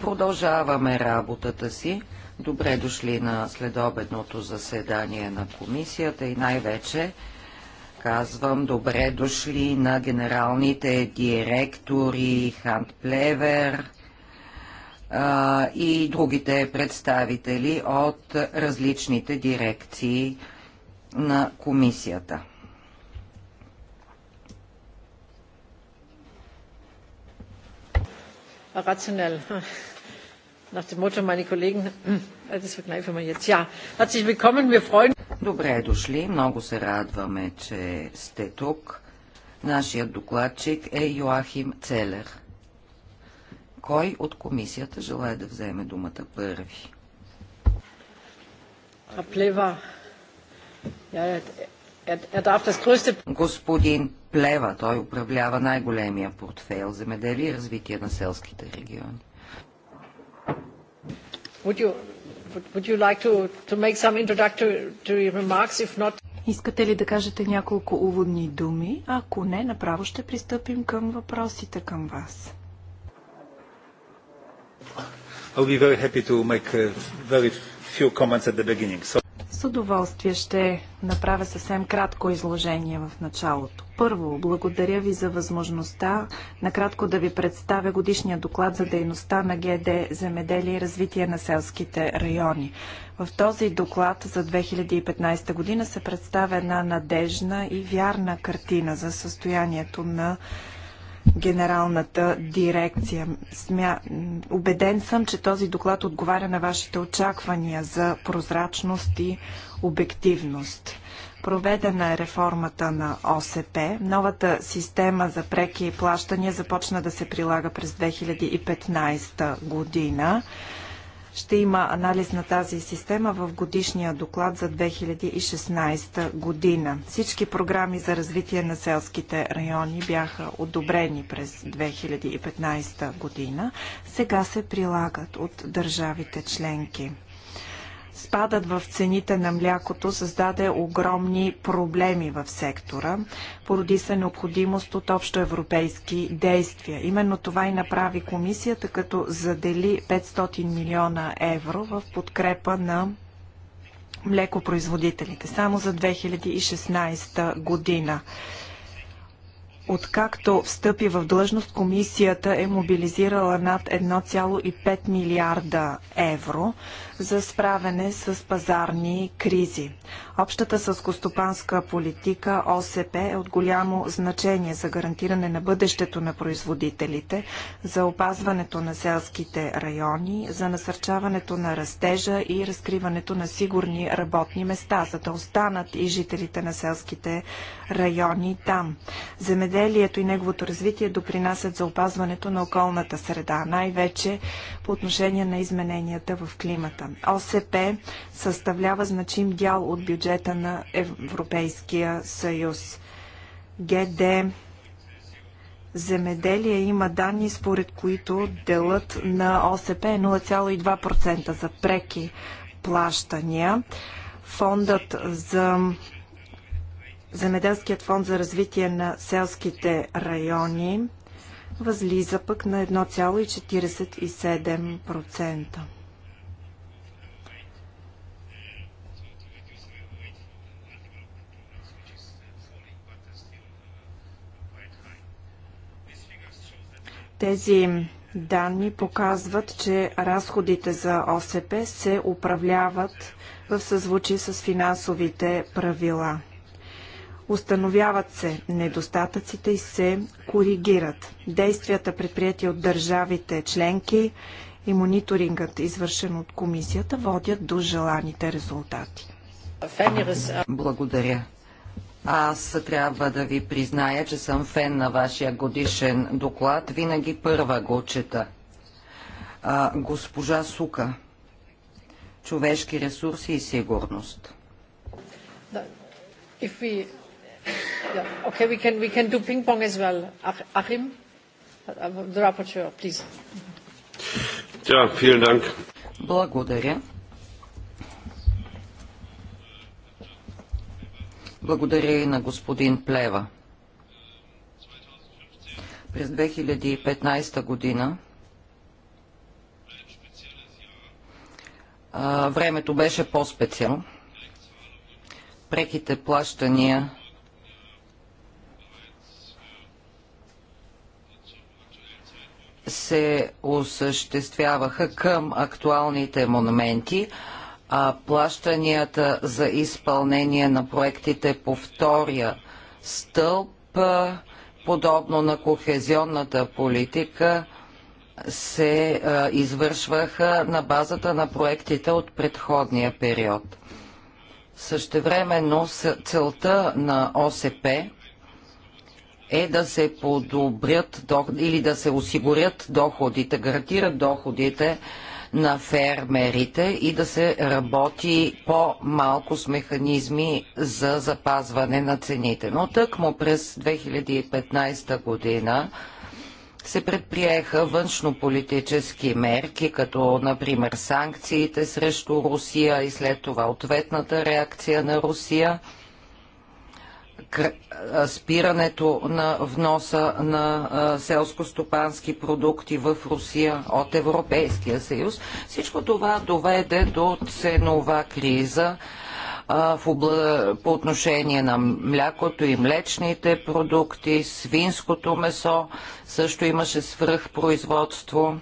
Продължаваме работата си. Добре дошли на следобедното заседание на комисията и най-вече казвам добре дошли на генералните директори Хант Плевер а, и другите представители от различните дирекции на комисията. rationell. Nach dem Motto, meine Kollegen, äh, das wir jetzt. Ja, herzlich willkommen, wir freuen Добре дошли, много се радваме, че сте тук. Нашият докладчик е Йоахим Целер. Кой от комисията желая да вземе думата първи? Er, er, er Господин плева. Той управлява най-големия портфейл за медели и развитие на селските региони. Would you, would you like to, to make some introductory remarks, if not? Искате ли да кажете няколко уводни думи? Ако не, направо ще пристъпим към въпросите към вас. I'll be very happy to make uh, very few comments at the beginning. So... С удоволствие ще направя съвсем кратко изложение в началото. Първо, благодаря ви за възможността накратко да ви представя годишния доклад за дейността на ГД Земеделие и развитие на селските райони. В този доклад за 2015 година се представя една надежна и вярна картина за състоянието на генералната дирекция. Смя... Убеден съм, че този доклад отговаря на вашите очаквания за прозрачност и обективност. Проведена е реформата на ОСП. Новата система за преки и плащания започна да се прилага през 2015 година. Ще има анализ на тази система в годишния доклад за 2016 година. Всички програми за развитие на селските райони бяха одобрени през 2015 година. Сега се прилагат от държавите членки. Спадът в цените на млякото създаде огромни проблеми в сектора. Породи се необходимост от общоевропейски действия. Именно това и направи комисията, като задели 500 милиона евро в подкрепа на млекопроизводителите само за 2016 година. Откакто встъпи в длъжност, комисията е мобилизирала над 1,5 милиарда евро за справяне с пазарни кризи. Общата съскостопанска политика ОСП е от голямо значение за гарантиране на бъдещето на производителите, за опазването на селските райони, за насърчаването на растежа и разкриването на сигурни работни места, за да останат и жителите на селските райони там. Земеделието и неговото развитие допринасят за опазването на околната среда, най-вече по отношение на измененията в климата бюджета. ОСП съставлява значим дял от бюджета на Европейския съюз. ГД земеделие има данни, според които делът на ОСП е 0,2% за преки плащания. Фондът за Земеделският фонд за развитие на селските райони възлиза пък на 1,47%. Тези данни показват, че разходите за ОСП се управляват в съзвучие с финансовите правила. Установяват се недостатъците и се коригират. Действията, предприяти от държавите членки и мониторингът, извършен от комисията, водят до желаните резултати. Благодаря. Аз трябва да ви призная, че съм фен на вашия годишен доклад. Винаги първа го чета. А, госпожа Сука. Човешки ресурси и сигурност. If we, yeah, okay, we can we can do ping pong as well. Achim, the rapporteur, please. vielen Dank. Благодаря. Благодаря и на господин Плева. През 2015 година времето беше по-специално. Преките плащания се осъществяваха към актуалните монументи, а плащанията за изпълнение на проектите по втория стълб, подобно на кохезионната политика, се а, извършваха на базата на проектите от предходния период. Същевременно целта на ОСП е да се подобрят или да се осигурят доходите, гарантират доходите на фермерите и да се работи по-малко с механизми за запазване на цените. Но тъкмо през 2015 година се предприеха външнополитически мерки, като например санкциите срещу Русия и след това ответната реакция на Русия – спирането на вноса на селско-стопански продукти в Русия от Европейския съюз. Всичко това доведе до ценова криза по отношение на млякото и млечните продукти, свинското месо също имаше свръхпроизводство.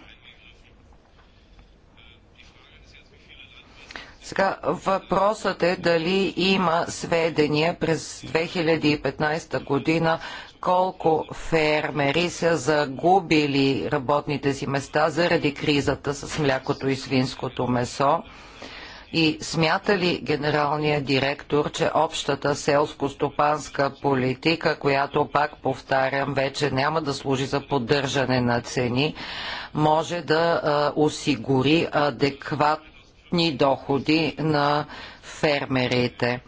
Сега въпросът е дали има сведения през 2015 година колко фермери са загубили работните си места заради кризата с млякото и свинското месо. И смята ли генералният директор, че общата селско-стопанска политика, която пак повтарям, вече няма да служи за поддържане на цени, може да а, осигури адекватно брутни доходи на фермерите.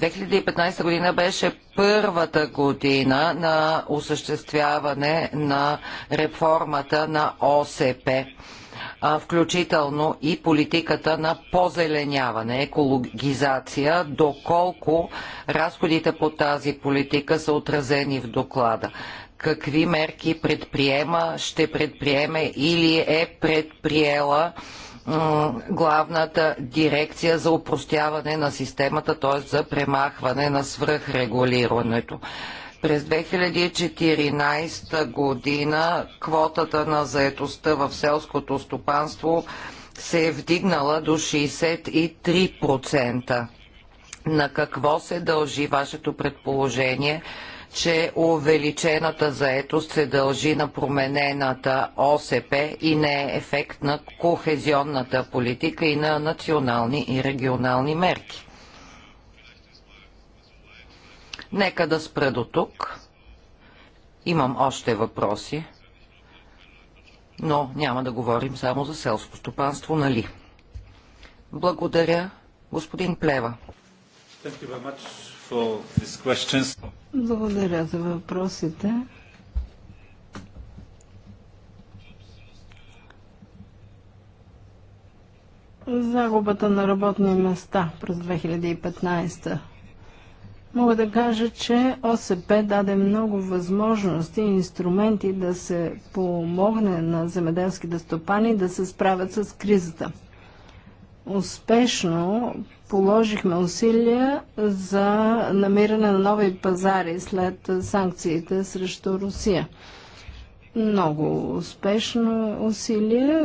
2015 година беше първата година на осъществяване на реформата на ОСП включително и политиката на позеленяване, екологизация, доколко разходите по тази политика са отразени в доклада. Какви мерки предприема, ще предприеме или е предприела главната дирекция за упростяване на системата, т.е. за премахване на свръхрегулирането. През 2014 година квотата на заетостта в селското стопанство се е вдигнала до 63%. На какво се дължи вашето предположение – че увеличената заетост се дължи на променената ОСП и не е ефект на кохезионната политика и на национални и регионални мерки. Нека да спра до тук. Имам още въпроси, но няма да говорим само за селско стопанство, нали? Благодаря, господин Плева. Thank you very much. Благодаря за въпросите. Загубата на работни места през 2015. Мога да кажа, че ОСП даде много възможности и инструменти да се помогне на земеделските стопани да се справят с кризата. Успешно положихме усилия за намиране на нови пазари след санкциите срещу Русия. Много успешно усилие.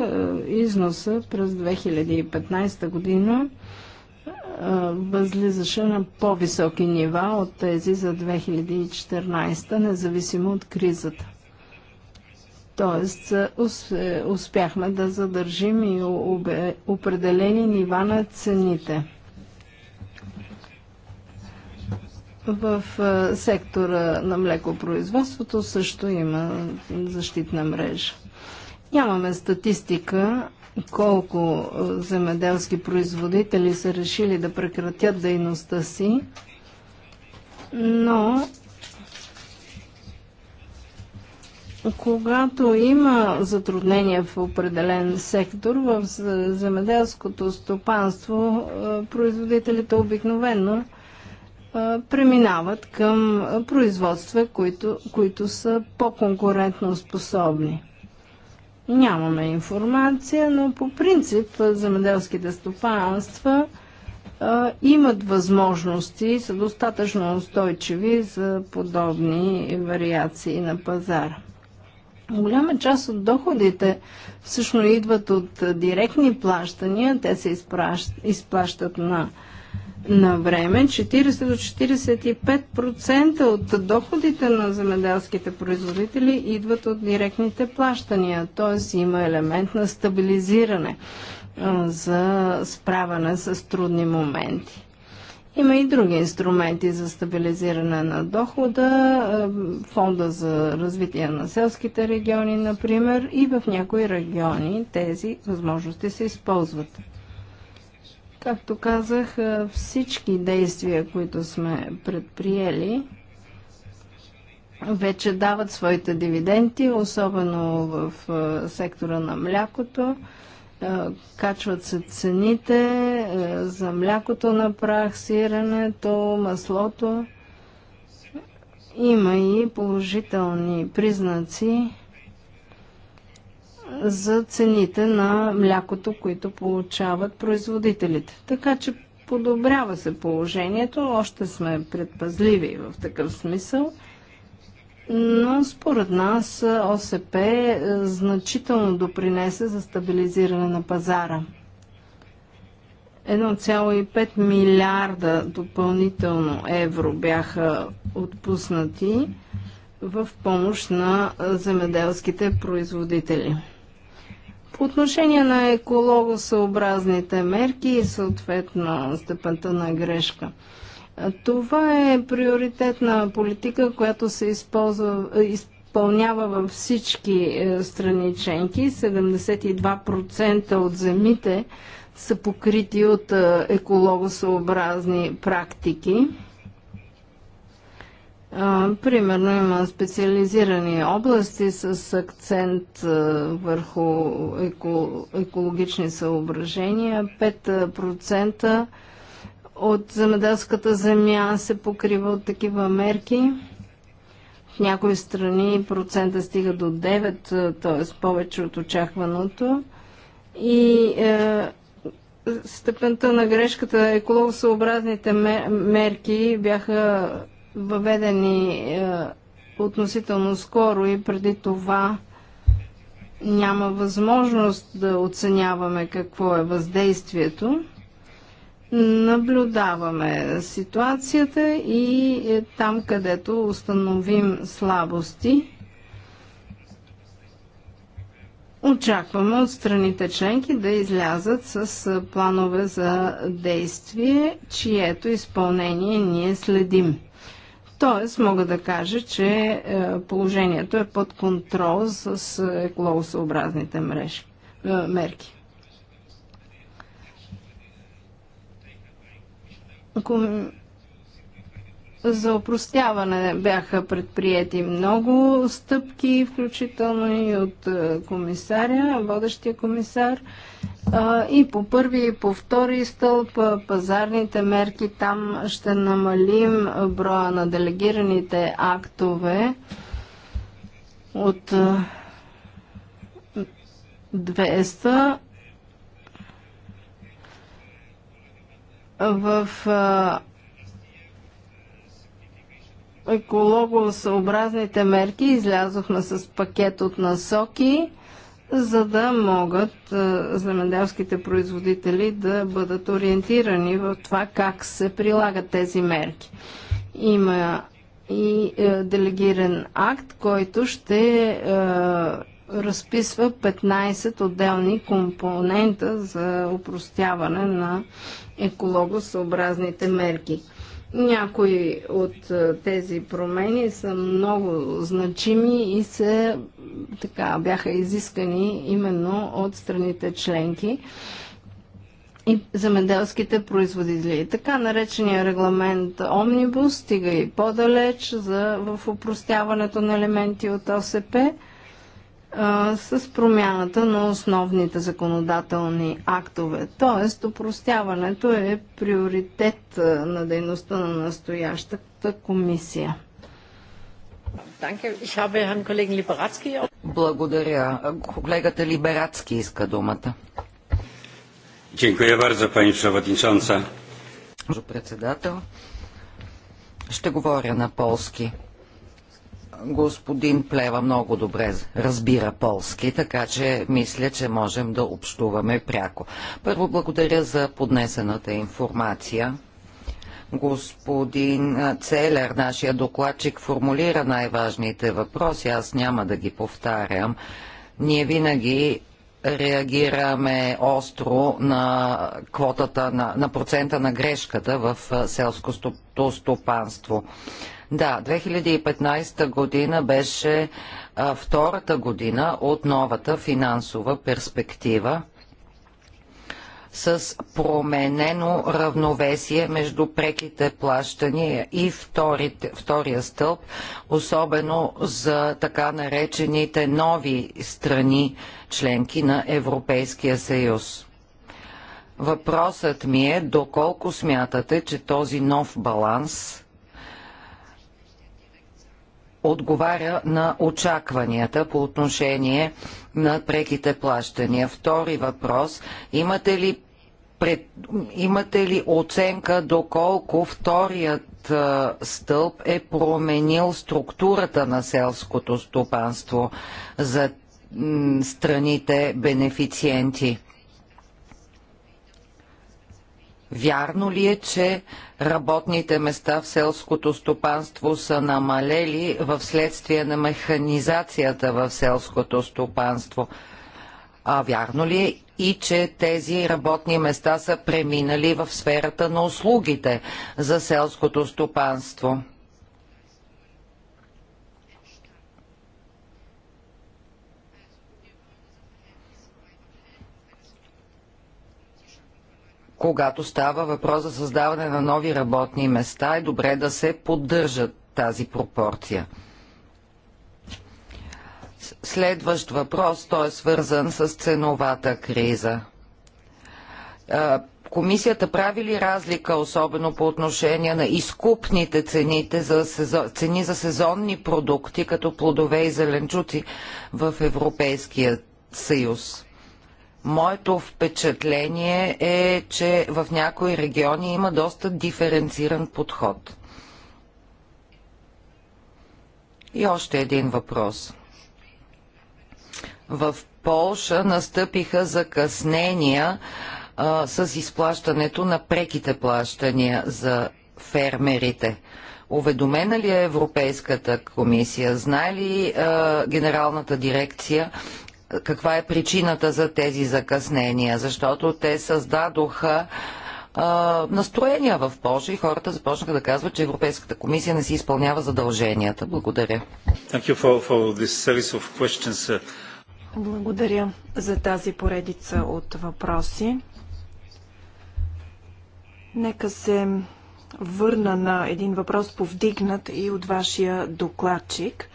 Износа през 2015 година възлизаше на по-високи нива от тези за 2014, независимо от кризата. Тоест, е, успяхме да задържим и определени нива на цените. В сектора на млекопроизводството също има защитна мрежа. Нямаме статистика колко земеделски производители са решили да прекратят дейността си, но когато има затруднения в определен сектор, в земеделското стопанство, производителите обикновено преминават към производства, които, които са по-конкурентно способни. Нямаме информация, но по принцип земеделските стопанства имат възможности и са достатъчно устойчиви за подобни вариации на пазара. Голяма част от доходите всъщност идват от директни плащания. Те се изплащат на на време 40 до 45% от доходите на земеделските производители идват от директните плащания, т.е. има елемент на стабилизиране за справяне с трудни моменти. Има и други инструменти за стабилизиране на дохода, фонда за развитие на селските региони, например, и в някои региони тези възможности се използват. Както казах, всички действия, които сме предприели, вече дават своите дивиденти, особено в сектора на млякото. Качват се цените за млякото на прах, сиренето, маслото. Има и положителни признаци за цените на млякото, които получават производителите. Така че подобрява се положението, още сме предпазливи в такъв смисъл, но според нас ОСП е, значително допринесе за стабилизиране на пазара. 1,5 милиарда допълнително евро бяха отпуснати в помощ на земеделските производители. По отношение на екологосъобразните мерки и съответно степента на грешка. Това е приоритетна политика, която се използва, изпълнява във всички е, страни членки. 72% от земите са покрити от е, екологосъобразни практики. Примерно има специализирани области с акцент върху еко, екологични съображения. 5% от земеделската земя се покрива от такива мерки. В някои страни процента стига до 9, т.е. повече от очакваното. И е, степента на грешката екологосъобразните мерки бяха въведени е, относително скоро и преди това няма възможност да оценяваме какво е въздействието. Наблюдаваме ситуацията и е, там, където установим слабости, очакваме от страните членки да излязат с е, планове за действие, чието изпълнение ние следим. Тоест, мога да кажа, че е, положението е под контрол с екологосъобразните мрежи, е, мерки. Ако за опростяване бяха предприяти много стъпки, включително и от е, комисаря, водещия комисар. И по първи и по втори стълб е, пазарните мерки там ще намалим броя на делегираните актове от 200 е, в екологосъобразните мерки излязохме с пакет от насоки, за да могат е, земеделските производители да бъдат ориентирани в това как се прилагат тези мерки. Има и е, делегиран акт, който ще е, разписва 15 отделни компонента за упростяване на екологосъобразните мерки. Някои от тези промени са много значими и се така бяха изискани именно от страните членки и земеделските производители. Така наречения регламент Омнибус стига и по-далеч в упростяването на елементи от ОСП – а, с промяната на основните законодателни актове. Тоест, упростяването е приоритет на дейността на настоящата комисия. Благодаря. Колегата Либерацки иска думата. Благодаря bardzo, pani Председател, ще говоря на полски господин Плева много добре разбира полски, така че мисля, че можем да общуваме пряко. Първо благодаря за поднесената информация. Господин Целер, нашия докладчик, формулира най-важните въпроси. Аз няма да ги повтарям. Ние винаги реагираме остро на квотата, на, на процента на грешката в селското стопанство. Да, 2015 година беше а, втората година от новата финансова перспектива с променено равновесие между преките плащания и вторите, втория стълб, особено за така наречените нови страни, членки на Европейския съюз. Въпросът ми е доколко смятате, че този нов баланс отговаря на очакванията по отношение на преките плащания. Втори въпрос. Имате ли, пред, имате ли оценка доколко вторият стълб е променил структурата на селското стопанство за страните бенефициенти? Вярно ли е, че работните места в селското стопанство са намалели в следствие на механизацията в селското стопанство? А вярно ли е и че тези работни места са преминали в сферата на услугите за селското стопанство? когато става въпрос за създаване на нови работни места, е добре да се поддържат тази пропорция. Следващ въпрос, той е свързан с ценовата криза. Комисията прави ли разлика, особено по отношение на изкупните цените за сезон, цени за сезонни продукти, като плодове и зеленчуци в Европейския съюз? Моето впечатление е, че в някои региони има доста диференциран подход. И още един въпрос. В Полша настъпиха закъснения а, с изплащането на преките плащания за фермерите. Уведомена ли е Европейската комисия? Знае ли а, Генералната дирекция каква е причината за тези закъснения, защото те създадоха настроения в Польша и хората започнаха да казват, че Европейската комисия не си изпълнява задълженията. Благодаря. Благодаря за тази поредица от въпроси. Нека се върна на един въпрос повдигнат и от вашия докладчик,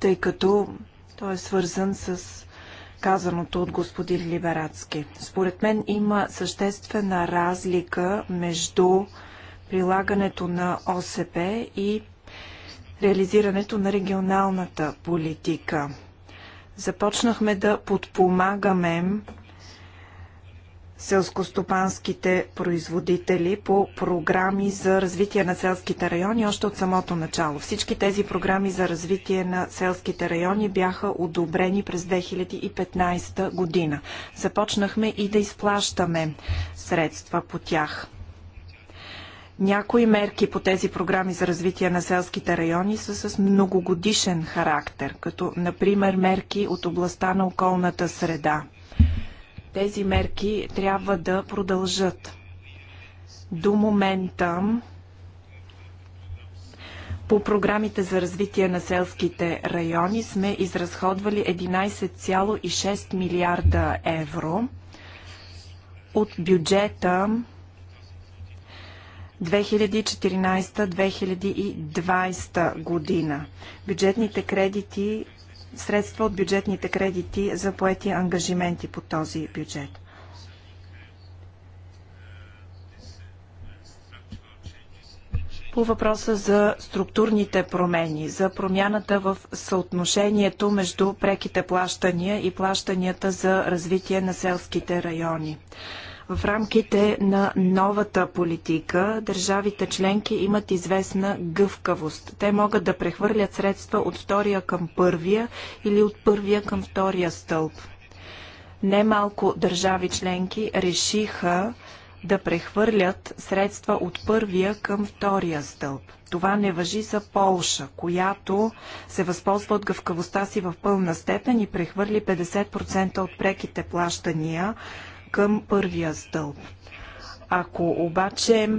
тъй като той е свързан с казаното от господин Либерацки. Според мен има съществена разлика между прилагането на ОСП и реализирането на регионалната политика. Започнахме да подпомагаме селскостопанските производители по програми за развитие на селските райони още от самото начало. Всички тези програми за развитие на селските райони бяха одобрени през 2015 година. Започнахме и да изплащаме средства по тях. Някои мерки по тези програми за развитие на селските райони са с многогодишен характер, като например мерки от областта на околната среда – тези мерки трябва да продължат. До момента по програмите за развитие на селските райони сме изразходвали 11,6 милиарда евро от бюджета 2014-2020 година. Бюджетните кредити средства от бюджетните кредити за поети ангажименти по този бюджет. По въпроса за структурните промени, за промяната в съотношението между преките плащания и плащанията за развитие на селските райони. В рамките на новата политика държавите членки имат известна гъвкавост. Те могат да прехвърлят средства от втория към първия или от първия към втория стълб. Немалко държави членки решиха да прехвърлят средства от първия към втория стълб. Това не въжи за Полша, която се възползва от гъвкавостта си в пълна степен и прехвърли 50% от преките плащания към първия стълб. Ако обаче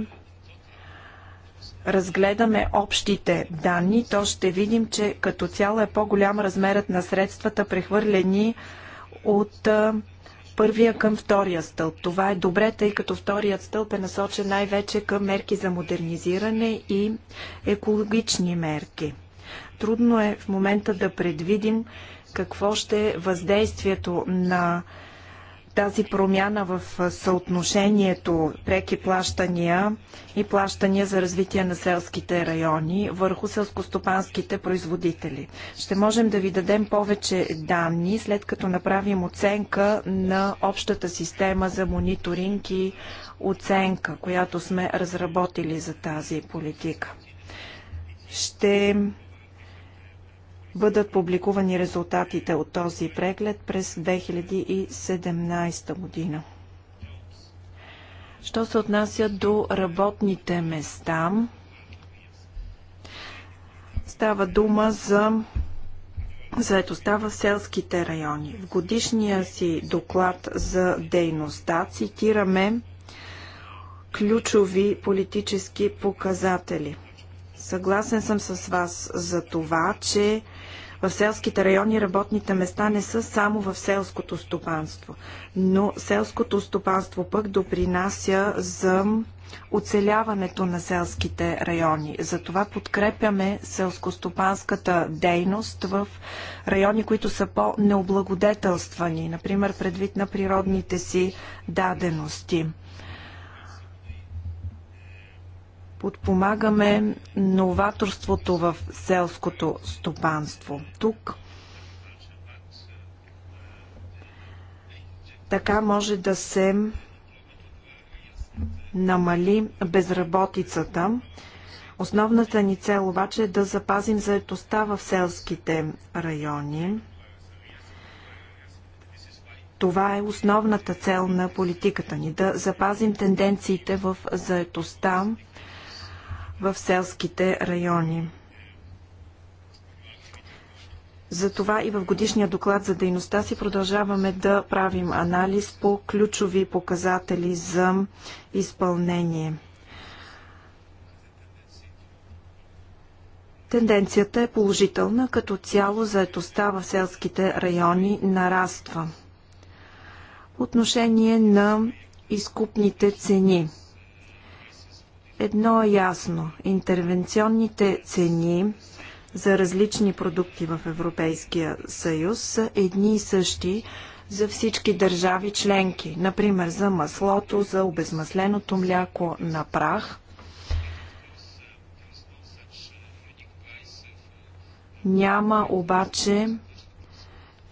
разгледаме общите данни, то ще видим, че като цяло е по-голям размерът на средствата, прехвърлени от първия към втория стълб. Това е добре, тъй като вторият стълб е насочен най-вече към мерки за модернизиране и екологични мерки. Трудно е в момента да предвидим какво ще е въздействието на тази промяна в съотношението преки плащания и плащания за развитие на селските райони върху селскостопанските производители. Ще можем да ви дадем повече данни, след като направим оценка на общата система за мониторинг и оценка, която сме разработили за тази политика. Ще бъдат публикувани резултатите от този преглед през 2017 година. Що се отнася до работните места, става дума за заедостта в селските райони. В годишния си доклад за дейността цитираме ключови политически показатели. Съгласен съм с вас за това, че в селските райони работните места не са само в селското стопанство, но селското стопанство пък допринася за оцеляването на селските райони. Затова подкрепяме селскостопанската дейност в райони, които са по-необлагодетелствани, например предвид на природните си дадености. подпомагаме новаторството в селското стопанство. Тук така може да се намали безработицата. Основната ни цел обаче е да запазим заетостта в селските райони. Това е основната цел на политиката ни да запазим тенденциите в заетостта в селските райони. Затова и в годишния доклад за дейността си продължаваме да правим анализ по ключови показатели за изпълнение. Тенденцията е положителна, като цяло заетостта в селските райони нараства. Отношение на изкупните цени – Едно е ясно. Интервенционните цени за различни продукти в Европейския съюз са едни и същи за всички държави членки. Например, за маслото, за обезмасленото мляко на прах. Няма обаче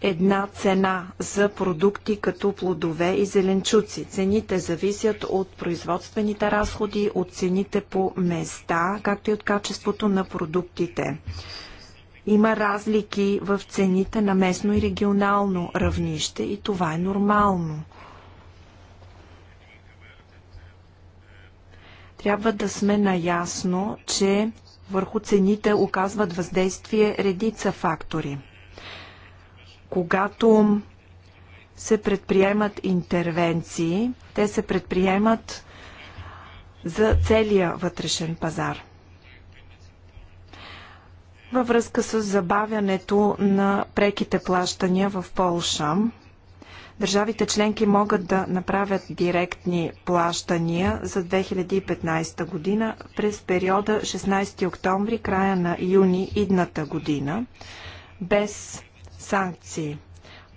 една цена за продукти като плодове и зеленчуци. Цените зависят от производствените разходи, от цените по места, както и от качеството на продуктите. Има разлики в цените на местно и регионално равнище и това е нормално. Трябва да сме наясно, че върху цените оказват въздействие редица фактори когато се предприемат интервенции, те се предприемат за целия вътрешен пазар. Във връзка с забавянето на преките плащания в Полша, държавите членки могат да направят директни плащания за 2015 година през периода 16 октомври, края на юни идната година, без санкции.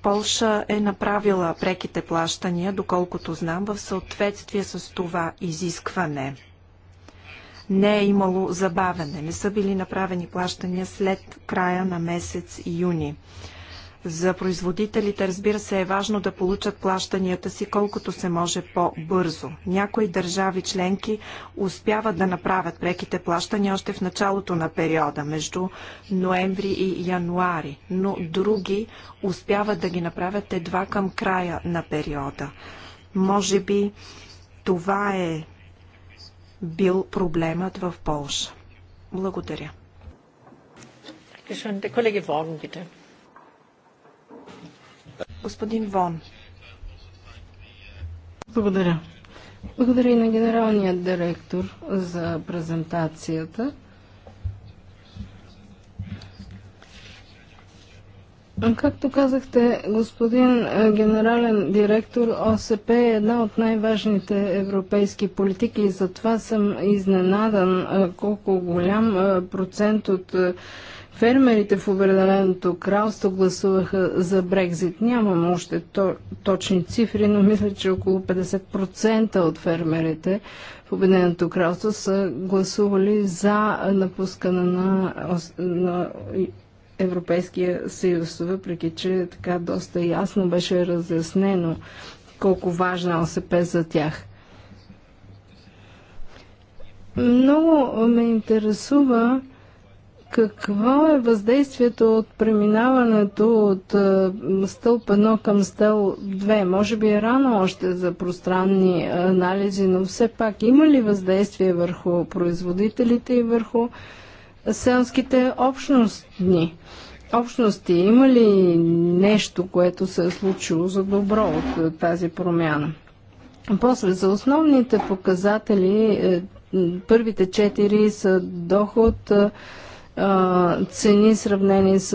Полша е направила преките плащания, доколкото знам, в съответствие с това изискване. Не е имало забавене, не са били направени плащания след края на месец юни. За производителите, разбира се, е важно да получат плащанията си колкото се може по-бързо. Някои държави членки успяват да направят преките плащания още в началото на периода, между ноември и януари, но други успяват да ги направят едва към края на периода. Може би това е бил проблемът в Полша. Благодаря. Колеги, Вогн, Господин Вон. Благодаря. Благодаря и на генералния директор за презентацията. Както казахте, господин е, генерален директор, ОСП е една от най-важните европейски политики и затова съм изненадан е, колко голям е, процент от Фермерите в Обединеното кралство гласуваха за Брекзит. Нямам още то, точни цифри, но мисля, че около 50% от фермерите в Обединеното кралство са гласували за напускане на, на Европейския съюз, въпреки че така доста ясно беше разяснено колко важна ОСП за тях. Много ме интересува какво е въздействието от преминаването от е, стълб 1 към стълб 2? Може би е рано още за пространни е, анализи, но все пак има ли въздействие върху производителите и върху селските общностни. Общности има ли нещо, което се е случило за добро от е, тази промяна? После за основните показатели, първите четири са доход, цени, сравнени с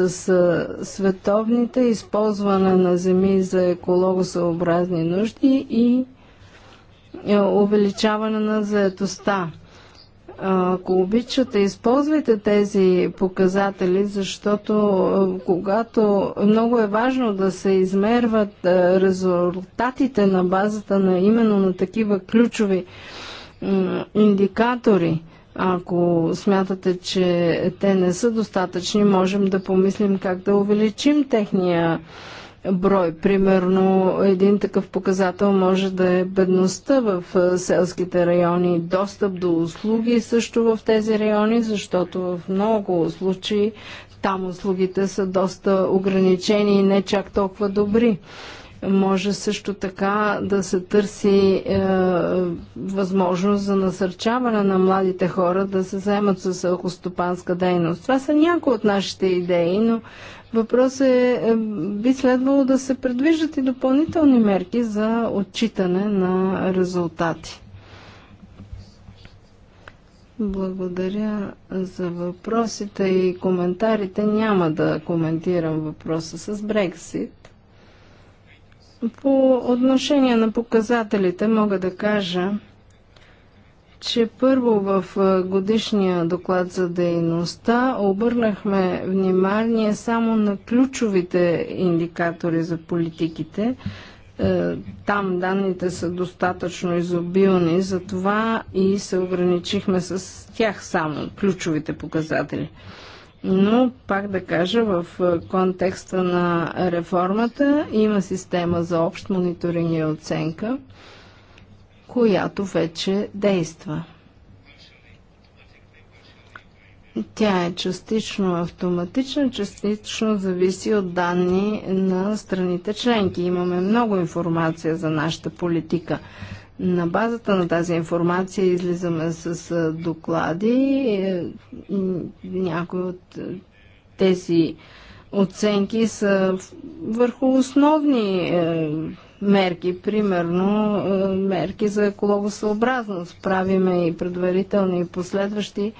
световните, използване на земи за екологосъобразни нужди и увеличаване на заетостта. Ако обичате, използвайте тези показатели, защото когато много е важно да се измерват резултатите на базата на именно на такива ключови индикатори. Ако смятате, че те не са достатъчни, можем да помислим как да увеличим техния брой. Примерно, един такъв показател може да е бедността в селските райони, достъп до услуги също в тези райони, защото в много случаи там услугите са доста ограничени и не чак толкова добри. Може също така да се търси е, възможност за насърчаване на младите хора да се заемат с алкостопанска дейност. Това са някои от нашите идеи, но въпросът е, е би следвало да се предвиждат и допълнителни мерки за отчитане на резултати. Благодаря за въпросите и коментарите. Няма да коментирам въпроса с Брексит. По отношение на показателите мога да кажа, че първо в годишния доклад за дейността обърнахме внимание само на ключовите индикатори за политиките. Е, там данните са достатъчно изобилни, затова и се ограничихме с тях само ключовите показатели. Но, пак да кажа, в контекста на реформата има система за общ мониторинг и оценка, която вече действа. Тя е частично автоматична, частично зависи от данни на страните членки. Имаме много информация за нашата политика. На базата на тази информация излизаме с доклади. Е, някои от тези оценки са върху основни е, мерки, примерно е, мерки за екологосъобразност. Правиме и предварителни и последващи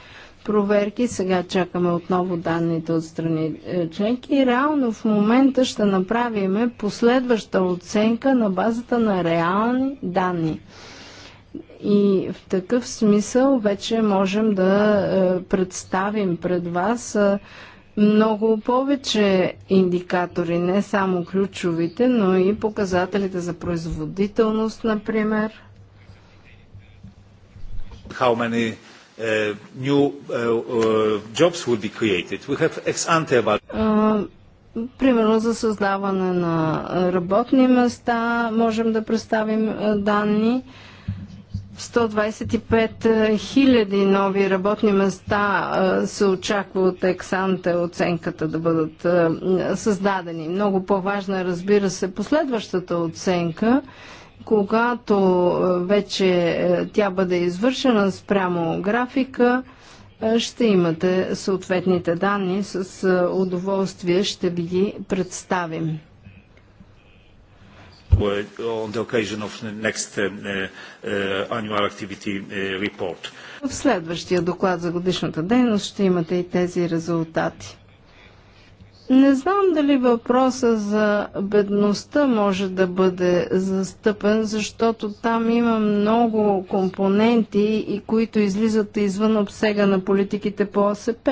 проверки. Сега чакаме отново данните от страни е, членки. И реално в момента ще направим последваща оценка на базата на реални данни. И в такъв смисъл вече можем да е, представим пред вас е, много повече индикатори, не само ключовите, но и показателите за производителност, например. How many Uh, new uh, uh, jobs will be created. We have ex ante evaluation. Примерно за създаване на работни места можем да представим данни. 125 хиляди нови работни места се очаква от ексанте оценката да бъдат създадени. Много по-важна е, разбира се, последващата оценка – когато е, вече е, тя бъде извършена спрямо графика, е, ще имате съответните данни. С удоволствие ще ви ги представим. В следващия доклад за годишната дейност ще имате и тези резултати. Не знам дали въпроса за бедността може да бъде застъпен, защото там има много компоненти, и които излизат извън обсега на политиките по ОСП.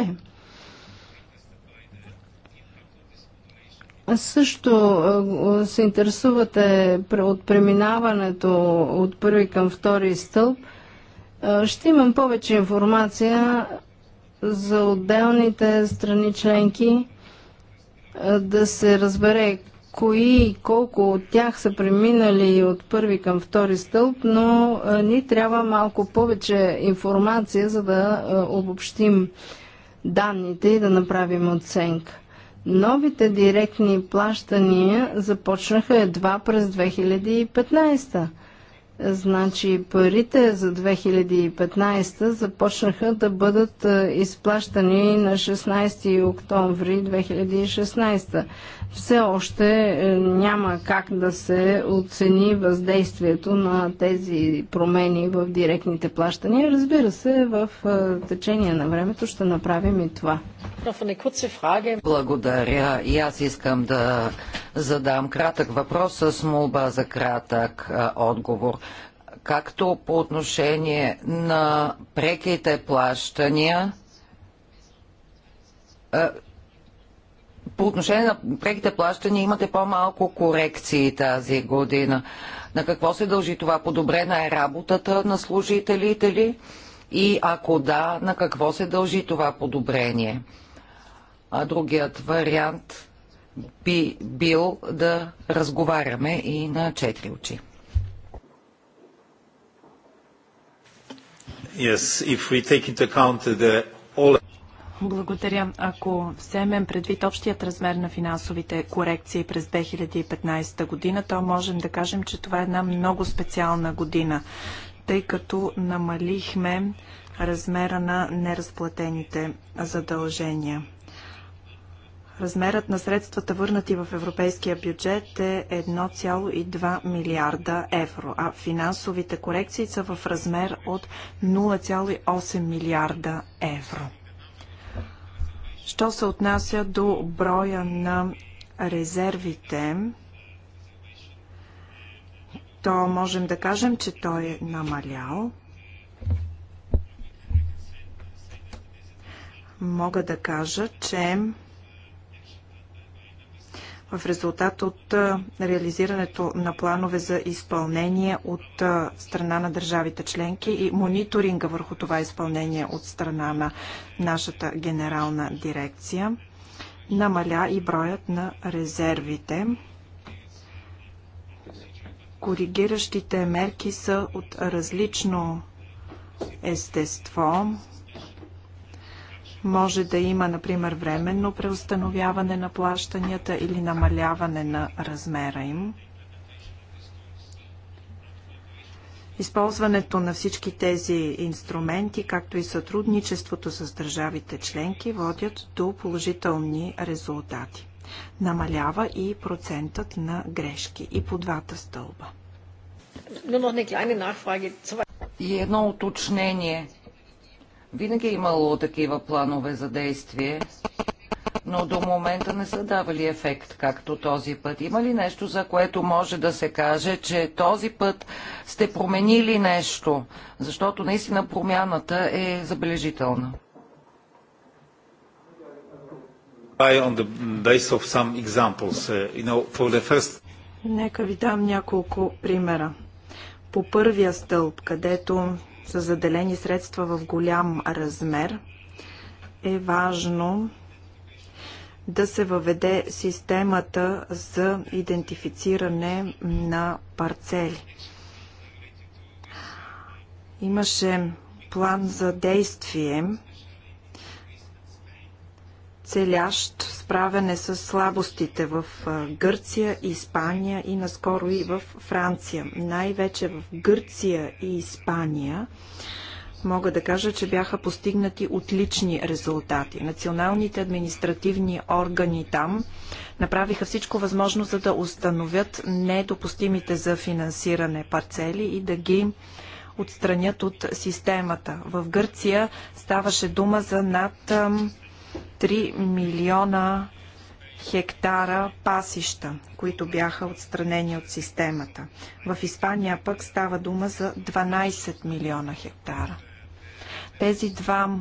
Също се интересувате от преминаването от първи към втори стълб. Ще имам повече информация за отделните страни членки да се разбере кои и колко от тях са преминали от първи към втори стълб, но ни трябва малко повече информация, за да обобщим данните и да направим оценка. Новите директни плащания започнаха едва през 2015 Значи парите за 2015 започнаха да бъдат изплащани на 16 октомври 2016 все още е, няма как да се оцени въздействието на тези промени в директните плащания. Разбира се, в е, течение на времето ще направим и това. Благодаря. И аз искам да задам кратък въпрос с молба за кратък е, отговор както по отношение на преките плащания, по отношение на преките плащания имате по-малко корекции тази година. На какво се дължи това? Подобрена е работата на служителите ли? И ако да, на какво се дължи това подобрение? А другият вариант би бил да разговаряме и на четири очи. Yes, if we take into account the all благодаря. Ако вземем предвид общият размер на финансовите корекции през 2015 година, то можем да кажем, че това е една много специална година, тъй като намалихме размера на неразплатените задължения. Размерът на средствата върнати в европейския бюджет е 1,2 милиарда евро, а финансовите корекции са в размер от 0,8 милиарда евро. Що се отнася до броя на резервите, то можем да кажем, че той е намалял. Мога да кажа, че в резултат от реализирането на планове за изпълнение от страна на държавите членки и мониторинга върху това изпълнение от страна на нашата генерална дирекция. Намаля и броят на резервите. Коригиращите мерки са от различно естество. Може да има, например, временно преустановяване на плащанията или намаляване на размера им. Използването на всички тези инструменти, както и сътрудничеството с държавите членки, водят до положителни резултати. Намалява и процентът на грешки и по двата стълба. И едно уточнение – винаги е имало такива планове за действие, но до момента не са давали ефект, както този път. Има ли нещо, за което може да се каже, че този път сте променили нещо? Защото наистина промяната е забележителна. Uh, Нека ви дам няколко примера. По първия стълб, където са заделени средства в голям размер, е важно да се въведе системата за идентифициране на парцели. Имаше план за действие целящ справяне с слабостите в Гърция, Испания и наскоро и в Франция. Най-вече в Гърция и Испания мога да кажа, че бяха постигнати отлични резултати. Националните административни органи там направиха всичко възможно, за да установят недопустимите за финансиране парцели и да ги отстранят от системата. В Гърция ставаше дума за над 3 милиона хектара пасища, които бяха отстранени от системата. В Испания пък става дума за 12 милиона хектара. Тези два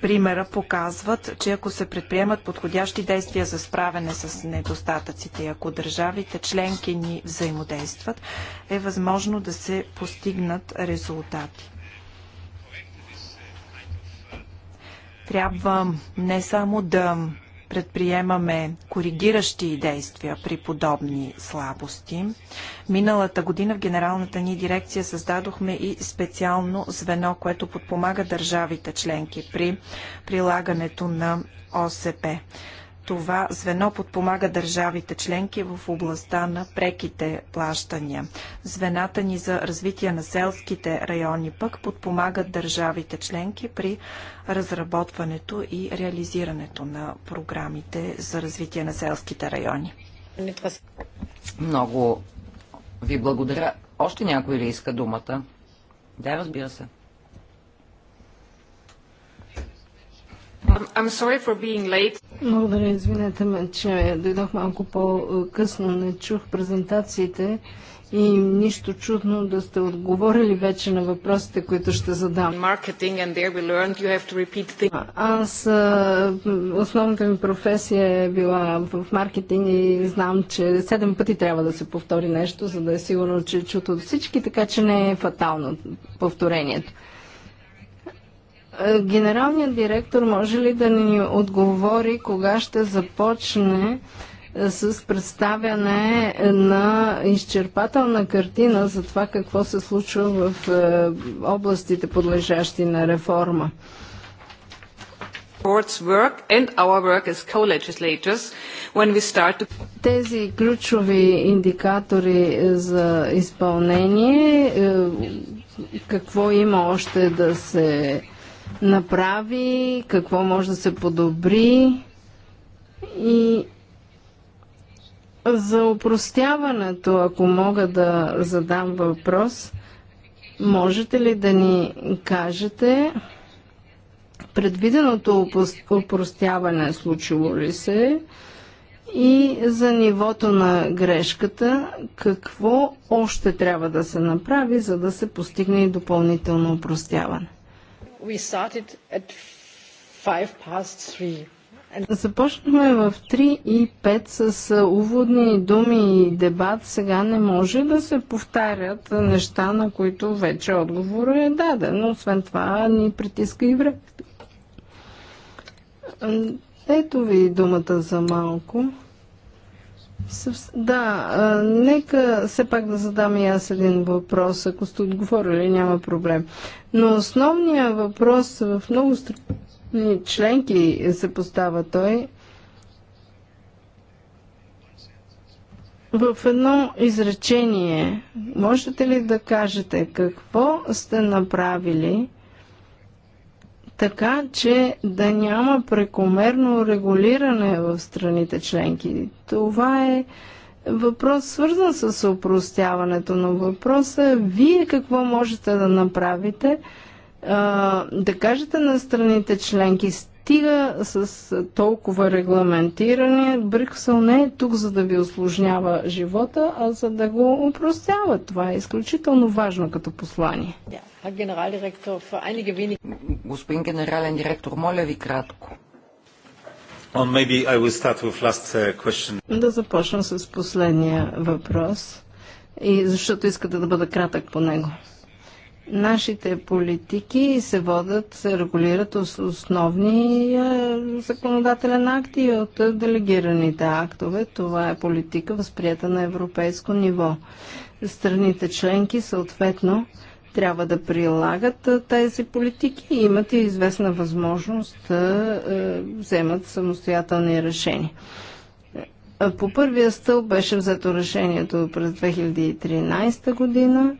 примера показват, че ако се предприемат подходящи действия за справяне с недостатъците и ако държавите членки ни взаимодействат, е възможно да се постигнат резултати. Трябва не само да предприемаме коригиращи действия при подобни слабости. Миналата година в Генералната ни дирекция създадохме и специално звено, което подпомага държавите членки при прилагането на ОСП. Това звено подпомага държавите членки в областта на преките плащания. Звената ни за развитие на селските райони пък подпомагат държавите членки при разработването и реализирането на програмите за развитие на селските райони. Много ви благодаря. Още някой ли иска думата? Да, разбира се. I'm sorry for being late. Благодаря, извинете ме, че дойдох малко по-късно, не чух презентациите и нищо чудно да сте отговорили вече на въпросите, които ще задам. Аз основната ми професия е била в маркетинг и знам, че седем пъти трябва да се повтори нещо, за да е сигурно, че е чуто от всички, така че не е фатално повторението. Е, генералният директор може ли да ни отговори кога ще започне е, с представяне на изчерпателна картина за това какво се случва в е, областите подлежащи на реформа? Тези ключови индикатори за изпълнение, какво има още да се направи, какво може да се подобри и за упростяването, ако мога да задам въпрос, можете ли да ни кажете предвиденото упростяване случило ли се и за нивото на грешката, какво още трябва да се направи, за да се постигне и допълнително упростяване? Започнахме в 3 и 5 с уводни думи и дебат. Сега не може да се повтарят неща, на които вече отговор е даден. Освен това ни притиска и времето. Ето ви думата за малко. Да, а, нека все пак да задам и аз един въпрос, ако сте отговорили, няма проблем. Но основният въпрос в много страни членки се поставя той. В едно изречение, можете ли да кажете какво сте направили, така че да няма прекомерно регулиране в страните членки. Това е въпрос свързан с упростяването, но въпросът е вие какво можете да направите, да кажете на страните членки, стига с толкова регламентиране. Брюксел не е тук, за да ви осложнява живота, а за да го упростява. Това е изключително важно като послание. Yeah. Господин генерален директор, моля ви кратко. Uh, да започна с последния въпрос, и защото искате да бъда кратък по него. Нашите политики се водят, се регулират с основни е, законодателен акт и от делегираните актове. Това е политика, възприята на европейско ниво. Страните членки съответно трябва да прилагат тези политики и имат и известна възможност да вземат самостоятелни решения. По първия стълб беше взето решението през 2013 година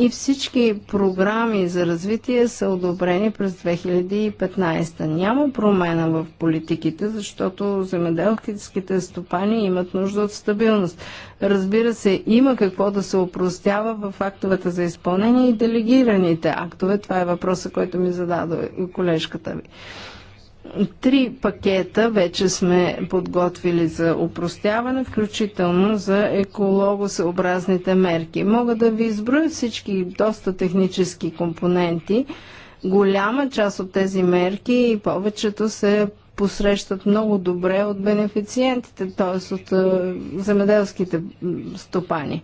и всички програми за развитие са одобрени през 2015. Няма промена в политиките, защото земеделските стопани имат нужда от стабилност. Разбира се, има какво да се опростява в актовете за изпълнение и делегираните актове. Това е въпросът, който ми зададе колежката ви. Три пакета вече сме подготвили за упростяване, включително за екологосъобразните мерки. Мога да ви изброя всички доста технически компоненти. Голяма част от тези мерки и повечето се посрещат много добре от бенефициентите, т.е. от е, земеделските стопани.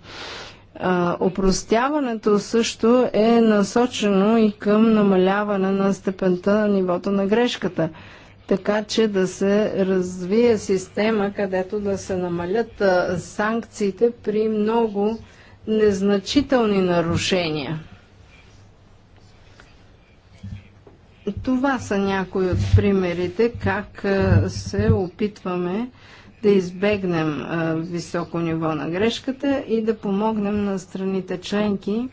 А, опростяването също е насочено и към намаляване на степента на нивото на грешката. Така че да се развие система, където да се намалят а, санкциите при много незначителни нарушения. Това са някои от примерите как се опитваме да избегнем високо ниво на грешката и да помогнем на страните членки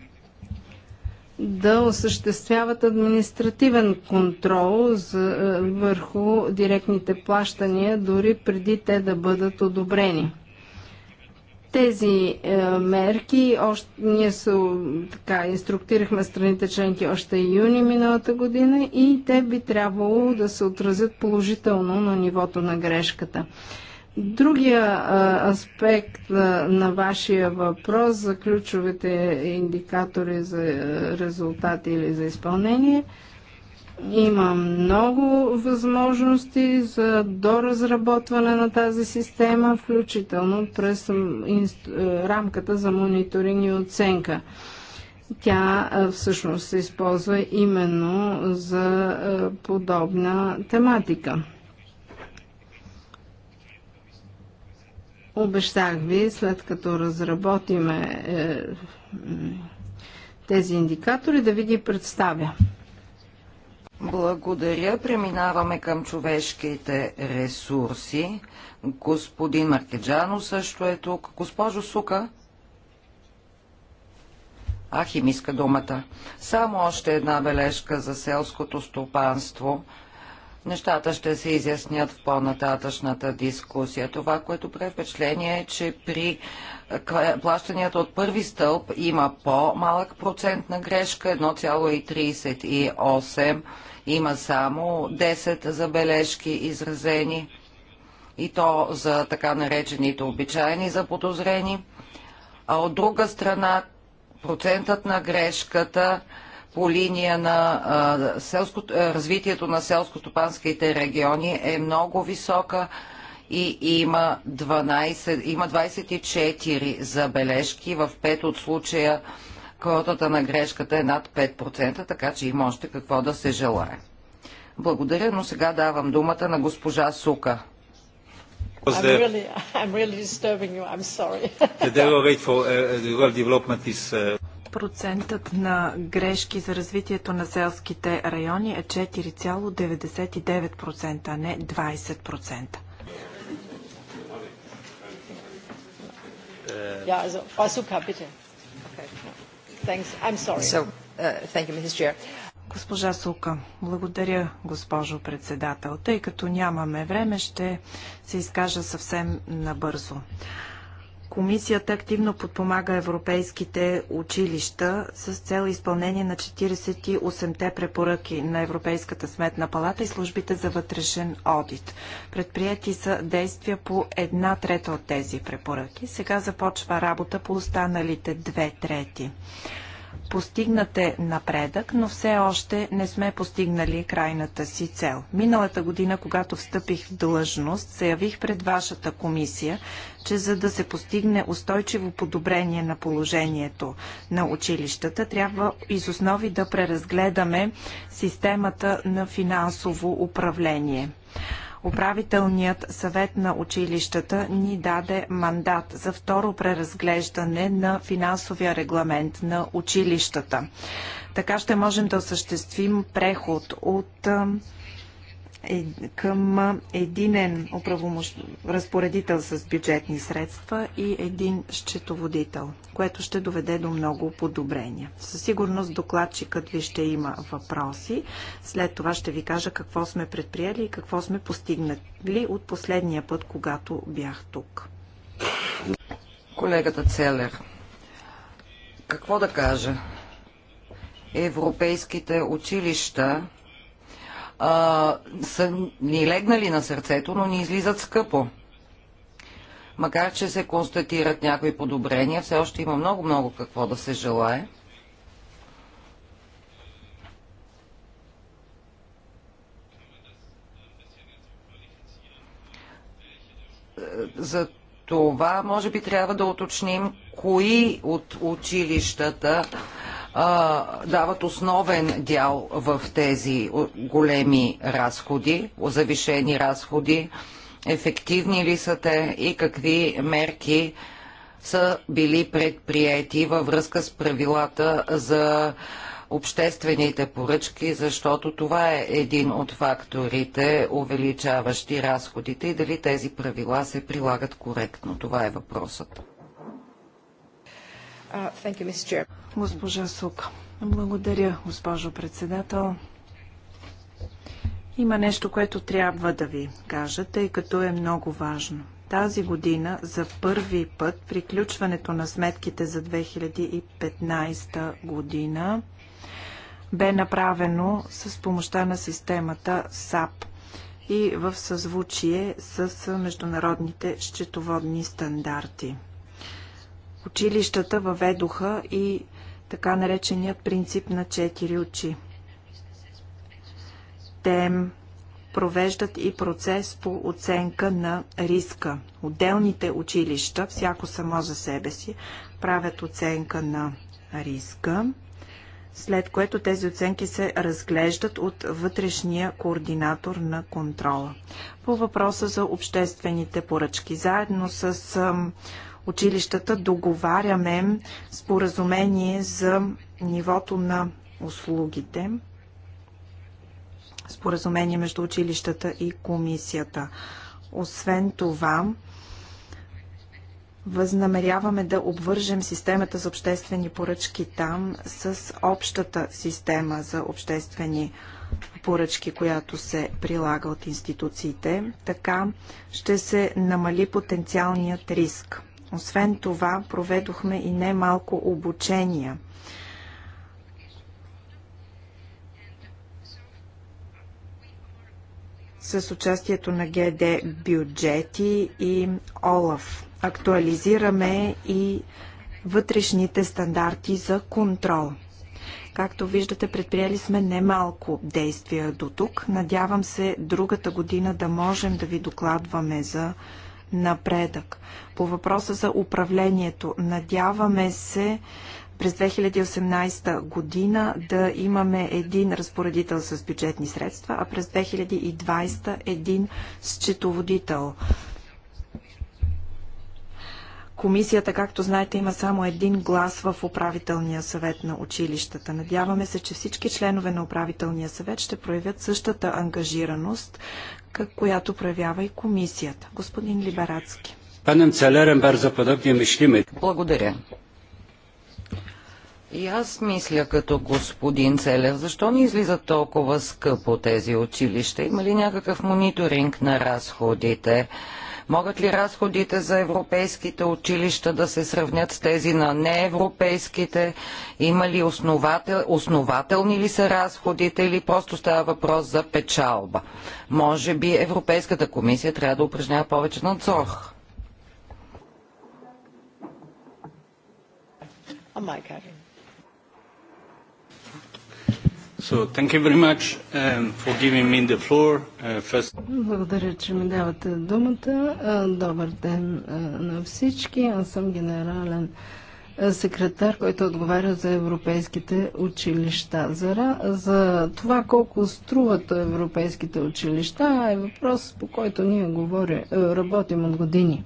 да осъществяват административен контрол за, върху директните плащания, дори преди те да бъдат одобрени. Тези е, мерки още, ние са, така, инструктирахме страните членки още и юни миналата година и те би трябвало да се отразят положително на нивото на грешката. Другия аспект на вашия въпрос за ключовите индикатори за резултати или за изпълнение има много възможности за доразработване на тази система, включително през рамката за мониторинг и оценка. Тя всъщност се използва именно за подобна тематика. Обещах ви, след като разработиме е, тези индикатори, да ви ги представя. Благодаря. Преминаваме към човешките ресурси. Господин Маркеджано също е тук. Госпожо Сука. Ах, им иска думата. Само още една бележка за селското стопанство – Нещата ще се изяснят в по-нататъчната дискусия. Това, което прави впечатление е, че при е, плащанията от първи стълб има по-малък процент на грешка, 1,38. Има само 10 забележки изразени и то за така наречените обичайни заподозрени. А от друга страна, процентът на грешката е по линия на а, селско, развитието на селско-стопанските региони е много висока и има, 12, има 24 забележки. В 5 от случая квотата на грешката е над 5%, така че има още какво да се желае. Благодаря, но сега давам думата на госпожа Сука. I'm really, I'm really Процентът на грешки за развитието на селските райони е 4,99%, а не 20%. Uh, Госпожа Сука, благодаря, госпожо председател. Тъй като нямаме време, ще се изкажа съвсем набързо. Комисията активно подпомага европейските училища с цел изпълнение на 48-те препоръки на Европейската сметна палата и службите за вътрешен одит. Предприяти са действия по една трета от тези препоръки. Сега започва работа по останалите две трети. Постигнате напредък, но все още не сме постигнали крайната си цел. Миналата година, когато встъпих в длъжност, се явих пред вашата комисия, че за да се постигне устойчиво подобрение на положението на училищата, трябва из основи да преразгледаме системата на финансово управление. Управителният съвет на училищата ни даде мандат за второ преразглеждане на финансовия регламент на училищата. Така ще можем да осъществим преход от е, към единен разпоредител с бюджетни средства и един счетоводител, което ще доведе до много подобрения. Със сигурност докладчикът ви ще има въпроси. След това ще ви кажа какво сме предприели и какво сме постигнали от последния път, когато бях тук. Колегата Целер, какво да кажа? Европейските училища а, са ни легнали на сърцето, но ни излизат скъпо. Макар, че се констатират някои подобрения, все още има много-много какво да се желае. За това, може би, трябва да уточним кои от училищата а, дават основен дял в тези големи разходи, завишени разходи, ефективни ли са те и какви мерки са били предприяти във връзка с правилата за обществените поръчки, защото това е един от факторите, увеличаващи разходите и дали тези правила се прилагат коректно. Това е въпросът. Uh, Госпожа Сук. Благодаря, госпожо председател. Има нещо, което трябва да ви кажа, тъй като е много важно. Тази година за първи път приключването на сметките за 2015 година бе направено с помощта на системата САП и в съзвучие с международните счетоводни стандарти. Училищата въведоха и така нареченият принцип на четири очи. Те провеждат и процес по оценка на риска. Отделните училища, всяко само за себе си, правят оценка на риска, след което тези оценки се разглеждат от вътрешния координатор на контрола. По въпроса за обществените поръчки, заедно с училищата договаряме споразумение за нивото на услугите, споразумение между училищата и комисията. Освен това, възнамеряваме да обвържем системата за обществени поръчки там с общата система за обществени поръчки, която се прилага от институциите. Така ще се намали потенциалният риск. Освен това, проведохме и немалко обучения. с участието на ГД бюджети и ОЛАФ. Актуализираме и вътрешните стандарти за контрол. Както виждате, предприели сме немалко действия до тук. Надявам се другата година да можем да ви докладваме за напредък. По въпроса за управлението, надяваме се през 2018 година да имаме един разпоредител с бюджетни средства, а през 2020 един счетоводител Комисията, както знаете, има само един глас в управителния съвет на училищата. Надяваме се, че всички членове на управителния съвет ще проявят същата ангажираност, която проявява и комисията. Господин Либерацки. Панем Целерен, за подобни мислиме. Благодаря. И аз мисля като господин Целев, защо ни излиза толкова скъпо тези училища? Има ли някакъв мониторинг на разходите? Могат ли разходите за европейските училища да се сравнят с тези на неевропейските? Има ли основател, основателни ли са разходите или просто става въпрос за печалба? Може би Европейската комисия трябва да упражнява повече надзор. Oh my God. thank you very much um, for giving me the floor. Uh, first... Благодаря, че ми давате думата. Добър ден на всички. Аз съм генерален секретар, който отговаря за европейските училища. За, за това колко струват европейските училища е въпрос, по който ние говори, е, работим от години.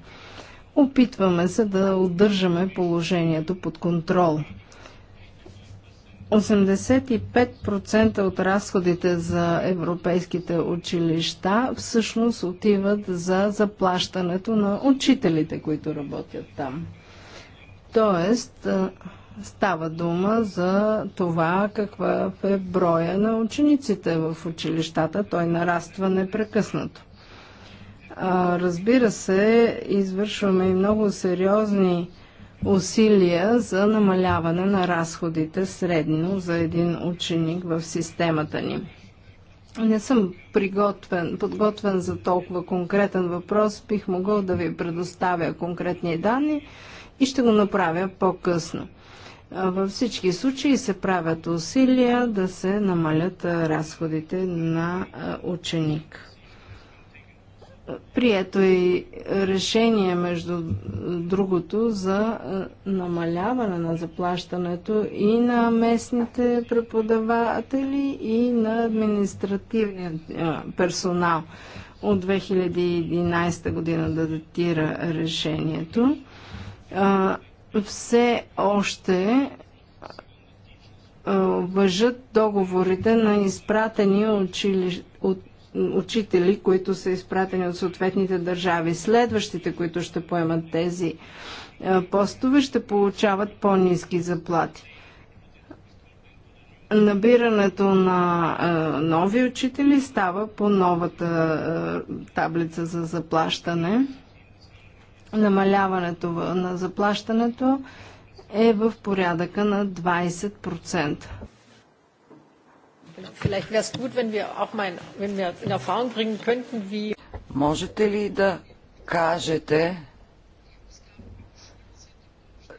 Опитваме се да удържаме положението под контрол. 85% от разходите за европейските училища всъщност отиват за заплащането на учителите, които работят там. Тоест, става дума за това каква е броя на учениците в училищата. Той нараства непрекъснато. Разбира се, извършваме и много сериозни усилия за намаляване на разходите средно за един ученик в системата ни. Не съм приготвен, подготвен за толкова конкретен въпрос. Бих могъл да ви предоставя конкретни данни и ще го направя по-късно. Във всички случаи се правят усилия да се намалят разходите на ученик. Прието е решение, между другото, за е, намаляване на заплащането и на местните преподаватели, и на административния е, персонал. От 2011 година да датира решението. Е, все още въжат договорите на изпратени от учители, които са изпратени от съответните държави. Следващите, които ще поемат тези е, постове, ще получават по-низки заплати. Набирането на е, нови учители става по новата е, таблица за заплащане. Намаляването на заплащането е в порядъка на 20%. Vielleicht wäre es gut, wenn wir auch mal, wenn wir in Erfahrung bringen könnten, wie... Можете ли да кажете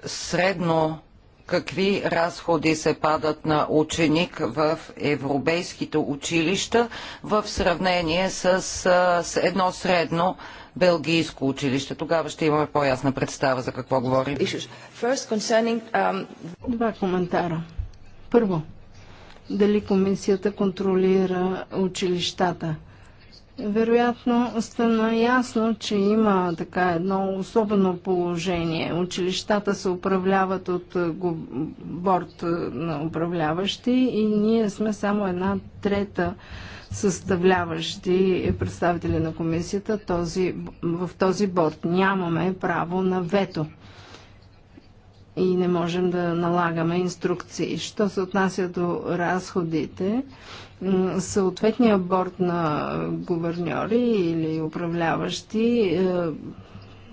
средно какви разходи се падат на ученик в европейските училища в сравнение с, с едно средно белгийско училище. Тогава ще имаме по-ясна представа за какво говорим. Um, Два коментара. Първо, дали комисията контролира училищата. Вероятно стана ясно, че има така едно особено положение. Училищата се управляват от е, борт е, на управляващи и ние сме само една трета съставляващи представители на комисията този, в този борт. Нямаме право на вето и не можем да налагаме инструкции. Що се отнася до разходите, съответния борт на губерньори или управляващи е,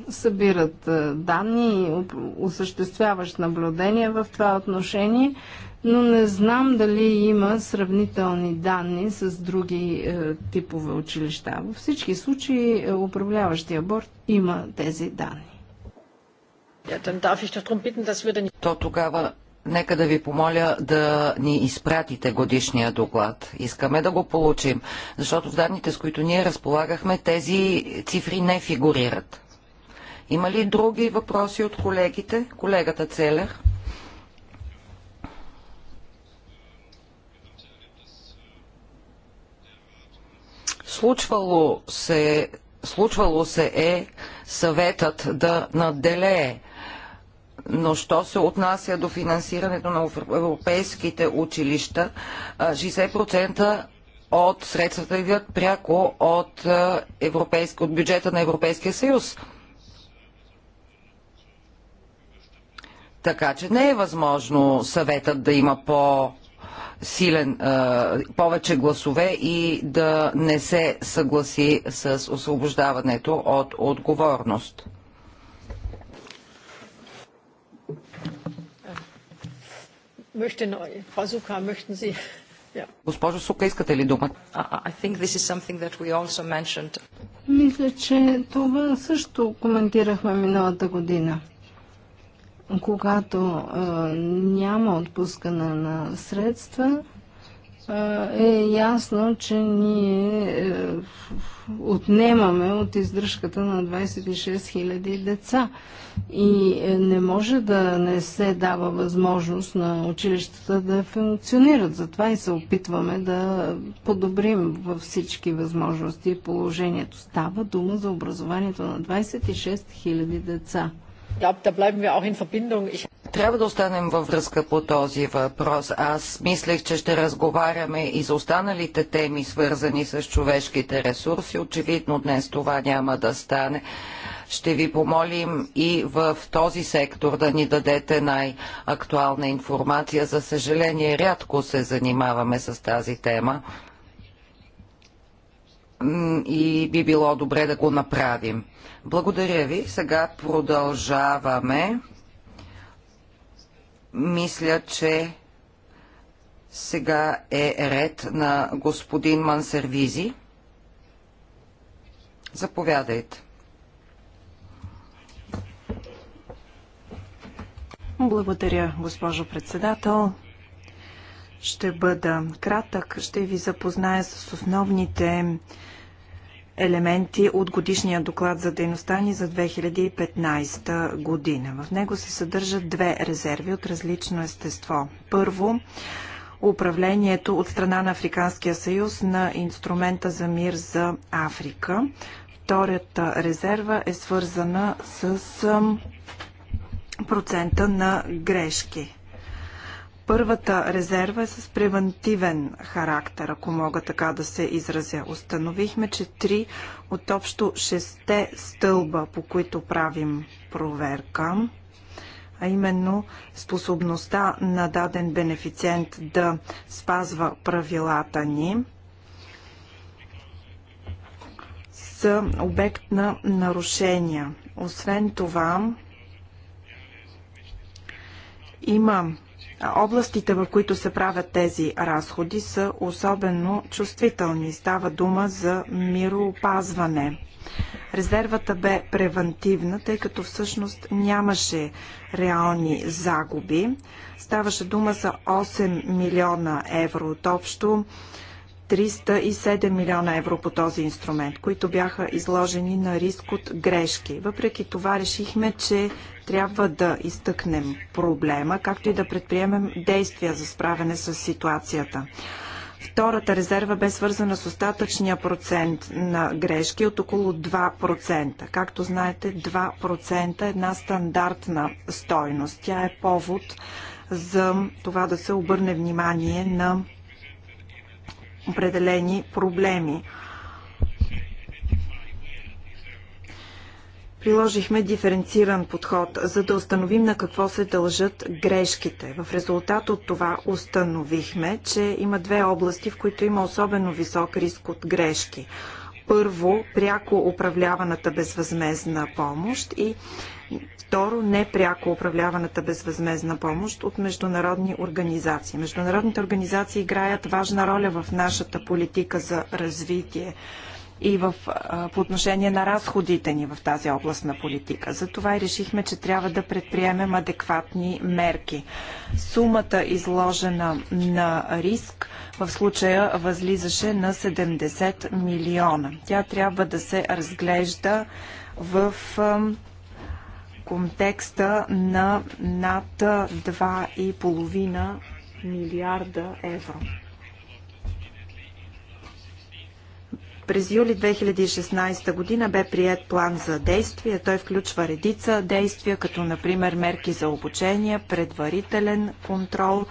събират е, данни, осъществяващ наблюдение в това отношение, но не знам дали има сравнителни данни с други е, типове училища. Във всички случаи управляващия борт има тези данни. То тогава нека да ви помоля да ни изпратите годишния доклад. Искаме да го получим, защото в данните, с които ние разполагахме, тези цифри не фигурират. Има ли други въпроси от колегите? Колегата Целер. Случвало се, случвало се е съветът да надделее – но що се отнася до финансирането на европейските училища, 60% от средствата идват пряко от, от бюджета на Европейския съюз. Така че не е възможно съветът да има по силен, повече гласове и да не се съгласи с освобождаването от отговорност. Госпожо Сука, искате ли думата? Мисля, че това също коментирахме миналата година. Когато е, няма отпускане на средства, е ясно, че ние е, отнемаме от издръжката на 26 000 деца и е, не може да не се дава възможност на училищата да функционират. Затова и се опитваме да подобрим във всички възможности положението. Става дума за образованието на 26 000 деца. Трябва да останем във връзка по този въпрос. Аз мислех, че ще разговаряме и за останалите теми, свързани с човешките ресурси. Очевидно днес това няма да стане. Ще ви помолим и в този сектор да ни дадете най-актуална информация. За съжаление, рядко се занимаваме с тази тема и би било добре да го направим. Благодаря ви. Сега продължаваме. Мисля, че сега е ред на господин Мансервизи. Заповядайте. Благодаря, госпожо председател. Ще бъда кратък. Ще ви запозная с основните елементи от годишния доклад за дейността ни за 2015 година. В него се съдържат две резерви от различно естество. Първо, управлението от страна на Африканския съюз на инструмента за мир за Африка. Втората резерва е свързана с процента на грешки. Първата резерва е с превентивен характер, ако мога така да се изразя. Установихме, че три от общо шесте стълба, по които правим проверка, а именно способността на даден бенефициент да спазва правилата ни, са обект на нарушения. Освен това, има областите, в които се правят тези разходи, са особено чувствителни. Става дума за мироопазване. Резервата бе превентивна, тъй като всъщност нямаше реални загуби. Ставаше дума за 8 милиона евро от общо 307 милиона евро по този инструмент, които бяха изложени на риск от грешки. Въпреки това решихме, че трябва да изтъкнем проблема, както и да предприемем действия за справяне с ситуацията. Втората резерва бе свързана с остатъчния процент на грешки от около 2%. Както знаете, 2% е една стандартна стойност. Тя е повод за това да се обърне внимание на определени проблеми. приложихме диференциран подход, за да установим на какво се дължат грешките. В резултат от това установихме, че има две области, в които има особено висок риск от грешки. Първо, пряко управляваната безвъзмезна помощ и Второ, непряко управляваната безвъзмезна помощ от международни организации. Международните организации играят важна роля в нашата политика за развитие и в, по отношение на разходите ни в тази област на политика. Затова и решихме, че трябва да предприемем адекватни мерки. Сумата изложена на риск в случая възлизаше на 70 милиона. Тя трябва да се разглежда в контекста на над 2,5 милиарда евро. През юли 2016 година бе прият план за действие. Той включва редица действия, като например мерки за обучение, предварителен контрол,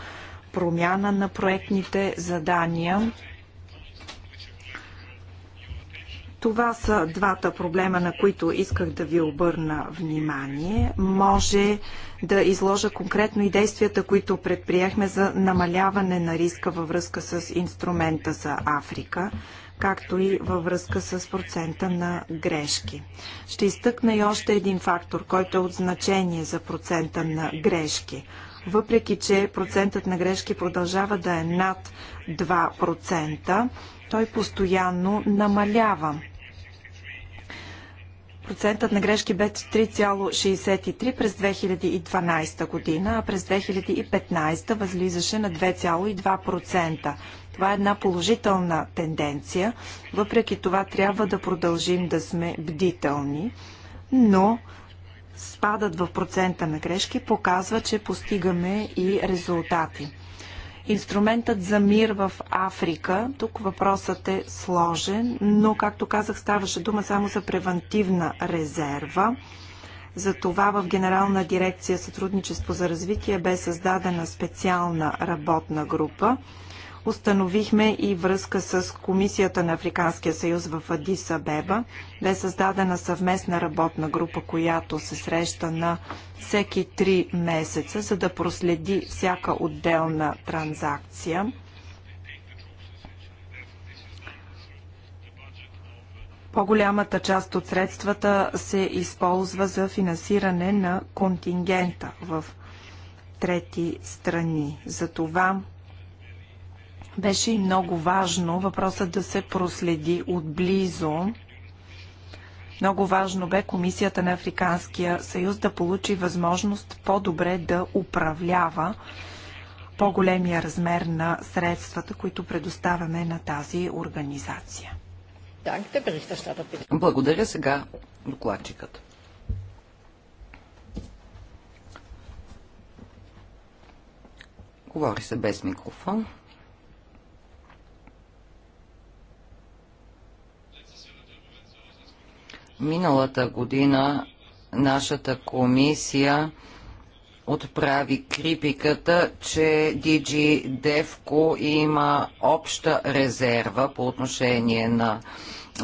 промяна на проектните задания Това са двата проблема, на които исках да ви обърна внимание. Може да изложа конкретно и действията, които предприехме за намаляване на риска във връзка с инструмента за Африка, както и във връзка с процента на грешки. Ще изтъкна и още един фактор, който е от значение за процента на грешки въпреки че процентът на грешки продължава да е над 2%, той постоянно намалява процентът на грешки бе 3,63 през 2012 година, а през 2015 възлизаше на 2,2%. Това е една положителна тенденция. Въпреки това трябва да продължим да сме бдителни, но спадът в процента на грешки показва, че постигаме и резултати. Инструментът за мир в Африка. Тук въпросът е сложен, но, както казах, ставаше дума само за превентивна резерва. Затова в Генерална дирекция Сътрудничество за развитие бе създадена специална работна група, Установихме и връзка с Комисията на Африканския съюз в Адиса Беба. Бе създадена съвместна работна група, която се среща на всеки три месеца, за да проследи всяка отделна транзакция. По-голямата част от средствата се използва за финансиране на контингента в трети страни. Затова беше и много важно въпросът да се проследи отблизо. Много важно бе Комисията на Африканския съюз да получи възможност по-добре да управлява по-големия размер на средствата, които предоставяме на тази организация. Благодаря сега докладчикът. Говори се без микрофон. Миналата година нашата комисия отправи критиката, че DG Девко има обща резерва по отношение на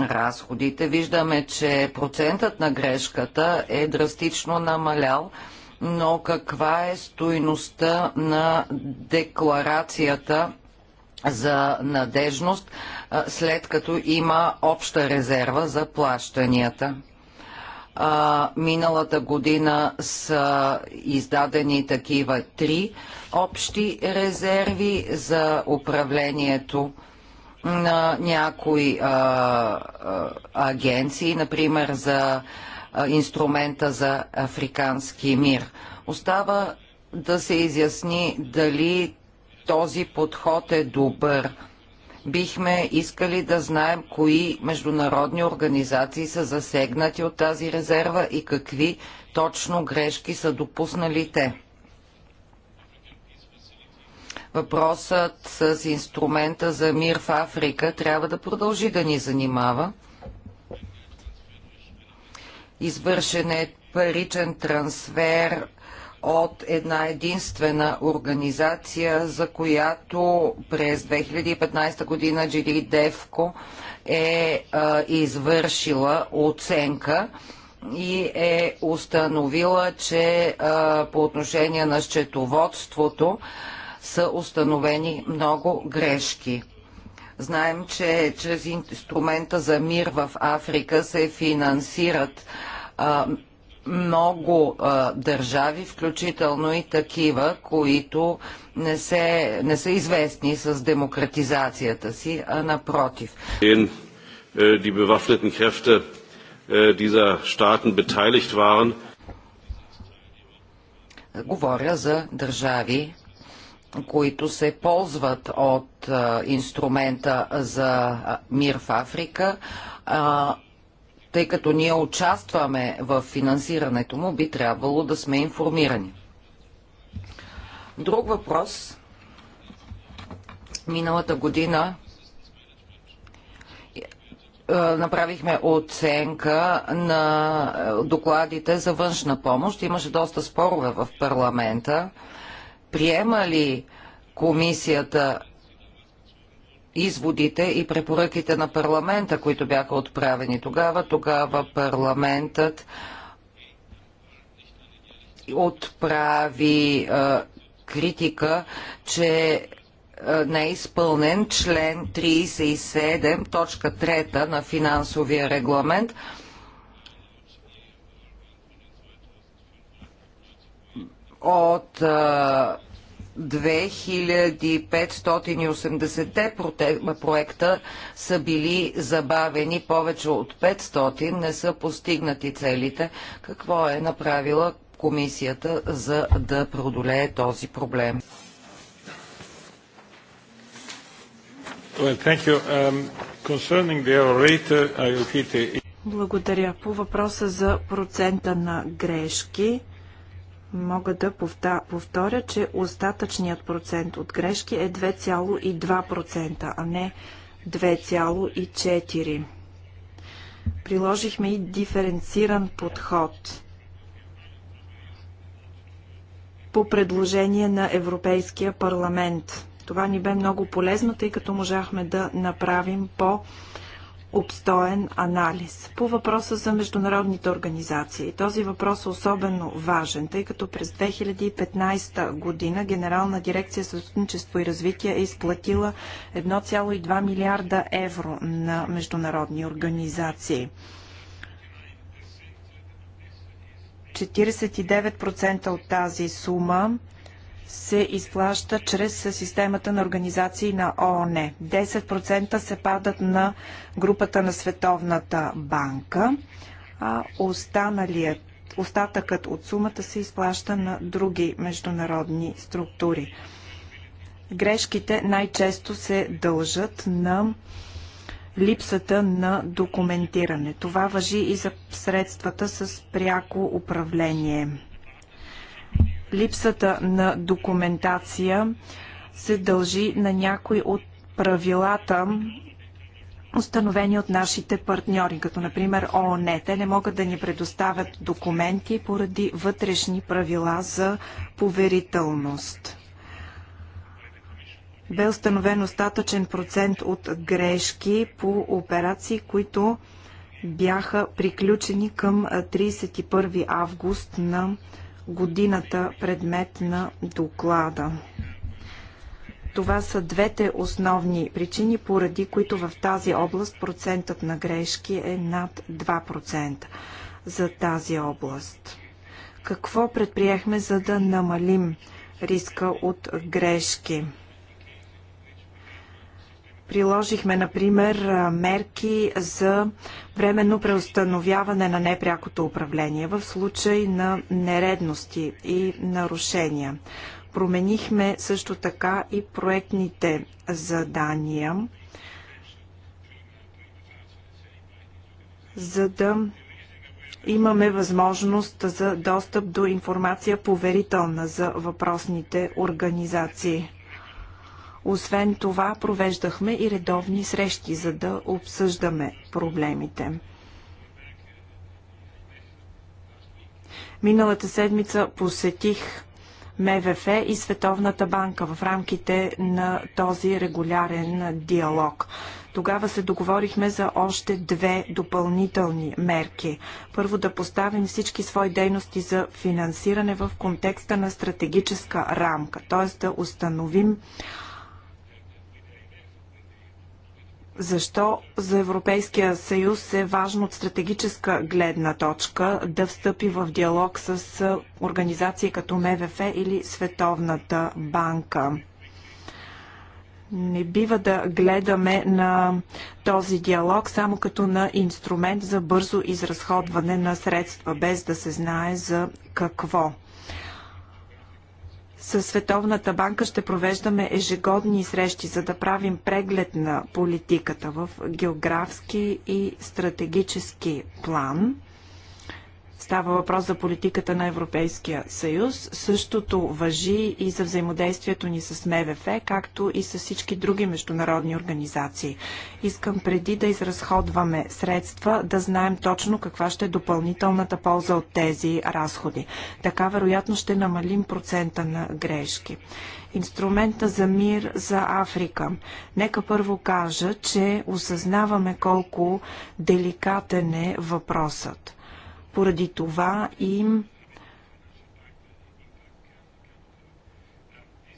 разходите. Виждаме, че процентът на грешката е драстично намалял, но каква е стойността на декларацията за надежност, след като има обща резерва за плащанията. А, миналата година са издадени такива три общи резерви за управлението на някои а, а, агенции, например за а, инструмента за африкански мир. Остава да се изясни дали този подход е добър бихме искали да знаем кои международни организации са засегнати от тази резерва и какви точно грешки са допуснали те. Въпросът с инструмента за мир в Африка трябва да продължи да ни занимава. Извършен е паричен трансфер от една единствена организация, за която през 2015 година Джили Девко е а, извършила оценка и е установила, че а, по отношение на счетоводството са установени много грешки. Знаем, че чрез инструмента за мир в Африка се финансират а, много а, държави, включително и такива, които не, се, не са известни с демократизацията си, а напротив. Е, е, Говоря за държави, които се ползват от а, инструмента за мир в Африка, а, тъй като ние участваме в финансирането му, би трябвало да сме информирани. Друг въпрос. Миналата година е, направихме оценка на е, докладите за външна помощ. Имаше доста спорове в парламента. Приема ли комисията изводите и препоръките на парламента, които бяха отправени тогава. Тогава парламентът отправи а, критика, че а, не е изпълнен член 37, точка 3 на финансовия регламент. От а, 2580 проекта са били забавени, повече от 500 не са постигнати целите. Какво е направила комисията за да продолее този проблем? Um, Благодаря. По въпроса за процента на грешки, Мога да повторя, че остатъчният процент от грешки е 2,2%, а не 2,4%. Приложихме и диференциран подход по предложение на Европейския парламент. Това ни бе много полезно, тъй като можахме да направим по-добре обстоен анализ. По въпроса за международните организации. Този въпрос е особено важен, тъй като през 2015 година Генерална дирекция сътрудничество и развитие е изплатила 1,2 милиарда евро на международни организации. 49% от тази сума се изплаща чрез системата на организации на ООН. 10% се падат на групата на Световната банка, а останалият остатъкът от сумата се изплаща на други международни структури. Грешките най-често се дължат на липсата на документиране. Това въжи и за средствата с пряко управление. Липсата на документация се дължи на някои от правилата, установени от нашите партньори, като например ООН. Те не могат да ни предоставят документи поради вътрешни правила за поверителност. Бе установен остатъчен процент от грешки по операции, които бяха приключени към 31 август на годината предмет на доклада. Това са двете основни причини, поради които в тази област процентът на грешки е над 2% за тази област. Какво предприехме, за да намалим риска от грешки? Приложихме, например, мерки за временно преустановяване на непрякото управление в случай на нередности и нарушения. Променихме също така и проектните задания, за да имаме възможност за достъп до информация поверителна за въпросните организации. Освен това, провеждахме и редовни срещи, за да обсъждаме проблемите. Миналата седмица посетих МВФ и Световната банка в рамките на този регулярен диалог. Тогава се договорихме за още две допълнителни мерки. Първо да поставим всички свои дейности за финансиране в контекста на стратегическа рамка, т.е. да установим защо за Европейския съюз е важно от стратегическа гледна точка да встъпи в диалог с организации като МВФ или Световната банка. Не бива да гледаме на този диалог само като на инструмент за бързо изразходване на средства, без да се знае за какво. С Световната банка ще провеждаме ежегодни срещи, за да правим преглед на политиката в географски и стратегически план. Става въпрос за политиката на Европейския съюз. Същото въжи и за взаимодействието ни с МВФ, както и с всички други международни организации. Искам преди да изразходваме средства, да знаем точно каква ще е допълнителната полза от тези разходи. Така вероятно ще намалим процента на грешки инструмента за мир за Африка. Нека първо кажа, че осъзнаваме колко деликатен е въпросът. Поради това им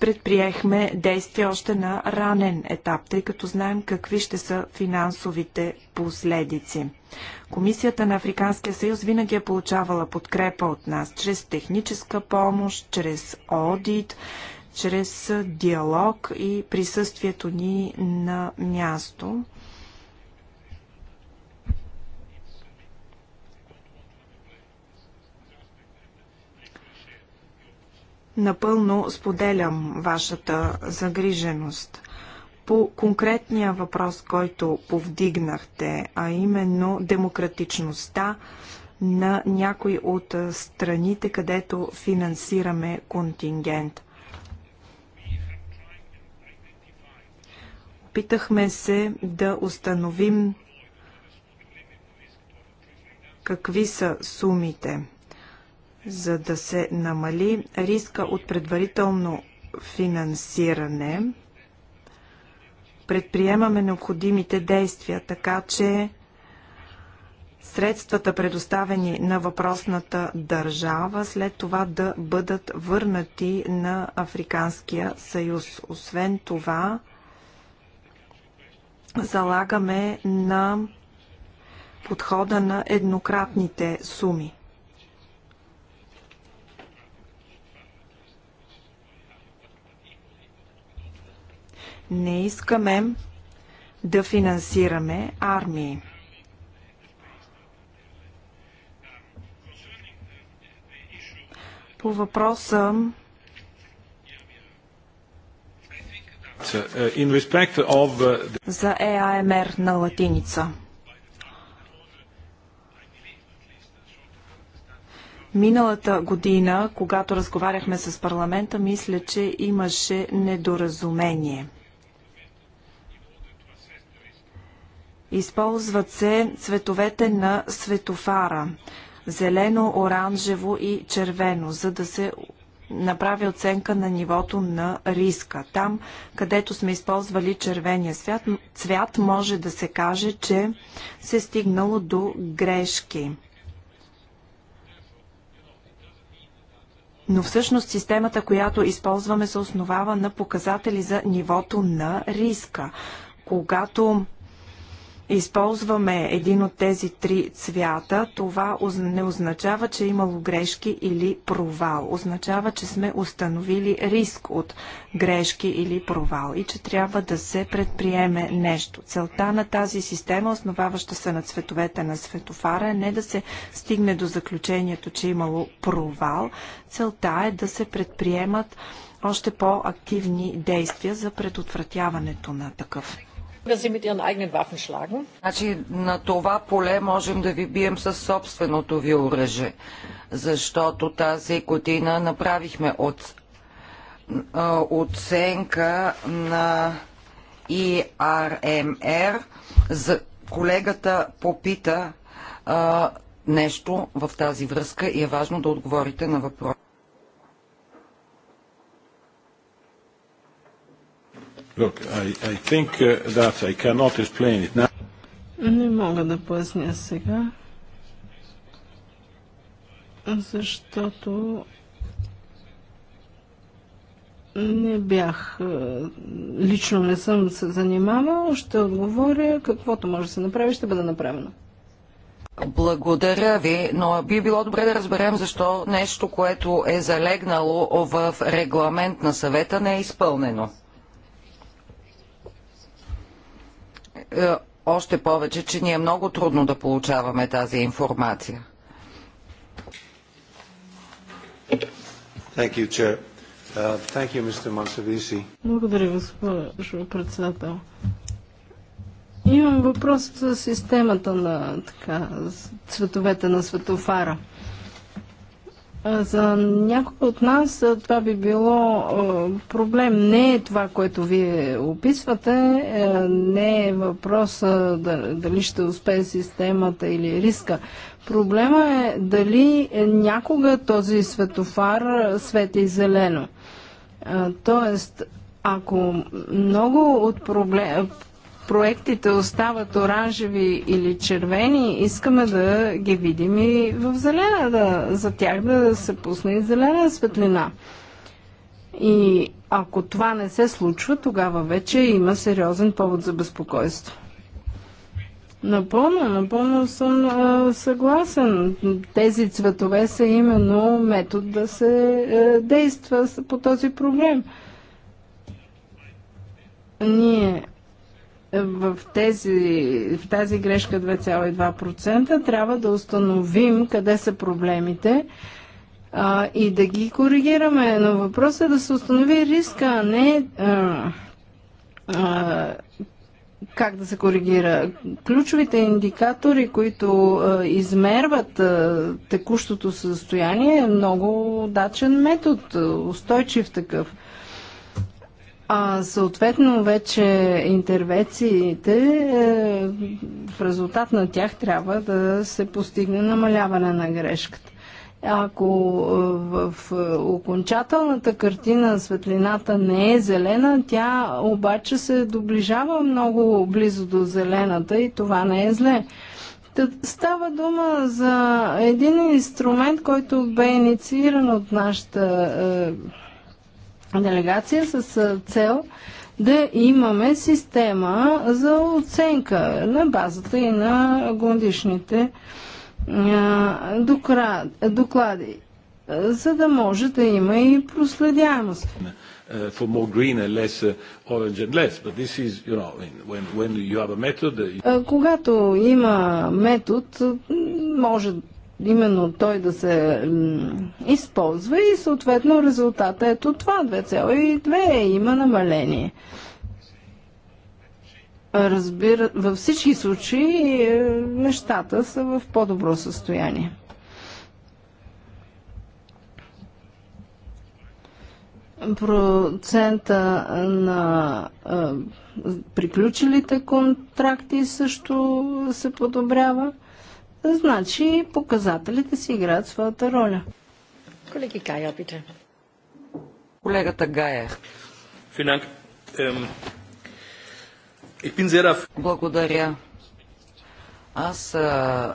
предприехме действия още на ранен етап, тъй като знаем какви ще са финансовите последици. Комисията на Африканския съюз винаги е получавала подкрепа от нас чрез техническа помощ, чрез одит, чрез диалог и присъствието ни на място. Напълно споделям вашата загриженост. По конкретния въпрос, който повдигнахте, а именно демократичността на някои от страните, където финансираме контингент. Опитахме се да установим какви са сумите за да се намали риска от предварително финансиране, предприемаме необходимите действия, така че средствата предоставени на въпросната държава след това да бъдат върнати на Африканския съюз. Освен това, залагаме на подхода на еднократните суми. Не искаме да финансираме армии. По въпроса uh, uh, за ЕАМР на латиница. Миналата година, когато разговаряхме с парламента, мисля, че имаше недоразумение – Използват се цветовете на светофара зелено, оранжево и червено, за да се направи оценка на нивото на риска. Там, където сме използвали червения свят, цвят, може да се каже, че се е стигнало до грешки. Но всъщност системата, която използваме, се основава на показатели за нивото на риска. Когато използваме един от тези три цвята, това не означава, че е имало грешки или провал. Означава, че сме установили риск от грешки или провал и че трябва да се предприеме нещо. Целта на тази система, основаваща се на цветовете на светофара, е не да се стигне до заключението, че е имало провал. Целта е да се предприемат още по-активни действия за предотвратяването на такъв. Значи на това поле можем да ви бием със собственото ви оръжие, защото тази година направихме от, оценка на ИРМР. За колегата попита а, нещо в тази връзка и е важно да отговорите на въпроса. Look, I, I think uh, that I cannot explain it now. Не мога да поясня сега, защото не бях, е, лично не съм се занимавал, ще отговоря, каквото може да се направи, ще бъде направено. Благодаря ви, но би било добре да разберем защо нещо, което е залегнало в регламент на съвета, не е изпълнено. Е, още повече, че ни е много трудно да получаваме тази информация. Thank you, Chair. Uh, thank you, Mr. Mansovici. Благодаря, госпожо председател. Имам въпрос за системата на така, цветовете на светофара. За някои от нас това би било проблем. Не е това, което вие описвате, е, не е въпрос дали ще успее системата или риска. Проблема е дали е някога този светофар свети зелено. Тоест, ако много от проблем, проектите остават оранжеви или червени, искаме да ги видим и в зелена, да, за тях да се пусне и зелена светлина. И ако това не се случва, тогава вече има сериозен повод за безпокойство. Напълно, напълно съм а, съгласен. Тези цветове са именно метод да се действа по този проблем. Ние в, тези, в тази грешка 2,2% трябва да установим къде са проблемите а, и да ги коригираме. Но въпросът е да се установи риска, а не а, а, как да се коригира. Ключовите индикатори, които а, измерват а, текущото състояние, е много дачен метод, устойчив такъв. А съответно вече интервенциите, е, в резултат на тях трябва да се постигне намаляване на грешката. Ако е, в окончателната картина светлината не е зелена, тя обаче се доближава много близо до зелената и това не е зле. Става дума за един инструмент, който бе иницииран от нашата е, делегация с цел да имаме система за оценка на базата и на годишните доклади, за да може да има и проследяемост. Uh, for more green and less uh, orange and less, but this is, you know, when, when you have a method. Uh, когато има метод, може именно той да се използва и съответно резултата е от това 2,2 е, има намаление. Разбира, във всички случаи е, нещата са в по-добро състояние. процента на а, приключилите контракти също се подобрява. Значи показателите си играят своята роля. Колеги Гая, обича. Колегата Гая. Благодаря. Аз а,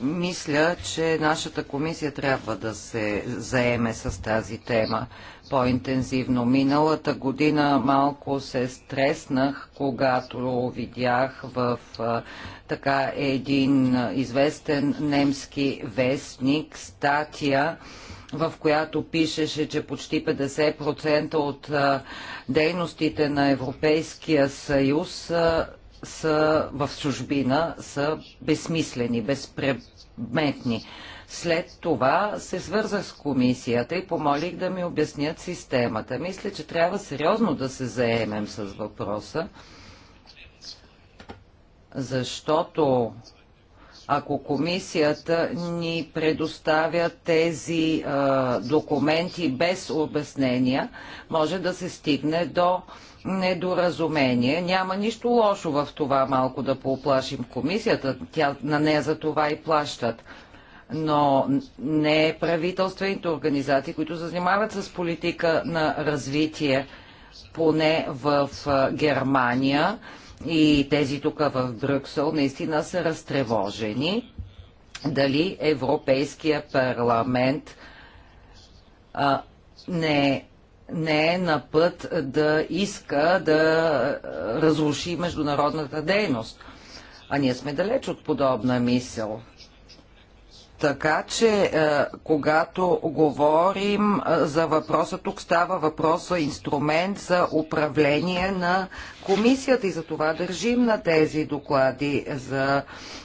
мисля, че нашата комисия трябва да се заеме с тази тема по-интензивно. Миналата година малко се стреснах, когато видях в така един известен немски вестник статия, в която пишеше, че почти 50% от дейностите на Европейския съюз са в чужбина са безсмислени, безпредметни. След това се свързах с комисията и помолих да ми обяснят системата. Мисля, че трябва сериозно да се заемем с въпроса, защото ако комисията ни предоставя тези а, документи без обяснения, може да се стигне до недоразумение. Няма нищо лошо в това малко да пооплашим комисията. Тя, на нея за това и плащат но не правителствените организации, които се занимават с политика на развитие, поне в Германия и тези тук в Брюксел, наистина са разтревожени дали Европейския парламент а, не, не е на път да иска да разруши международната дейност. А ние сме далеч от подобна мисъл. Така че, е, когато говорим е, за въпроса, тук става въпрос за инструмент за управление на комисията и за това държим на тези доклади за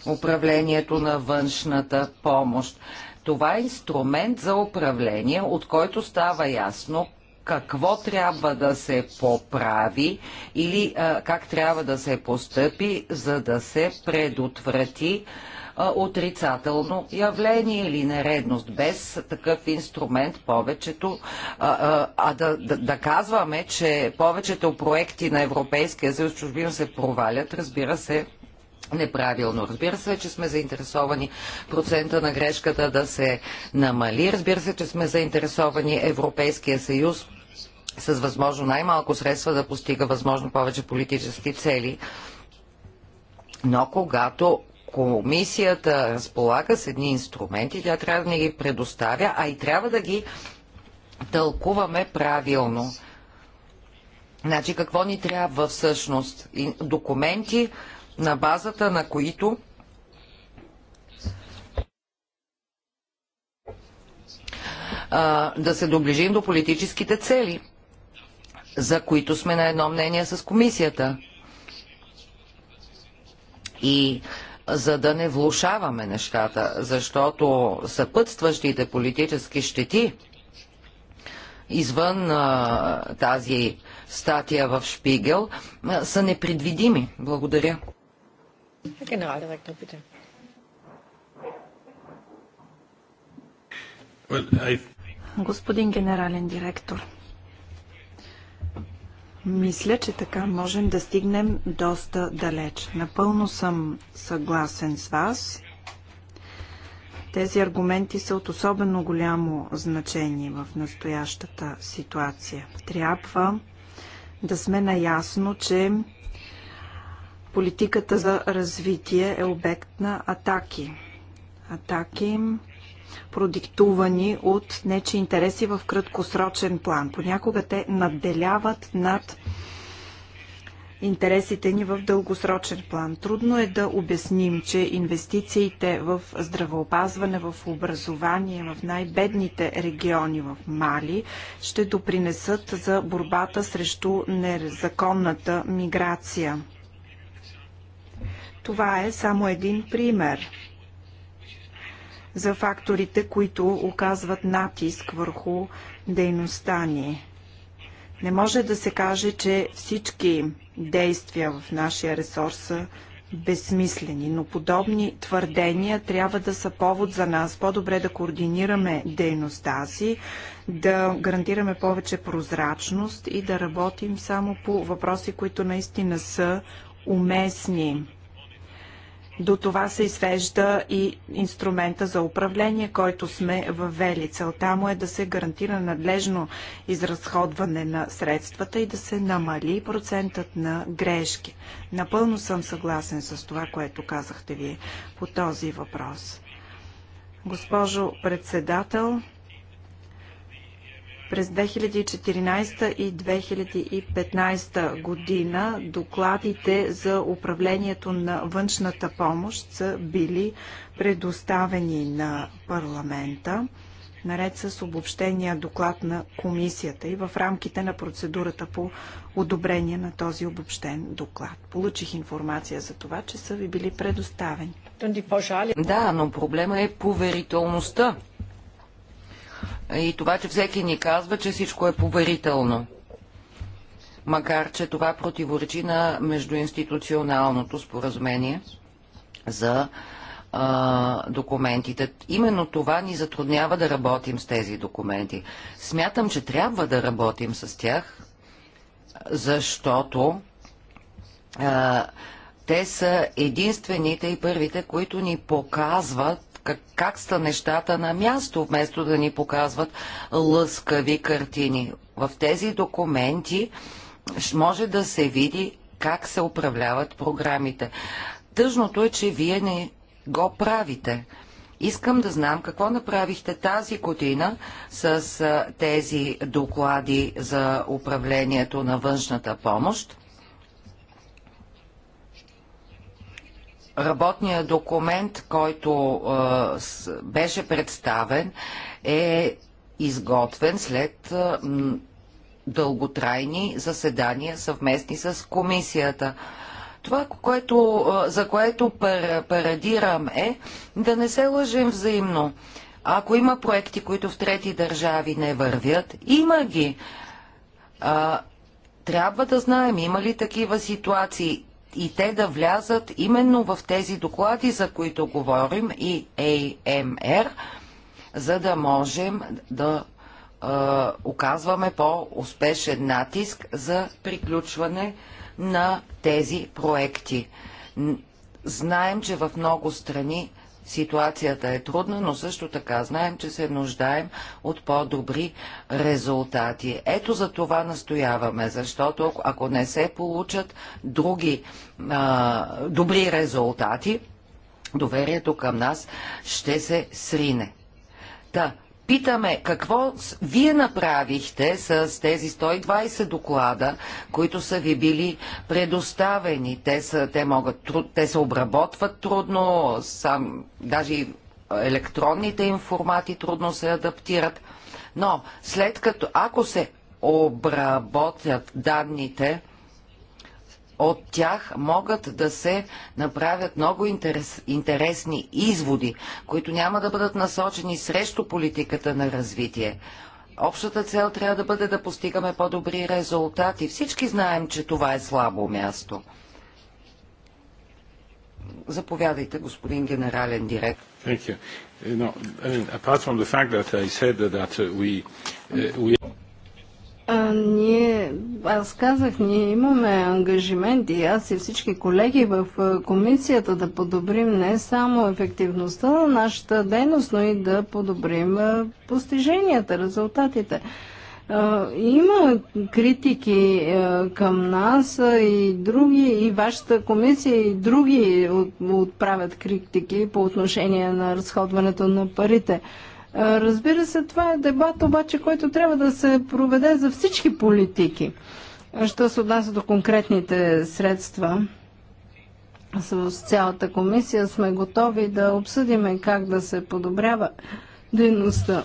управлението на външната помощ. Това е инструмент за управление, от който става ясно какво трябва да се поправи или а, е, как трябва да се постъпи, за да се предотврати отрицателно явление или нередност. Без такъв инструмент повечето, а да, да, да казваме, че повечето проекти на Европейския съюз чужбина се провалят, разбира се, неправилно. Разбира се, че сме заинтересовани процента на грешката да се намали. Разбира се, че сме заинтересовани Европейския съюз с възможно най-малко средства да постига възможно повече политически цели. Но когато комисията разполага с едни инструменти, тя трябва да ни ги предоставя, а и трябва да ги тълкуваме правилно. Значи какво ни трябва всъщност? Документи, на базата на които а, да се доближим до политическите цели, за които сме на едно мнение с комисията. И за да не влушаваме нещата, защото съпътстващите политически щети извън а, тази статия в Шпигел а, са непредвидими. Благодаря. Господин генерален директор, мисля, че така можем да стигнем доста далеч. Напълно съм съгласен с вас. Тези аргументи са от особено голямо значение в настоящата ситуация. Трябва да сме наясно, че политиката за развитие е обект на атаки. Атаки продиктувани от нечи интереси в краткосрочен план. Понякога те надделяват над интересите ни в дългосрочен план. Трудно е да обясним, че инвестициите в здравеопазване, в образование, в най-бедните региони в Мали ще допринесат за борбата срещу незаконната миграция. Това е само един пример за факторите, които оказват натиск върху дейността ни. Не може да се каже, че всички действия в нашия ресурс са безсмислени, но подобни твърдения трябва да са повод за нас по-добре да координираме дейността си, да гарантираме повече прозрачност и да работим само по въпроси, които наистина са уместни. До това се извежда и инструмента за управление, който сме въвели. Целта му е да се гарантира надлежно изразходване на средствата и да се намали процентът на грешки. Напълно съм съгласен с това, което казахте вие по този въпрос. Госпожо председател, през 2014 и 2015 година докладите за управлението на външната помощ са били предоставени на парламента наред с обобщения доклад на комисията и в рамките на процедурата по одобрение на този обобщен доклад. Получих информация за това, че са ви били предоставени. Да, но проблема е поверителността и това, че всеки ни казва, че всичко е поверително. Макар, че това противоречи на междуинституционалното споразумение за а, документите. Именно това ни затруднява да работим с тези документи. Смятам, че трябва да работим с тях, защото а, те са единствените и първите, които ни показват как, как са нещата на място, вместо да ни показват лъскави картини. В тези документи може да се види как се управляват програмите. Тъжното е, че вие не го правите. Искам да знам какво направихте тази година с тези доклади за управлението на външната помощ. работният документ, който беше представен, е изготвен след дълготрайни заседания съвместни с комисията. Това, което, за което пар, парадирам е да не се лъжим взаимно. Ако има проекти, които в трети държави не вървят, има ги. А, трябва да знаем има ли такива ситуации и те да влязат именно в тези доклади, за които говорим и AMR, за да можем да е, оказваме по-успешен натиск за приключване на тези проекти. Знаем, че в много страни Ситуацията е трудна, но също така знаем, че се нуждаем от по-добри резултати. Ето за това настояваме, защото ако не се получат други а, добри резултати, доверието към нас ще се срине. Та, питаме какво вие направихте с тези 120 доклада, които са ви били предоставени. Те, са, те, могат, те се обработват трудно, сам, даже електронните информати трудно се адаптират. Но след като ако се обработят данните, от тях могат да се направят много интерес, интересни изводи, които няма да бъдат насочени срещу политиката на развитие. Общата цел трябва да бъде да постигаме по-добри резултати. Всички знаем, че това е слабо място. Заповядайте, господин генерален директор. Thank you. I mean, apart from the fact that I said that uh, we, uh, we... А, ние, аз казах, ние имаме ангажименти, аз и всички колеги в комисията да подобрим не само ефективността на нашата дейност, но и да подобрим постиженията, резултатите. Има критики към нас и други, и вашата комисия, и други отправят критики по отношение на разходването на парите. Разбира се, това е дебат обаче, който трябва да се проведе за всички политики. Що се отнася до конкретните средства, с цялата комисия сме готови да обсъдиме как да се подобрява дейността.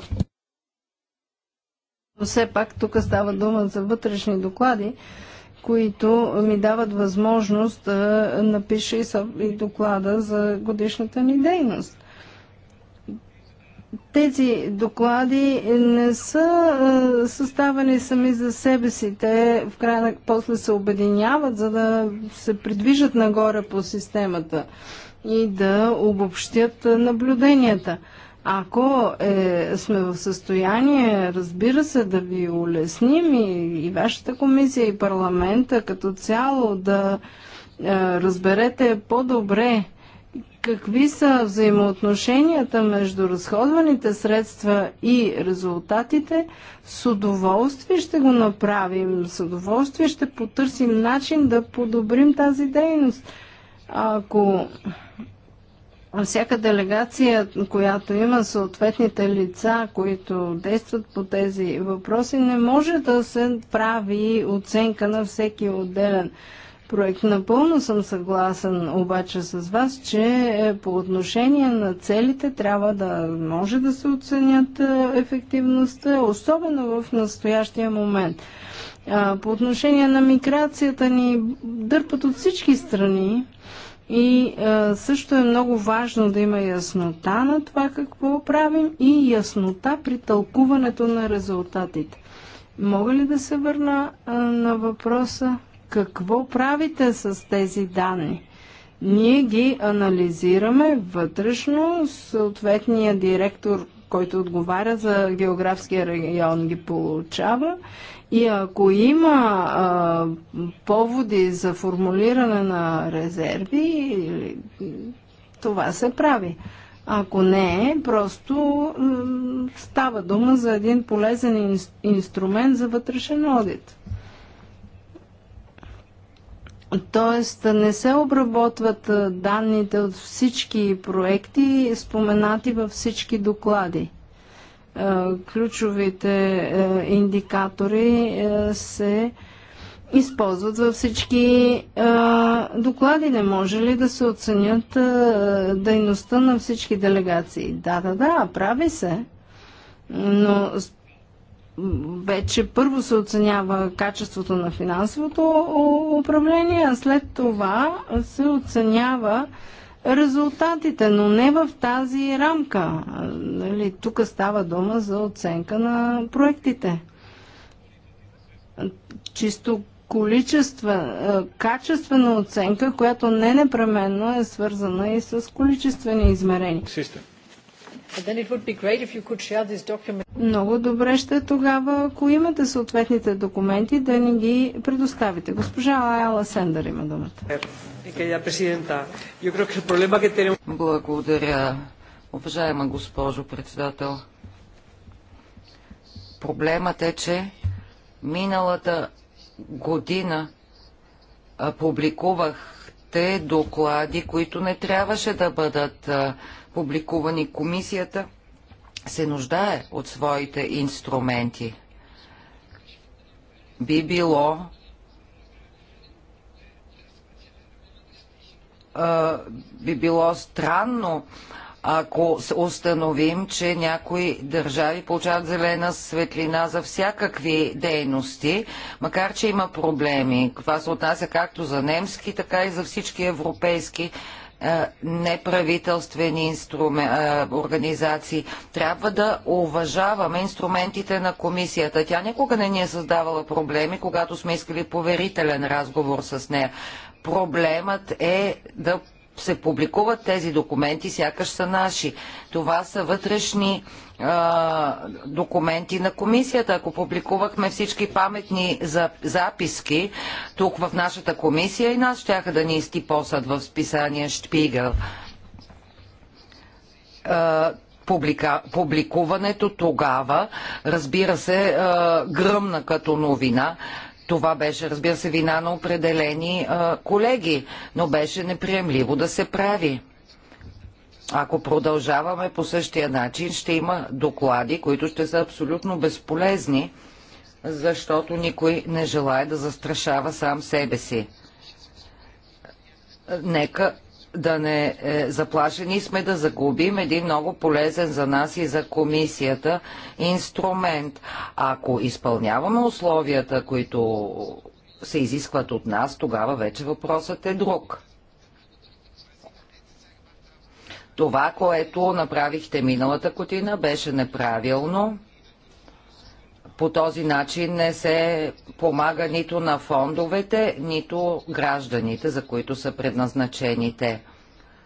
Но все пак тук става дума за вътрешни доклади, които ми дават възможност да напиша и доклада за годишната ни дейност. Тези доклади не са съставени сами за себе си. Те в края на после се обединяват, за да се придвижат нагоре по системата и да обобщят наблюденията. Ако е, сме в състояние, разбира се, да ви улесним и, и вашата комисия, и парламента като цяло да е, разберете по-добре какви са взаимоотношенията между разходваните средства и резултатите, с удоволствие ще го направим, с удоволствие ще потърсим начин да подобрим тази дейност. Ако всяка делегация, която има съответните лица, които действат по тези въпроси, не може да се прави оценка на всеки отделен проект. Напълно съм съгласен обаче с вас, че е, по отношение на целите трябва да може да се оценят е, ефективността, особено в настоящия момент. По отношение на миграцията ни дърпат от всички страни и е, също е много важно да има яснота на това какво правим и яснота при тълкуването на резултатите. Мога ли да се върна на въпроса? какво правите с тези данни? Ние ги анализираме вътрешно, съответния директор, който отговаря за географския регион, ги получава и ако има а, поводи за формулиране на резерви, това се прави. Ако не, просто става дума за един полезен инструмент за вътрешен одит. Тоест не се обработват данните от всички проекти, споменати във всички доклади. Ключовите индикатори се използват във всички доклади. Не може ли да се оценят дейността на всички делегации? Да, да, да, прави се. Но вече първо се оценява качеството на финансовото управление, а след това се оценява резултатите, но не в тази рамка. Нали, тук става дума за оценка на проектите. Чисто количество, е, качествена оценка, която не непременно е свързана и с количествени измерения. Система. Много добре ще е тогава, ако имате съответните документи, да ни ги предоставите. Госпожа Айала Сендър има думата. Благодаря, уважаема госпожо председател. Проблемът е, че миналата година публикувахте доклади, които не трябваше да бъдат публикувани. Комисията се нуждае от своите инструменти. Би било би било странно, ако установим, че някои държави получават зелена светлина за всякакви дейности, макар че има проблеми. Това се отнася както за немски, така и за всички европейски е, неправителствени е, организации. Трябва да уважаваме инструментите на комисията. Тя никога не ни е създавала проблеми, когато сме искали поверителен разговор с нея. Проблемът е да се публикуват тези документи, сякаш са наши. Това са вътрешни а, документи на комисията. Ако публикувахме всички паметни за, записки тук в нашата комисия, и нас щяха да ни изтипосат в списание Шпигъл. публика, публикуването тогава, разбира се, а, гръмна като новина, това беше, разбира се, вина на определени а, колеги, но беше неприемливо да се прави. Ако продължаваме по същия начин, ще има доклади, които ще са абсолютно безполезни, защото никой не желая да застрашава сам себе си. Нека да не е, заплашени сме да загубим един много полезен за нас и за комисията инструмент. Ако изпълняваме условията, които се изискват от нас, тогава вече въпросът е друг. Това, което направихте миналата година, беше неправилно. По този начин не се помага нито на фондовете, нито гражданите, за които са предназначените.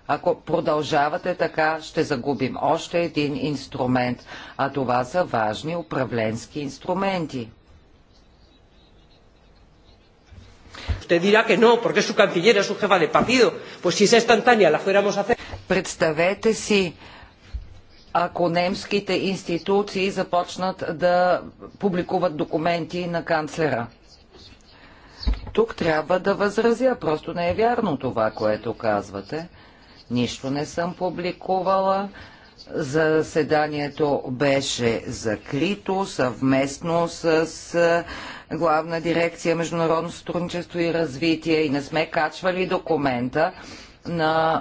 Ако продължавате така, ще загубим още един инструмент, а това са важни управленски инструменти. Представете си, ако немските институции започнат да публикуват документи на канцлера. Тук трябва да възразя, просто не е вярно това, което казвате. Нищо не съм публикувала. Заседанието беше закрито съвместно с Главна дирекция Международно сътрудничество и развитие и не сме качвали документа на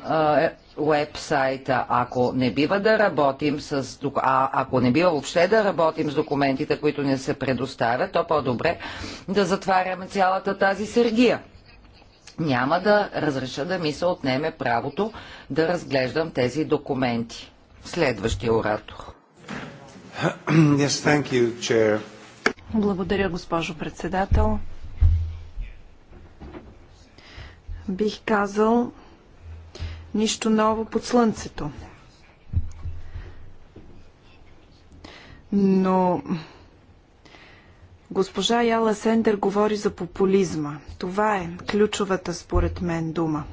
е, уебсайта, ако не бива да работим с, а, ако не бива въобще да работим с документите, които не се предоставят, то по-добре да затваряме цялата тази сергия. Няма да разреша да ми се отнеме правото да разглеждам тези документи. Следващия оратор. Yes, thank you, chair. Благодаря, госпожо председател. Бих казал, Нищо ново под слънцето. Но госпожа Яла Сендер говори за популизма. Това е ключовата според мен дума.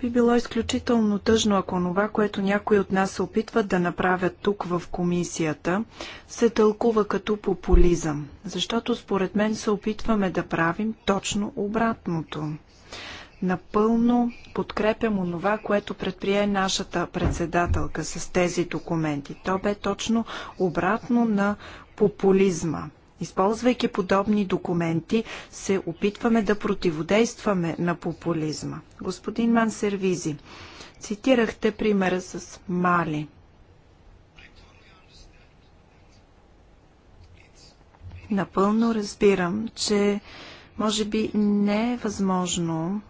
Би било изключително тъжно, ако това, което някои от нас се опитват да направят тук в комисията, се тълкува като популизъм. Защото според мен се опитваме да правим точно обратното. Напълно подкрепям онова, което предприе нашата председателка с тези документи. То бе точно обратно на популизма. Използвайки подобни документи, се опитваме да противодействаме на популизма. Господин Мансервизи, цитирахте примера с Мали. Напълно разбирам, че може би не е възможно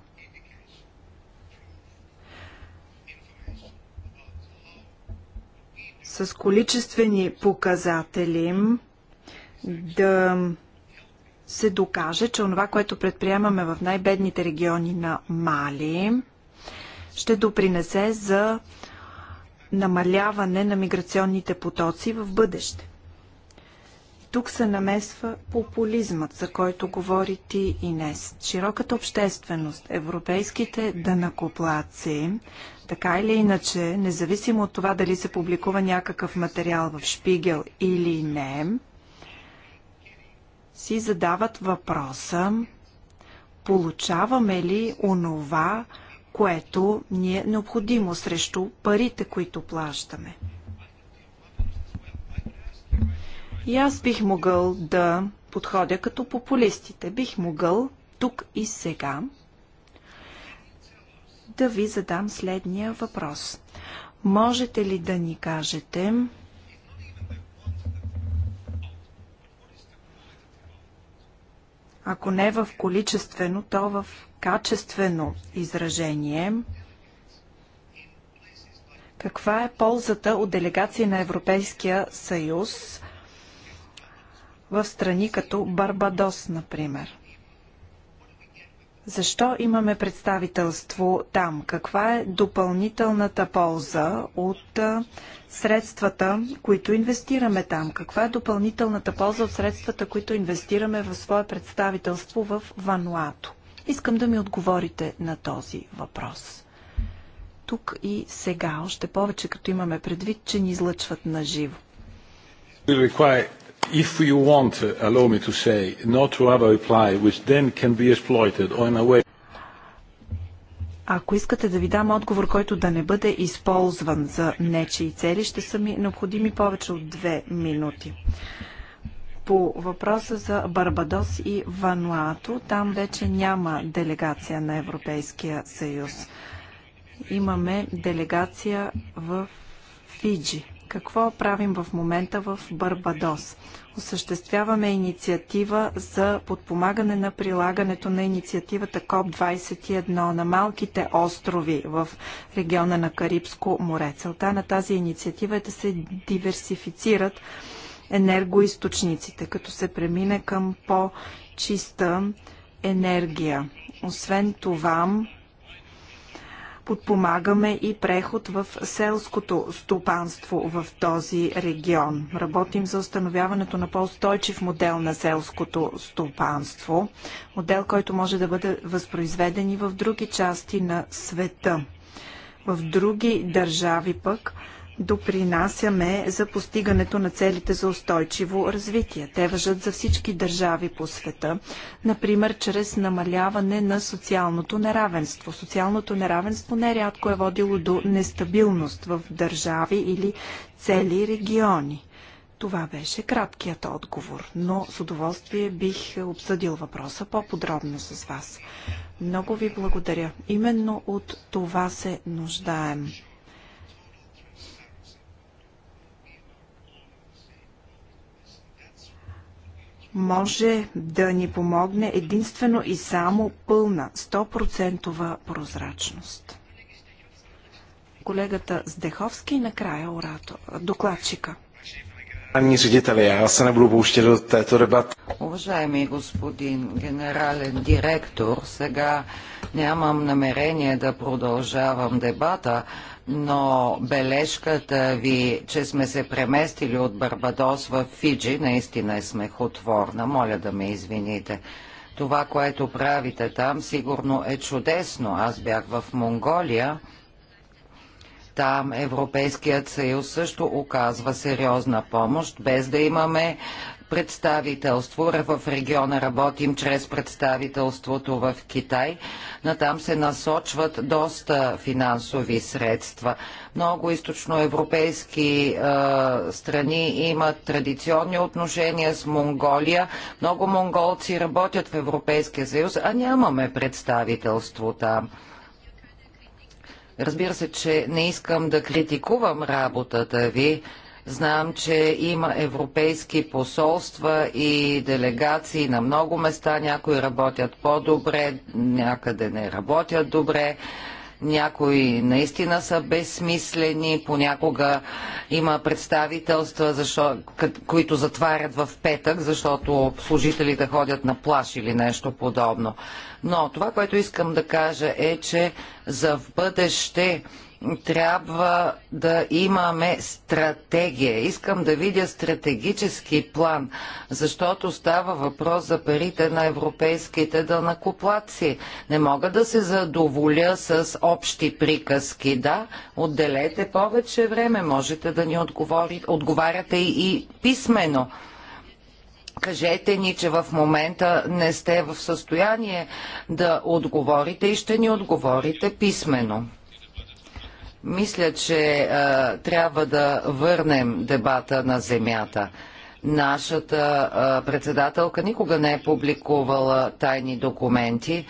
с количествени показатели да се докаже, че онова, което предприемаме в най-бедните региони на Мали, ще допринесе за намаляване на миграционните потоци в бъдеще. Тук се намесва популизмът, за който говори ти и днес. Широката общественост, европейските дънакоплаци, така или иначе, независимо от това дали се публикува някакъв материал в Шпигел или не, си задават въпроса получаваме ли онова, което ни е необходимо срещу парите, които плащаме. И аз бих могъл да подходя като популистите. Бих могъл тук и сега да ви задам следния въпрос. Можете ли да ни кажете ако не в количествено, то в качествено изражение. Каква е ползата от делегации на Европейския съюз в страни като Барбадос, например? Защо имаме представителство там? Каква е допълнителната полза от средствата, които инвестираме там? Каква е допълнителната полза от средствата, които инвестираме в свое представителство в Вануато? Искам да ми отговорите на този въпрос. Тук и сега, още повече като имаме предвид, че ни излъчват на живо if you want, uh, allow me to say, not to have a reply which then can be exploited or in a way ако искате да ви дам отговор, който да не бъде използван за нечии цели, ще са ми необходими повече от две минути. По въпроса за Барбадос и Вануато, там вече няма делегация на Европейския съюз. Имаме делегация в Фиджи. Какво правим в момента в Барбадос? Осъществяваме инициатива за подпомагане на прилагането на инициативата КОП-21 на малките острови в региона на Карибско море. Целта на тази инициатива е да се диверсифицират енергоисточниците, като се премине към по-чиста енергия. Освен това, Подпомагаме и преход в селското стопанство в този регион. Работим за установяването на по-устойчив модел на селското стопанство. Модел, който може да бъде възпроизведен и в други части на света. В други държави пък допринасяме за постигането на целите за устойчиво развитие. Те въжат за всички държави по света, например чрез намаляване на социалното неравенство. Социалното неравенство нерядко е водило до нестабилност в държави или цели региони. Това беше краткият отговор, но с удоволствие бих обсъдил въпроса по-подробно с вас. Много ви благодаря. Именно от това се нуждаем. може да ни помогне единствено и само пълна 100% прозрачност. Колегата Здеховски и накрая оратор, докладчика. свидетели, аз се не буду от тето дебат. Уважаеми господин генерален директор, сега нямам намерение да продължавам дебата, но бележката ви, че сме се преместили от Барбадос в Фиджи, наистина е смехотворна. Моля да ме извините. Това, което правите там, сигурно е чудесно. Аз бях в Монголия. Там Европейският съюз също оказва сериозна помощ, без да имаме представителство. В региона работим чрез представителството в Китай. Натам се насочват доста финансови средства. Много източноевропейски е, страни имат традиционни отношения с Монголия. Много монголци работят в Европейския съюз, а нямаме представителство там. Разбира се, че не искам да критикувам работата ви, Знам, че има европейски посолства и делегации на много места. Някои работят по-добре, някъде не работят добре. Някои наистина са безсмислени, понякога има представителства, защо, които затварят в петък, защото служителите ходят на плаш или нещо подобно. Но това, което искам да кажа е, че за в бъдеще трябва да имаме стратегия. Искам да видя стратегически план, защото става въпрос за парите на европейските дънакоплаци. Не мога да се задоволя с общи приказки. Да, отделете повече време. Можете да ни отговори, отговаряте и писменно. Кажете ни, че в момента не сте в състояние да отговорите и ще ни отговорите писменно. Мисля, че а, трябва да върнем дебата на земята. Нашата а, председателка никога не е публикувала тайни документи,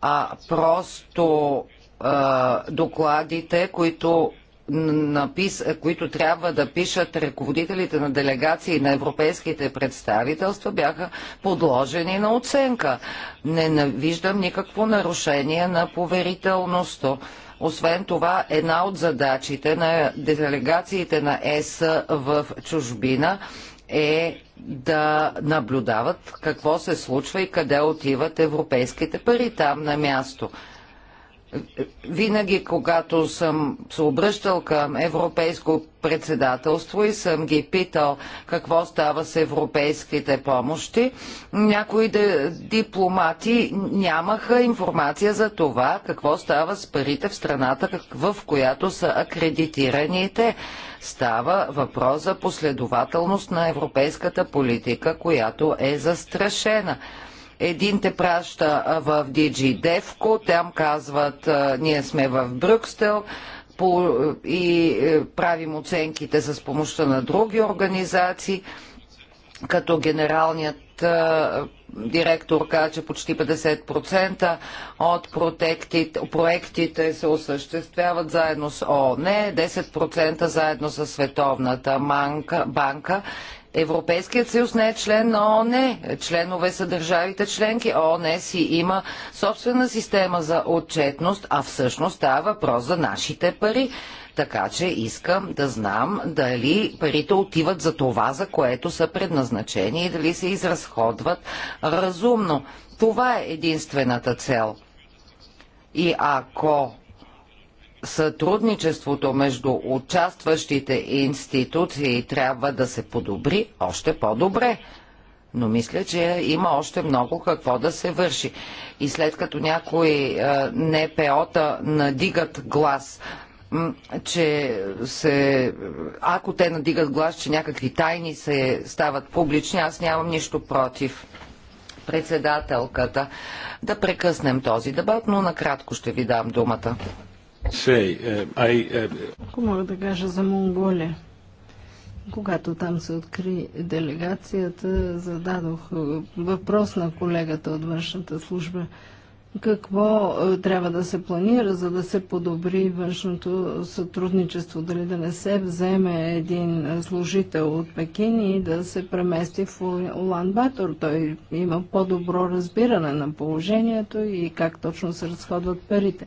а просто а, докладите, които напис... които трябва да пишат ръководителите на делегации на европейските представителства, бяха подложени на оценка. Не виждам никакво нарушение на поверителността. Освен това, една от задачите на делегациите на ЕС в чужбина е да наблюдават какво се случва и къде отиват европейските пари там на място винаги, когато съм се обръщал към европейско председателство и съм ги питал какво става с европейските помощи, някои дипломати нямаха информация за това какво става с парите в страната, в която са акредитираните. Става въпрос за последователност на европейската политика, която е застрашена. Един те праща в DG Девко, там казват ние сме в Брюкстел, по, и е, правим оценките с помощта на други организации, като генералният а, директор каза, че почти 50% от проектите, се осъществяват заедно с ООН, 10% е, заедно с Световната банка, банка Европейският съюз не е член на ООН. Членове са държавите членки. ООН си има собствена система за отчетност, а всъщност става въпрос за нашите пари. Така че искам да знам дали парите отиват за това, за което са предназначени и дали се изразходват разумно. Това е единствената цел. И ако сътрудничеството между участващите институции трябва да се подобри още по-добре. Но мисля, че има още много какво да се върши. И след като някои е, НПО-та надигат глас, че се, ако те надигат глас, че някакви тайни се стават публични, аз нямам нищо против председателката. Да прекъснем този дебат, но накратко ще ви дам думата. Say, uh, uh, Ако мога да кажа за Монголия. Когато там се откри делегацията, зададох въпрос на колегата от външната служба какво е, трябва да се планира, за да се подобри външното сътрудничество, дали да не се вземе един е, служител от Пекин и да се премести в Улан Батор. Той има по-добро разбиране на положението и как точно се разходват парите.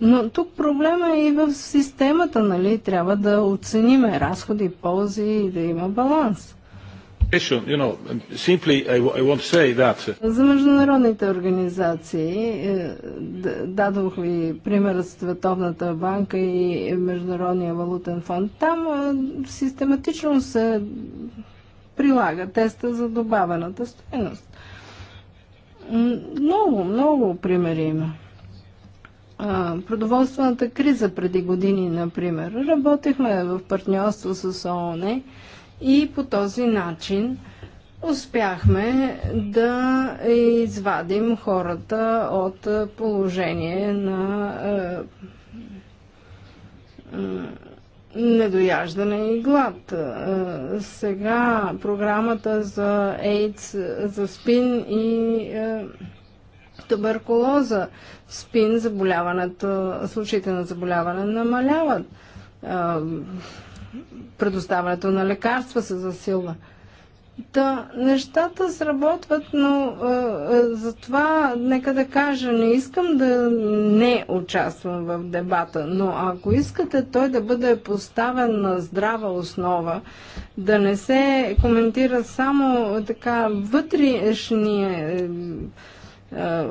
Но тук проблема е и в системата, нали? Трябва да оцениме разходи, ползи и да има баланс. Uh, за международните организации е, дадох ви пример с Световната банка и Международния валутен фонд. Там е, систематично се прилага теста за добавената стоеност. Много, много примери има. Продоволствената криза преди години, например. Работехме в партньорство с ООН и по този начин успяхме да извадим хората от положение на е, недояждане и глад. Е, сега програмата за AIDS, за спин и е, туберкулоза, спин, заболяването, случаите на заболяване намаляват предоставянето на лекарства се засилва. Да, нещата сработват, но е, затова нека да кажа, не искам да не участвам в дебата, но ако искате той да бъде поставен на здрава основа, да не се коментира само така вътрешни е, е,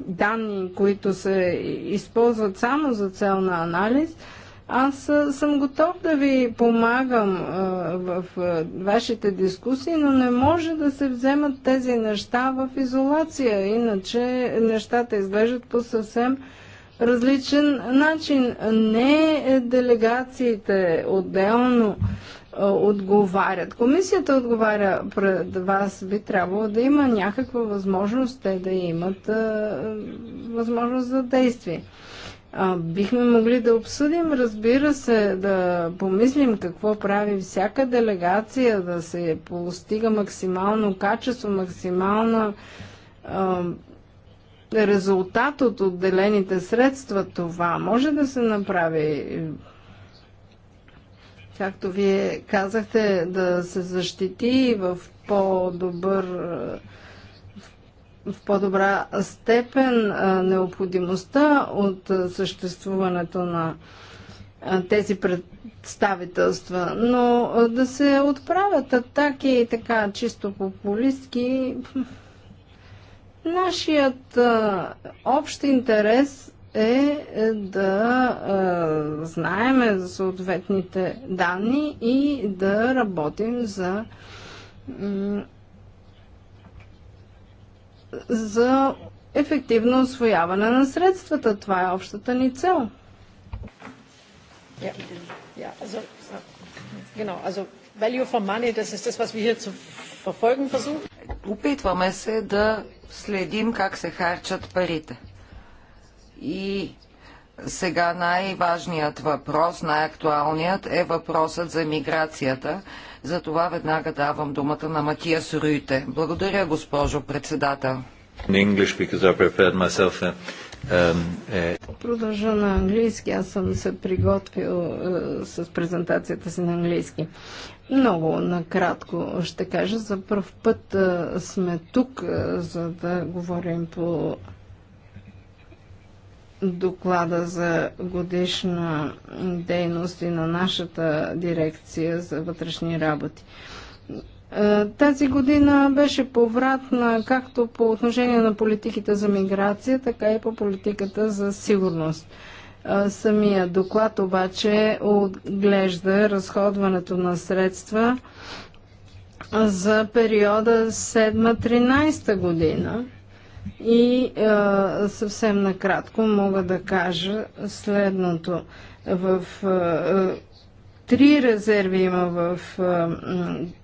данни, които се използват само за цел на анализ, е, аз съм готов да ви помагам в вашите дискусии, но не може да се вземат тези неща в изолация, иначе нещата изглеждат по съвсем различен начин. Не делегациите отделно отговарят. Комисията отговаря пред вас. Би трябвало да има някаква възможност те да имат възможност за действие. А, бихме могли да обсъдим, разбира се, да помислим какво прави всяка делегация, да се постига максимално качество, максимално а, резултат от отделените средства. Това може да се направи. Както вие казахте, да се защити в по-добър в по-добра степен необходимостта от съществуването на тези представителства. Но да се отправят атаки и така чисто популистки, нашият общ интерес е, е да знаем знаеме за съответните данни и да работим за за ефективно освояване на средствата. Това е общата ни цел. Опитваме се да следим как се харчат парите. И сега най-важният въпрос, най-актуалният е въпросът за миграцията – затова веднага давам думата на матия Сруите. Благодаря, госпожо председател. Uh, um, uh, Продължа на английски. Аз съм се приготвил е, с презентацията си на английски. Много накратко ще кажа. За първ път е, сме тук, е, за да говорим по доклада за годишна дейност и на нашата дирекция за вътрешни работи. Е, тази година беше повратна както по отношение на политиките за миграция, така и по политиката за сигурност. Е, самия доклад обаче отглежда разходването на средства за периода 7-13 година и а, съвсем накратко мога да кажа следното. В а, три резерви има в а,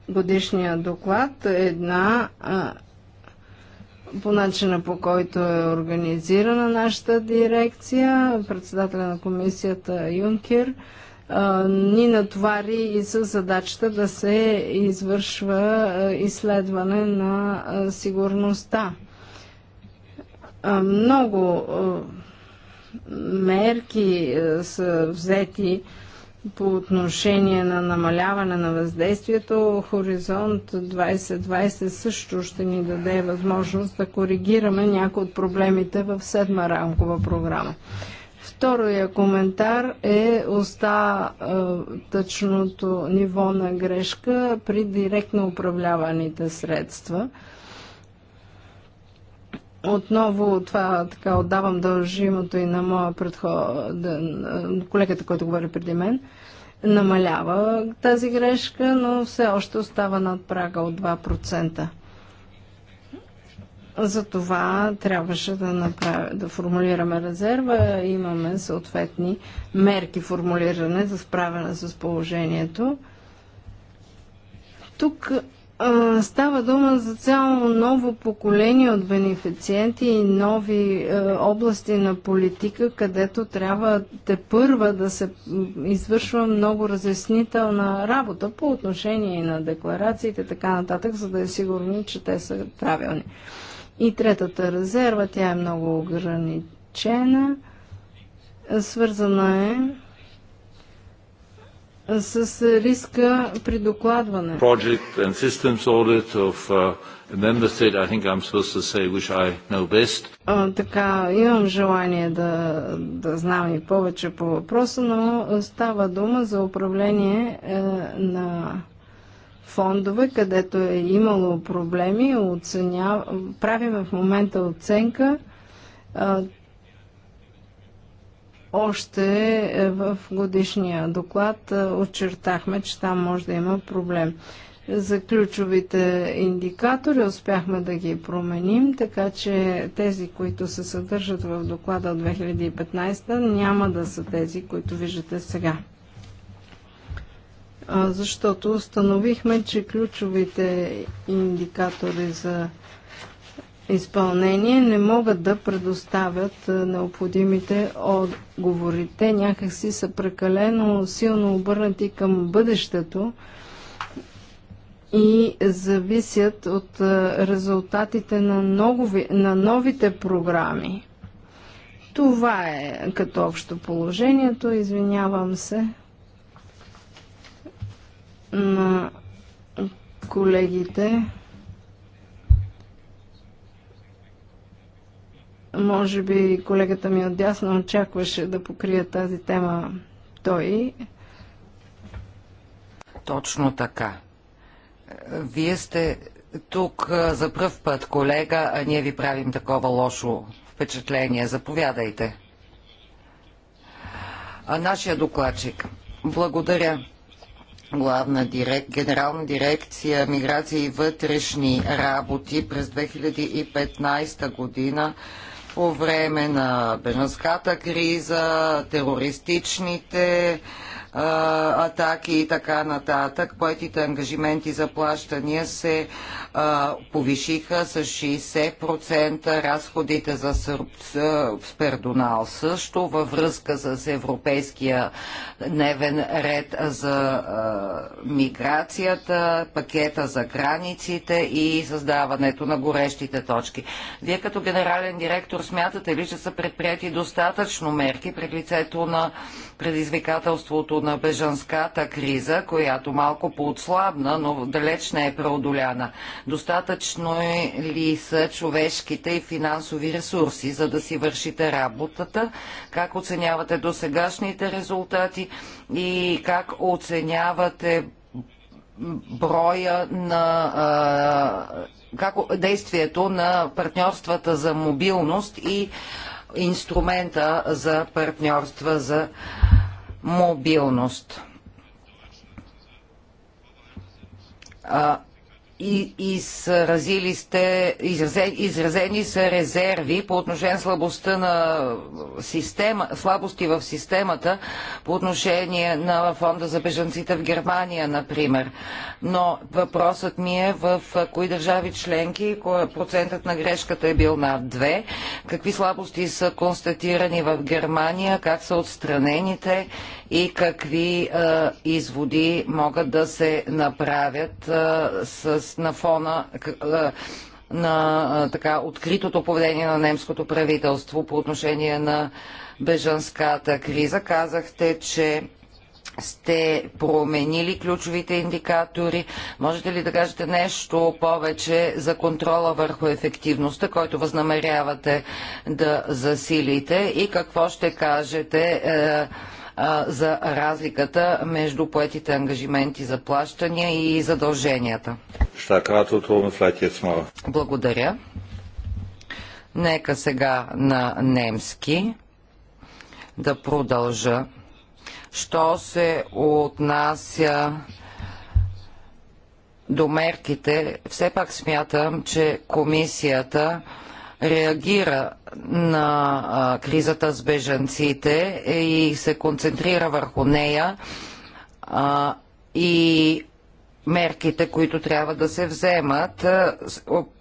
годишния доклад. Една по начина по който е организирана нашата дирекция, председателя на комисията Юнкер, ни натовари и с задачата да се извършва изследване на сигурността. Много мерки са взети по отношение на намаляване на въздействието. Хоризонт 2020 също ще ни даде възможност да коригираме някои от проблемите в седма рамкова програма. Втория коментар е тъчното ниво на грешка при директно управляваните средства – отново това така отдавам дължимото и на моя предходен, колегата, който говори преди мен, намалява тази грешка, но все още остава над прага от 2%. За това трябваше да, направя, да формулираме резерва. Имаме съответни мерки формулиране за справяне с положението. Тук Става дума за цяло ново поколение от бенефициенти и нови е, области на политика, където трябва те първа да се извършва много разяснителна работа по отношение на декларациите, така нататък, за да е сигурни, че те са правилни. И третата резерва, тя е много ограничена, свързана е с риска при докладване. Project and systems audit of uh, member state, I think I'm supposed to say, which I know best. така, имам желание да, да знам и повече по въпроса, но става дума за управление е, на фондове, където е имало проблеми, оценя... правим в момента оценка още е, в годишния доклад е, очертахме, че там може да има проблем. За ключовите индикатори успяхме да ги променим, така че тези, които се съдържат в доклада от 2015, няма да са тези, които виждате сега защото установихме, че ключовите индикатори за изпълнение не могат да предоставят необходимите отговори. Те някакси са прекалено силно обърнати към бъдещето и зависят от резултатите на, нови, на новите програми. Това е като общо положението. Извинявам се на колегите. Може би колегата ми отдясно очакваше да покрие тази тема той. Точно така. Вие сте тук за пръв път, колега, а ние ви правим такова лошо впечатление. Заповядайте. А нашия докладчик. Благодаря. Главна дирек... генерална дирекция Миграция и вътрешни работи през 2015 година по време на бежанската криза, терористичните атаки и така нататък, поетите ангажименти за плащания се повишиха с 60%, разходите за спердонал също, във връзка с европейския дневен ред за миграцията, пакета за границите и създаването на горещите точки. Вие като генерален директор смятате ли, че са предприяти достатъчно мерки пред лицето на предизвикателството на бежанската криза, която малко поотслабна, но далеч не е преодоляна. Достатъчно е ли са човешките и финансови ресурси, за да си вършите работата? Как оценявате досегашните резултати и как оценявате броя на а, как, действието на партньорствата за мобилност и инструмента за партньорства за мобилност. А, и, изразили сте, изразени, изразени са резерви по отношение слабостта на система, слабости в системата по отношение на фонда за бежанците в Германия, например. Но въпросът ми е в кои държави членки процентът на грешката е бил над 2, какви слабости са констатирани в Германия, как са отстранените и какви а, изводи могат да се направят а, с, на фона а, на а, така откритото поведение на немското правителство по отношение на бежанската криза. Казахте, че сте променили ключовите индикатори. Можете ли да кажете нещо повече за контрола върху ефективността, който възнамерявате да засилите и какво ще кажете е, за разликата между поетите ангажименти за плащания и задълженията. Е Благодаря. Нека сега на немски да продължа. Що се отнася до мерките, все пак смятам, че комисията реагира на а, кризата с бежанците и се концентрира върху нея а, и мерките, които трябва да се вземат,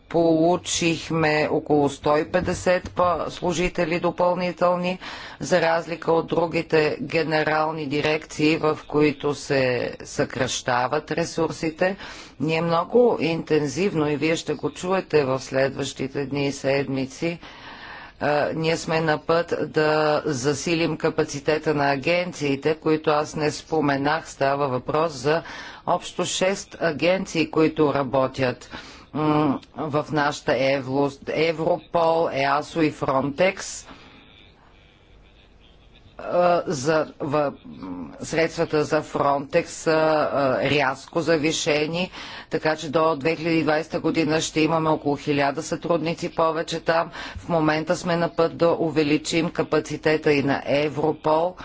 получихме около 150 служители допълнителни, за разлика от другите генерални дирекции, в които се съкръщават ресурсите. Ние много интензивно, и вие ще го чуете в следващите дни и седмици, е, ние сме на път да засилим капацитета на агенциите, които аз не споменах. Става въпрос за общо 6 агенции, които работят в нашата Евлост, Европол, ЕАСО и Фронтекс за в, средствата за Фронтекс са рязко завишени, така че до 2020 година ще имаме около 1000 сътрудници повече там. В момента сме на път да увеличим капацитета и на Европол,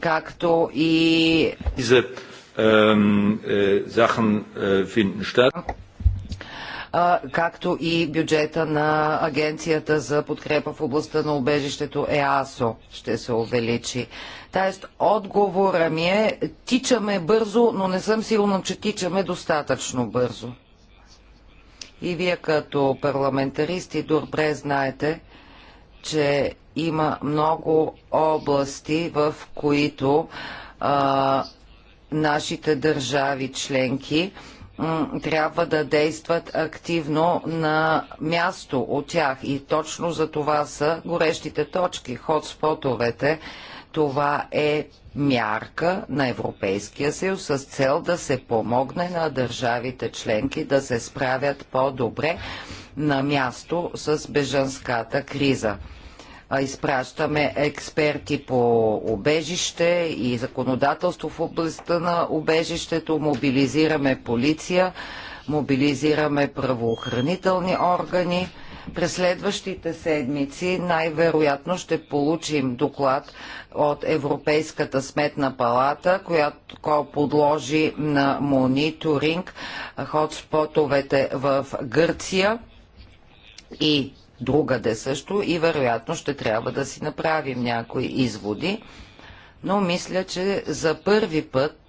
както и Sachen както и бюджета на Агенцията за подкрепа в областта на убежището ЕАСО ще се увеличи. Тоест, отговора ми е, тичаме бързо, но не съм сигурна, че тичаме достатъчно бързо. И вие като парламентаристи добре знаете, че има много области, в които а, нашите държави членки а, трябва да действат активно на място от тях. И точно за това са горещите точки, Ходспотовете. Това е мярка на Европейския съюз с цел да се помогне на държавите членки да се справят по-добре на място с бежанската криза. Изпращаме експерти по обежище и законодателство в областта на обежището, мобилизираме полиция, мобилизираме правоохранителни органи. През следващите седмици най-вероятно ще получим доклад от Европейската сметна палата, която подложи на мониторинг ходспотовете в Гърция и другаде също и вероятно ще трябва да си направим някои изводи. Но мисля, че за първи път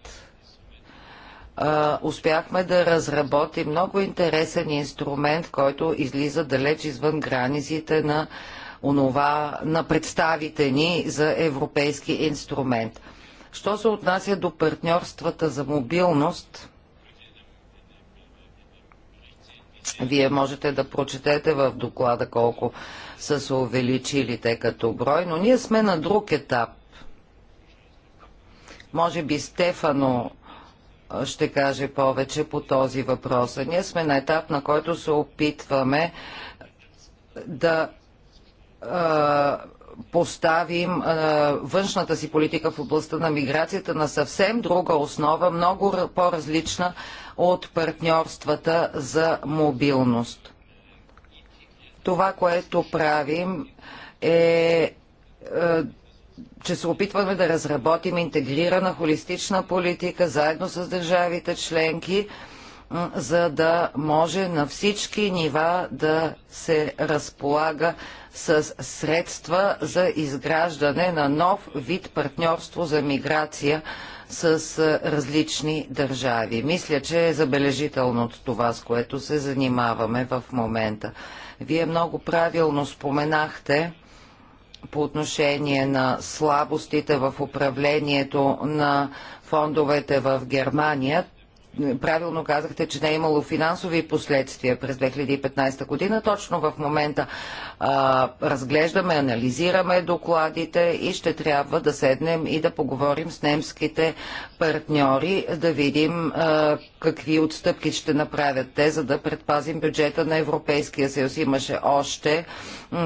а, успяхме да разработим много интересен инструмент, който излиза далеч извън границите на онова на представите ни за европейски инструмент. Що се отнася до партньорствата за мобилност, Вие можете да прочетете в доклада колко са се увеличили те като брой, но ние сме на друг етап. Може би Стефано ще каже повече по този въпрос. Ние сме на етап, на който се опитваме да поставим е, външната си политика в областта на миграцията на съвсем друга основа, много по-различна от партньорствата за мобилност. Това, което правим е, е че се опитваме да разработим интегрирана холистична политика заедно с държавите членки, за да може на всички нива да се разполага с средства за изграждане на нов вид партньорство за миграция с различни държави. Мисля, че е забележително това, с което се занимаваме в момента. Вие много правилно споменахте по отношение на слабостите в управлението на фондовете в Германия правилно казахте, че не е имало финансови последствия през 2015 година. Точно в момента а, разглеждаме, анализираме докладите и ще трябва да седнем и да поговорим с немските партньори, да видим а, какви отстъпки ще направят те, за да предпазим бюджета на Европейския съюз. Имаше още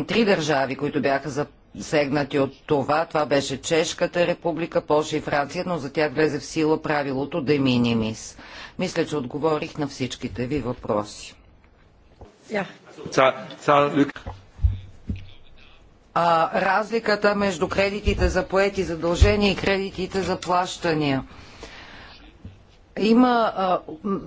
три държави, които бяха за сегнати от това. Това беше Чешката република, Польша и Франция, но за тях влезе в сила правилото Деминимис. Мисля, че отговорих на всичките ви въпроси. А, разликата между кредитите за поети задължения и кредитите за плащания има а,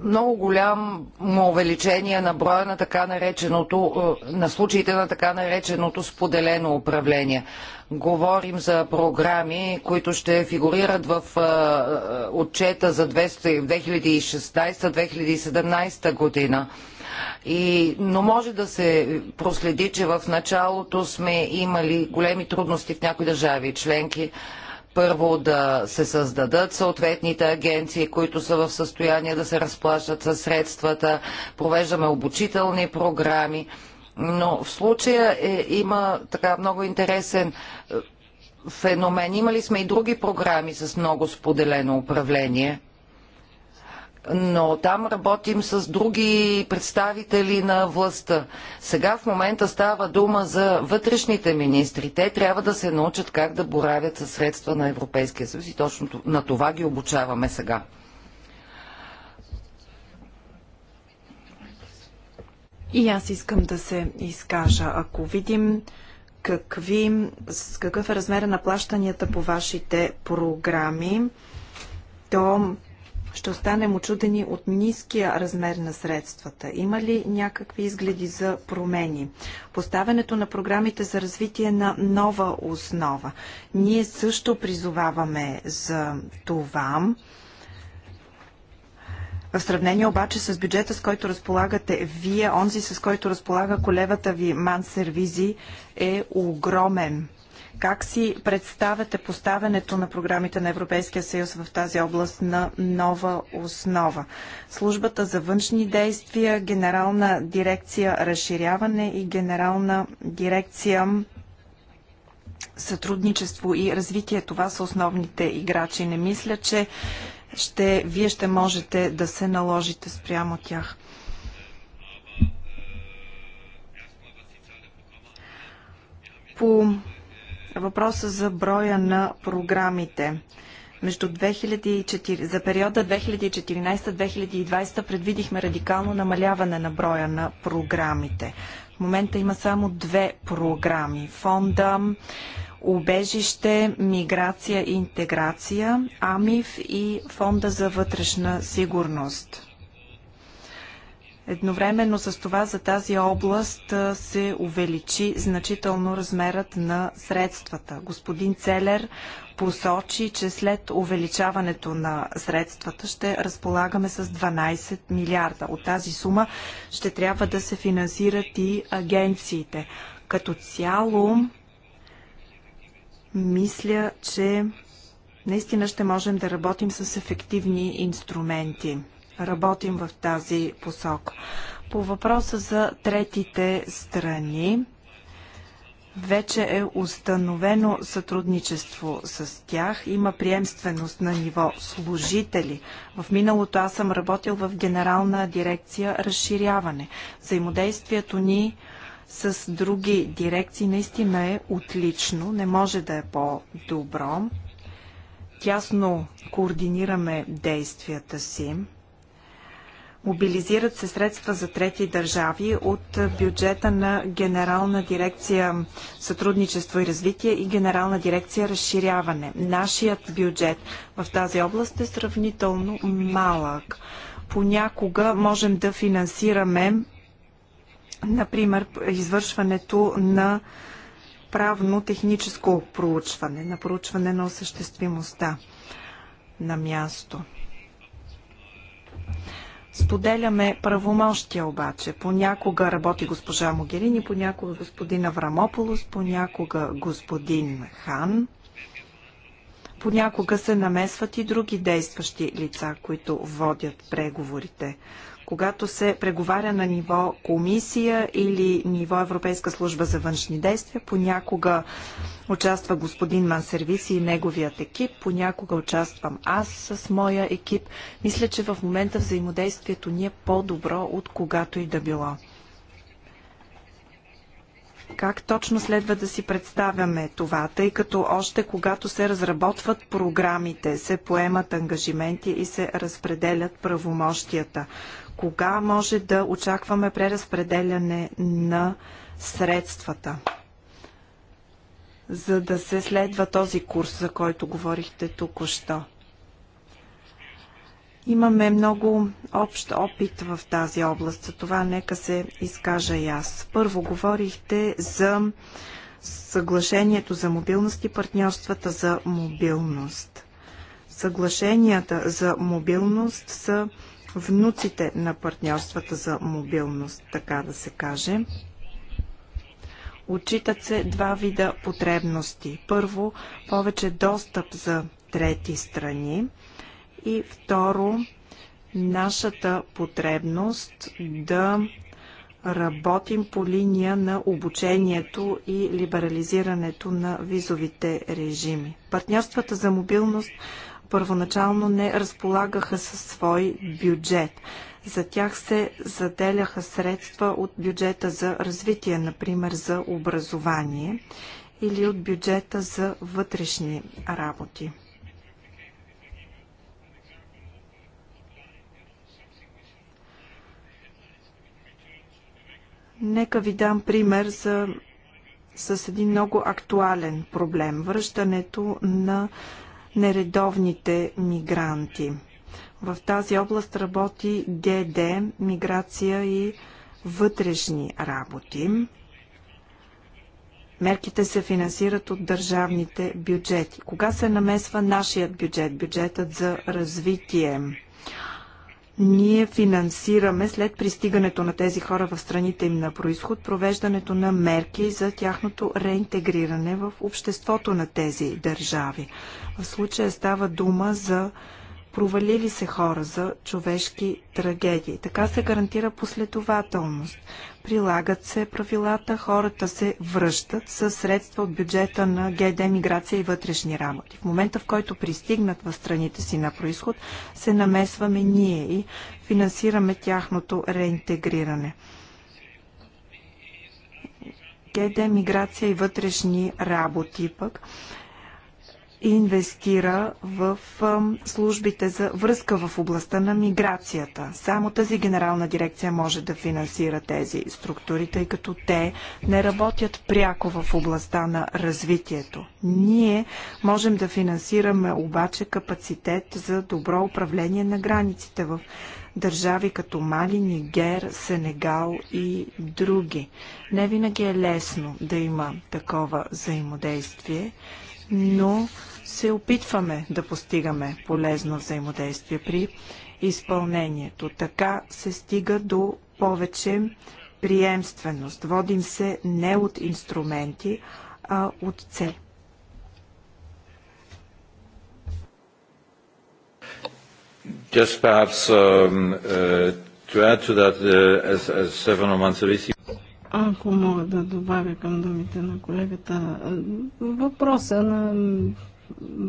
много голямо увеличение на броя на така нареченото, а, на случаите на така нареченото споделено управление говорим за програми, които ще фигурират в отчета за 2016-2017 година. И, но може да се проследи, че в началото сме имали големи трудности в някои държави и членки. Първо да се създадат съответните агенции, които са в състояние да се разплащат със средствата. Провеждаме обучителни програми но в случая е, има така много интересен е, феномен. Имали сме и други програми с много споделено управление но там работим с други представители на властта. Сега в момента става дума за вътрешните министри. Те трябва да се научат как да боравят със средства на Европейския съюз и точно на това ги обучаваме сега. И аз искам да се изкажа. Ако видим какви, какъв е размера на плащанията по вашите програми, то ще останем очудени от ниския размер на средствата. Има ли някакви изгледи за промени? Поставянето на програмите за развитие на нова основа. Ние също призоваваме за това. В сравнение обаче с бюджета, с който разполагате вие, онзи с който разполага колевата ви Ман Сервизи е огромен. Как си представяте поставянето на програмите на Европейския съюз в тази област на нова основа? Службата за външни действия, Генерална дирекция разширяване и Генерална дирекция сътрудничество и развитие. Това са основните играчи. Не мисля, че ще, вие ще можете да се наложите спрямо тях. По въпроса за броя на програмите между 2004, за периода 2014-2020 предвидихме радикално намаляване на броя на програмите. В момента има само две програми. Фонда убежище, миграция и интеграция, АМИФ и Фонда за вътрешна сигурност. Едновременно с това за тази област се увеличи значително размерът на средствата. Господин Целер посочи, че след увеличаването на средствата ще разполагаме с 12 милиарда. От тази сума ще трябва да се финансират и агенциите. Като цяло мисля, че наистина ще можем да работим с ефективни инструменти. Работим в тази посока. По въпроса за третите страни, вече е установено сътрудничество с тях. Има приемственост на ниво служители. В миналото аз съм работил в Генерална дирекция разширяване. Взаимодействието ни с други дирекции наистина е отлично, не може да е по-добро. Тясно координираме действията си. Мобилизират се средства за трети държави от бюджета на Генерална дирекция сътрудничество и развитие и Генерална дирекция разширяване. Нашият бюджет в тази област е сравнително малък. Понякога можем да финансираме Например, извършването на правно-техническо проучване, на проучване на осъществимостта на място. Споделяме правомощия обаче. Понякога работи госпожа Могерини, понякога господин Аврамополос, понякога господин Хан. Понякога се намесват и други действащи лица, които водят преговорите когато се преговаря на ниво комисия или ниво Европейска служба за външни действия, понякога участва господин Мансервис и неговият екип, понякога участвам аз с моя екип. Мисля, че в момента взаимодействието ни е по-добро от когато и да било. Как точно следва да си представяме това, тъй като още когато се разработват програмите, се поемат ангажименти и се разпределят правомощията? Кога може да очакваме преразпределяне на средствата? за да се следва този курс, за който говорихте току-що. Имаме много общ опит в тази област, за това нека се изкажа и аз. Първо говорихте за съглашението за мобилност и партньорствата за мобилност. Съглашенията за мобилност са внуците на партньорствата за мобилност, така да се каже. Отчитат се два вида потребности. Първо, повече достъп за трети страни и второ, нашата потребност да работим по линия на обучението и либерализирането на визовите режими. Партньорствата за мобилност първоначално не разполагаха със свой бюджет. За тях се заделяха средства от бюджета за развитие, например за образование или от бюджета за вътрешни работи. Нека ви дам пример за, с един много актуален проблем. Връщането на нередовните мигранти. В тази област работи ДД, миграция и вътрешни работи. Мерките се финансират от държавните бюджети. Кога се намесва нашият бюджет, бюджетът за развитие? ние финансираме след пристигането на тези хора в страните им на происход, провеждането на мерки за тяхното реинтегриране в обществото на тези държави. В случая става дума за провалили се хора за човешки трагедии. Така се гарантира последователност. Прилагат се правилата, хората се връщат с средства от бюджета на ГД Миграция и вътрешни работи. В момента, в който пристигнат в страните си на происход, се намесваме ние и финансираме тяхното реинтегриране. ГД Миграция и вътрешни работи пък инвестира в службите за връзка в областта на миграцията. Само тази генерална дирекция може да финансира тези структури, тъй като те не работят пряко в областта на развитието. Ние можем да финансираме обаче капацитет за добро управление на границите в държави като Мали, Нигер, Сенегал и други. Не винаги е лесно да има такова взаимодействие, но се опитваме да постигаме полезно взаимодействие при изпълнението. Така се стига до повече приемственост. Водим се не от инструменти, а от цели. Just perhaps um, uh, to add to that, uh, as, as Stefano Manservisi ако мога да добавя към думите на колегата, въпроса на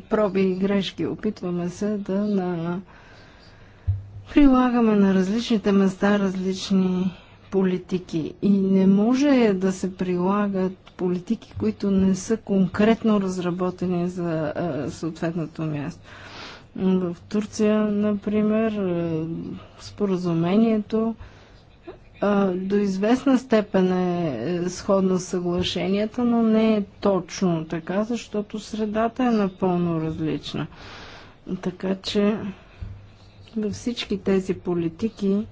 проби и грешки. Опитваме се да на... прилагаме на различните места различни политики. И не може да се прилагат политики, които не са конкретно разработени за съответното място. В Турция, например, споразумението до известна степен е, е сходно с съглашенията, но не е точно така, защото средата е напълно различна. Така че във всички тези политики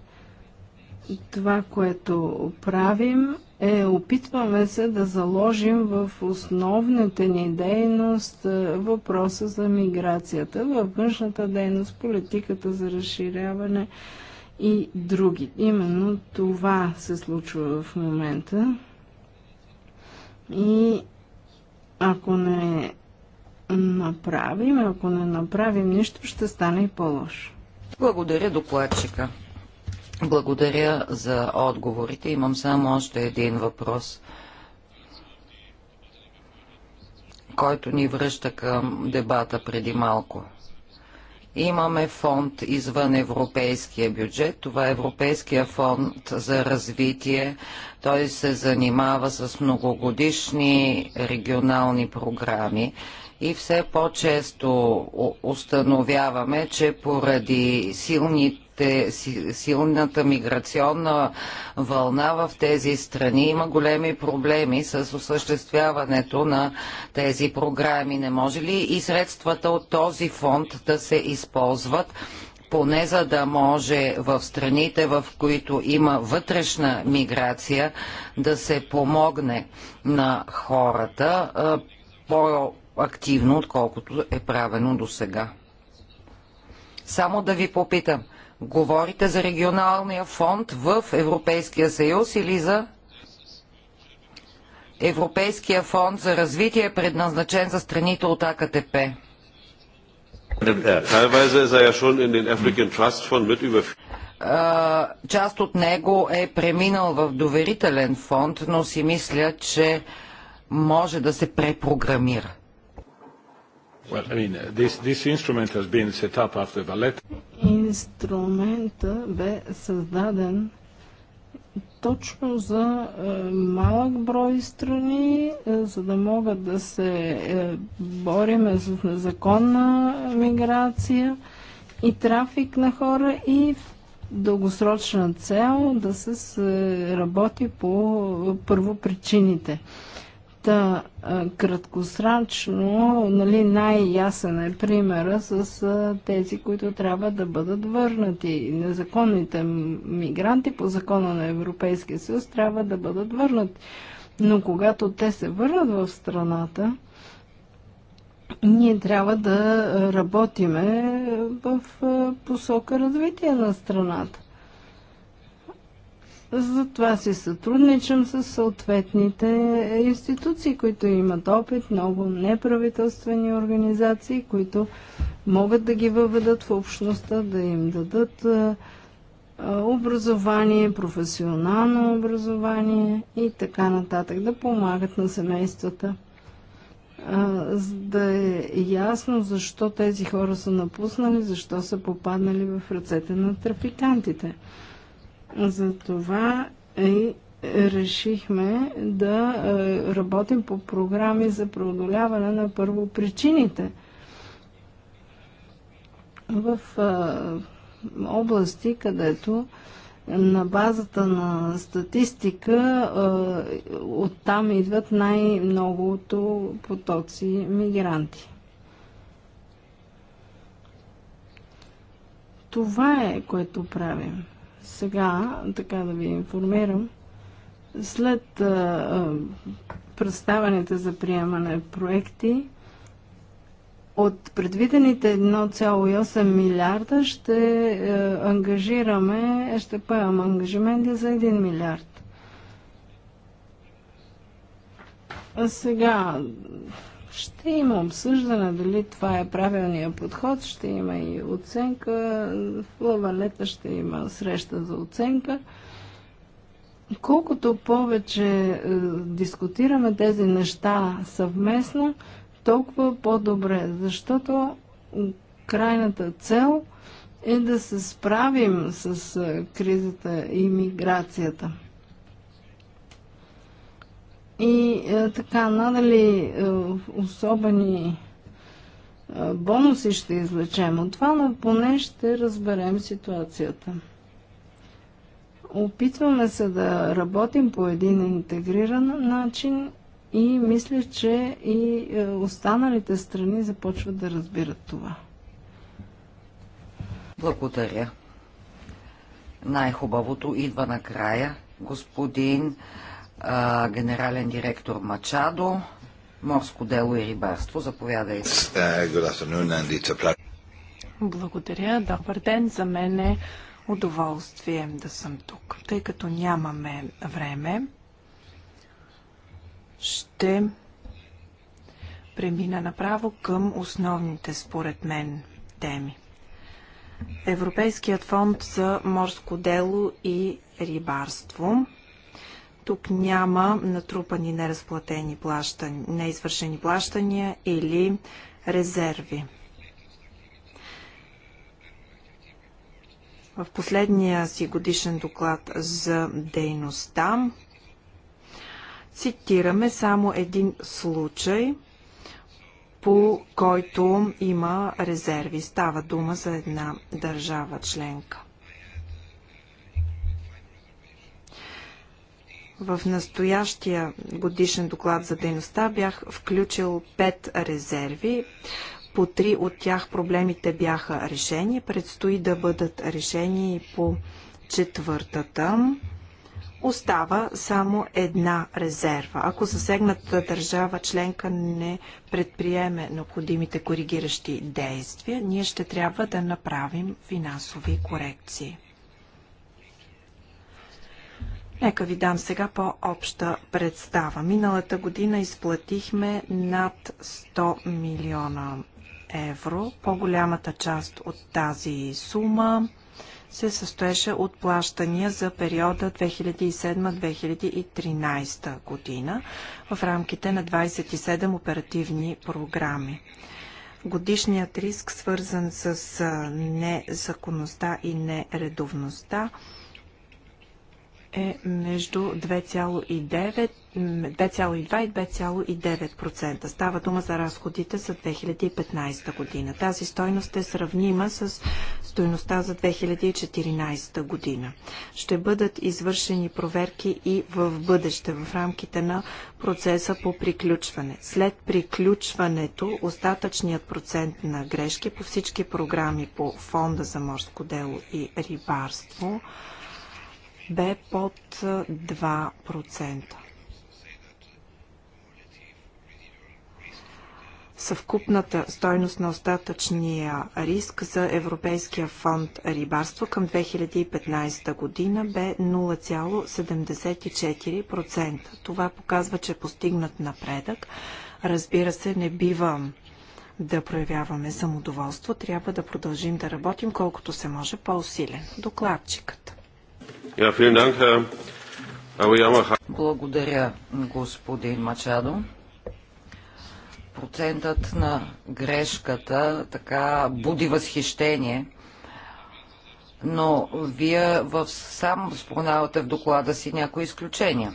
това, което правим, е опитваме се да заложим в основната ни дейност е, въпроса за миграцията, във външната дейност, политиката за разширяване, и други. Именно това се случва в момента. И ако не направим, ако не направим нищо, ще стане и по-лошо. Благодаря докладчика. Благодаря за отговорите. Имам само още един въпрос, който ни връща към дебата преди малко. Имаме фонд извън европейския бюджет, това е Европейския фонд за развитие. Той се занимава с многогодишни регионални програми и все по-често установяваме, че поради силните, силната миграционна вълна в тези страни има големи проблеми с осъществяването на тези програми. Не може ли и средствата от този фонд да се използват? поне за да може в страните, в които има вътрешна миграция, да се помогне на хората по активно, отколкото е правено до сега. Само да ви попитам, говорите за регионалния фонд в Европейския съюз или за Европейския фонд за развитие, предназначен за страните от АКТП? Er част от него е преминал в доверителен фонд, но си мисля, че може да се препрограмира. Well, I mean, this, this instrument has been set up after ballet. Инструмента бе създаден точно за е, малък брой страни, е, за да могат да се е, бориме с незаконна миграция и трафик на хора и дългосрочна цел да се работи по първопричините. причините Та, краткосрачно, нали, най-ясен е примера с тези, които трябва да бъдат върнати. Незаконните мигранти по закона на Европейския съюз трябва да бъдат върнати. Но когато те се върнат в страната, ние трябва да работиме в посока развитие на страната. Затова си сътрудничам с съответните институции, които имат опит, много неправителствени организации, които могат да ги въведат в общността, да им дадат образование, професионално образование и така нататък, да помагат на семействата. За да е ясно защо тези хора са напуснали, защо са попаднали в ръцете на трафикантите. За това и е, решихме да е, работим по програми за преодоляване на първопричините в е, области, където на базата на статистика оттам идват най-многото потоци мигранти. Това е, което правим сега, така да ви информирам, след а, а, представените за приемане проекти, от предвидените 1,8 милиарда ще е, ангажираме, ще поемам ангажименти за 1 милиард. А сега ще има обсъждане дали това е правилния подход, ще има и оценка, в лавалета ще има среща за оценка. Колкото повече е, дискутираме тези неща съвместно, толкова по-добре, защото крайната цел е да се справим с е, кризата и миграцията и е, така, надали е, особени е, бонуси ще излечем от това, но поне ще разберем ситуацията. Опитваме се да работим по един интегриран начин и мисля, че и е, останалите страни започват да разбират това. Благодаря. Най-хубавото идва накрая, господин а, генерален директор Мачадо, морско дело и рибарство. Заповядайте. Uh, Благодаря. Добър ден. За мен е удоволствие да съм тук. Тъй като нямаме време, ще премина направо към основните, според мен, теми. Европейският фонд за морско дело и рибарство – тук няма натрупани неразплатени плащания, неизвършени плащания или резерви. В последния си годишен доклад за дейността цитираме само един случай, по който има резерви. Става дума за една държава членка. В настоящия годишен доклад за дейността бях включил пет резерви. По три от тях проблемите бяха решени. Предстои да бъдат решени и по четвъртата. Остава само една резерва. Ако засегната държава членка не предприеме необходимите коригиращи действия, ние ще трябва да направим финансови корекции. Нека ви дам сега по-обща представа. Миналата година изплатихме над 100 милиона евро. По-голямата част от тази сума се състоеше от плащания за периода 2007-2013 година в рамките на 27 оперативни програми. Годишният риск, свързан с незаконността и нередовността, е между 2,2 и 2,9%. Става дума за разходите за 2015 година. Тази стойност е сравнима с стойността за 2014 година. Ще бъдат извършени проверки и в бъдеще, в рамките на процеса по приключване. След приключването, остатъчният процент на грешки по всички програми по Фонда за морско дело и рибарство – бе под 2%. съвкупната стойност на остатъчния риск за Европейския фонд рибарство към 2015 година бе 0,74%. Това показва, че е постигнат напредък. Разбира се, не бива да проявяваме самодоволство. Трябва да продължим да работим колкото се може по-усилен. Докладчикът. Благодаря, господин Мачадо. Процентът на грешката така буди възхищение но вие в сам споменавате в доклада си някои изключения.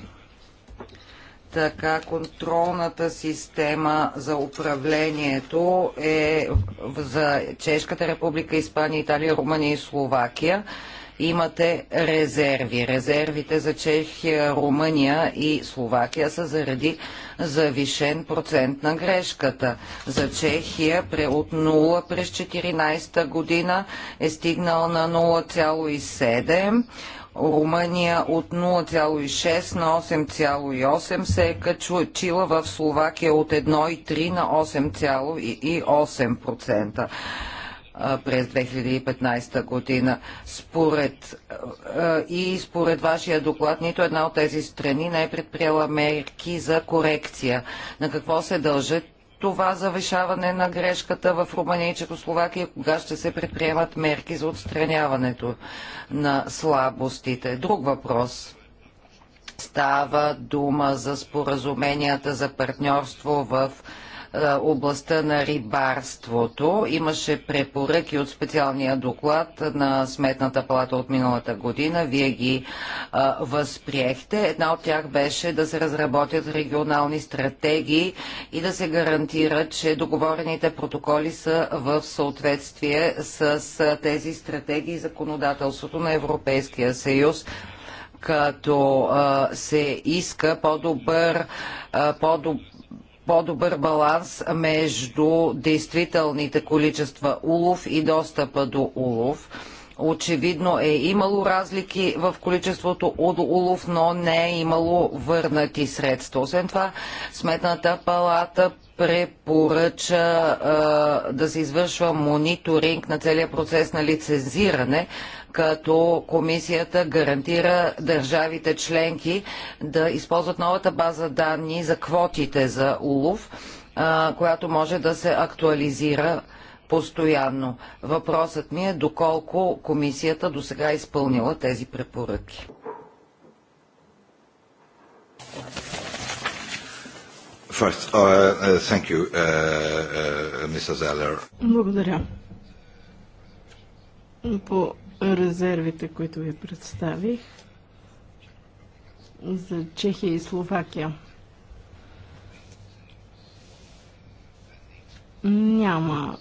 Така контролната система за управлението е за Чешката република, Испания, Италия, Румъния и Словакия имате резерви. Резервите за Чехия, Румъния и Словакия са заради завишен процент на грешката. За Чехия от 0 през 14 година е стигнал на 0,7 Румъния от 0,6 на 8,8 се е качила в Словакия от 1,3 на 8,8% през 2015 година. Според, и според вашия доклад, нито една от тези страни не е предприела мерки за корекция. На какво се дължат това завишаване на грешката в Румъния и Чехословакия, кога ще се предприемат мерки за отстраняването на слабостите? Друг въпрос. Става дума за споразуменията за партньорство в е, областта на рибарството. Имаше препоръки от специалния доклад на Сметната палата от миналата година. Вие ги а, е, възприехте. Една от тях беше да се разработят регионални стратегии и да се гарантира, че договорените протоколи са в съответствие с, тези стратегии и законодателството на Европейския съюз като а, е, се иска по-добър, по-добър по-добър баланс между действителните количества улов и достъпа до улов Очевидно е имало разлики в количеството от улов, но не е имало върнати средства. Освен това, Сметната палата препоръча а, да се извършва мониторинг на целия процес на лицензиране, като комисията гарантира държавите членки да използват новата база данни за квотите за улов, а, която може да се актуализира постоянно. Въпросът ми е доколко комисията до сега е изпълнила тези препоръки. First, uh, uh you, uh, uh Благодаря. По резервите, които ви представих за Чехия и Словакия. няма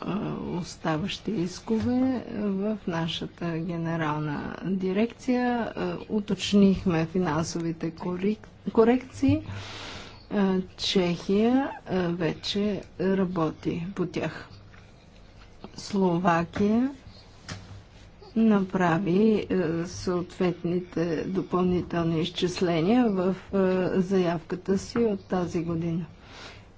оставащи искове в нашата генерална дирекция. Уточнихме финансовите корекции. Чехия вече работи по тях. Словакия направи съответните допълнителни изчисления в заявката си от тази година.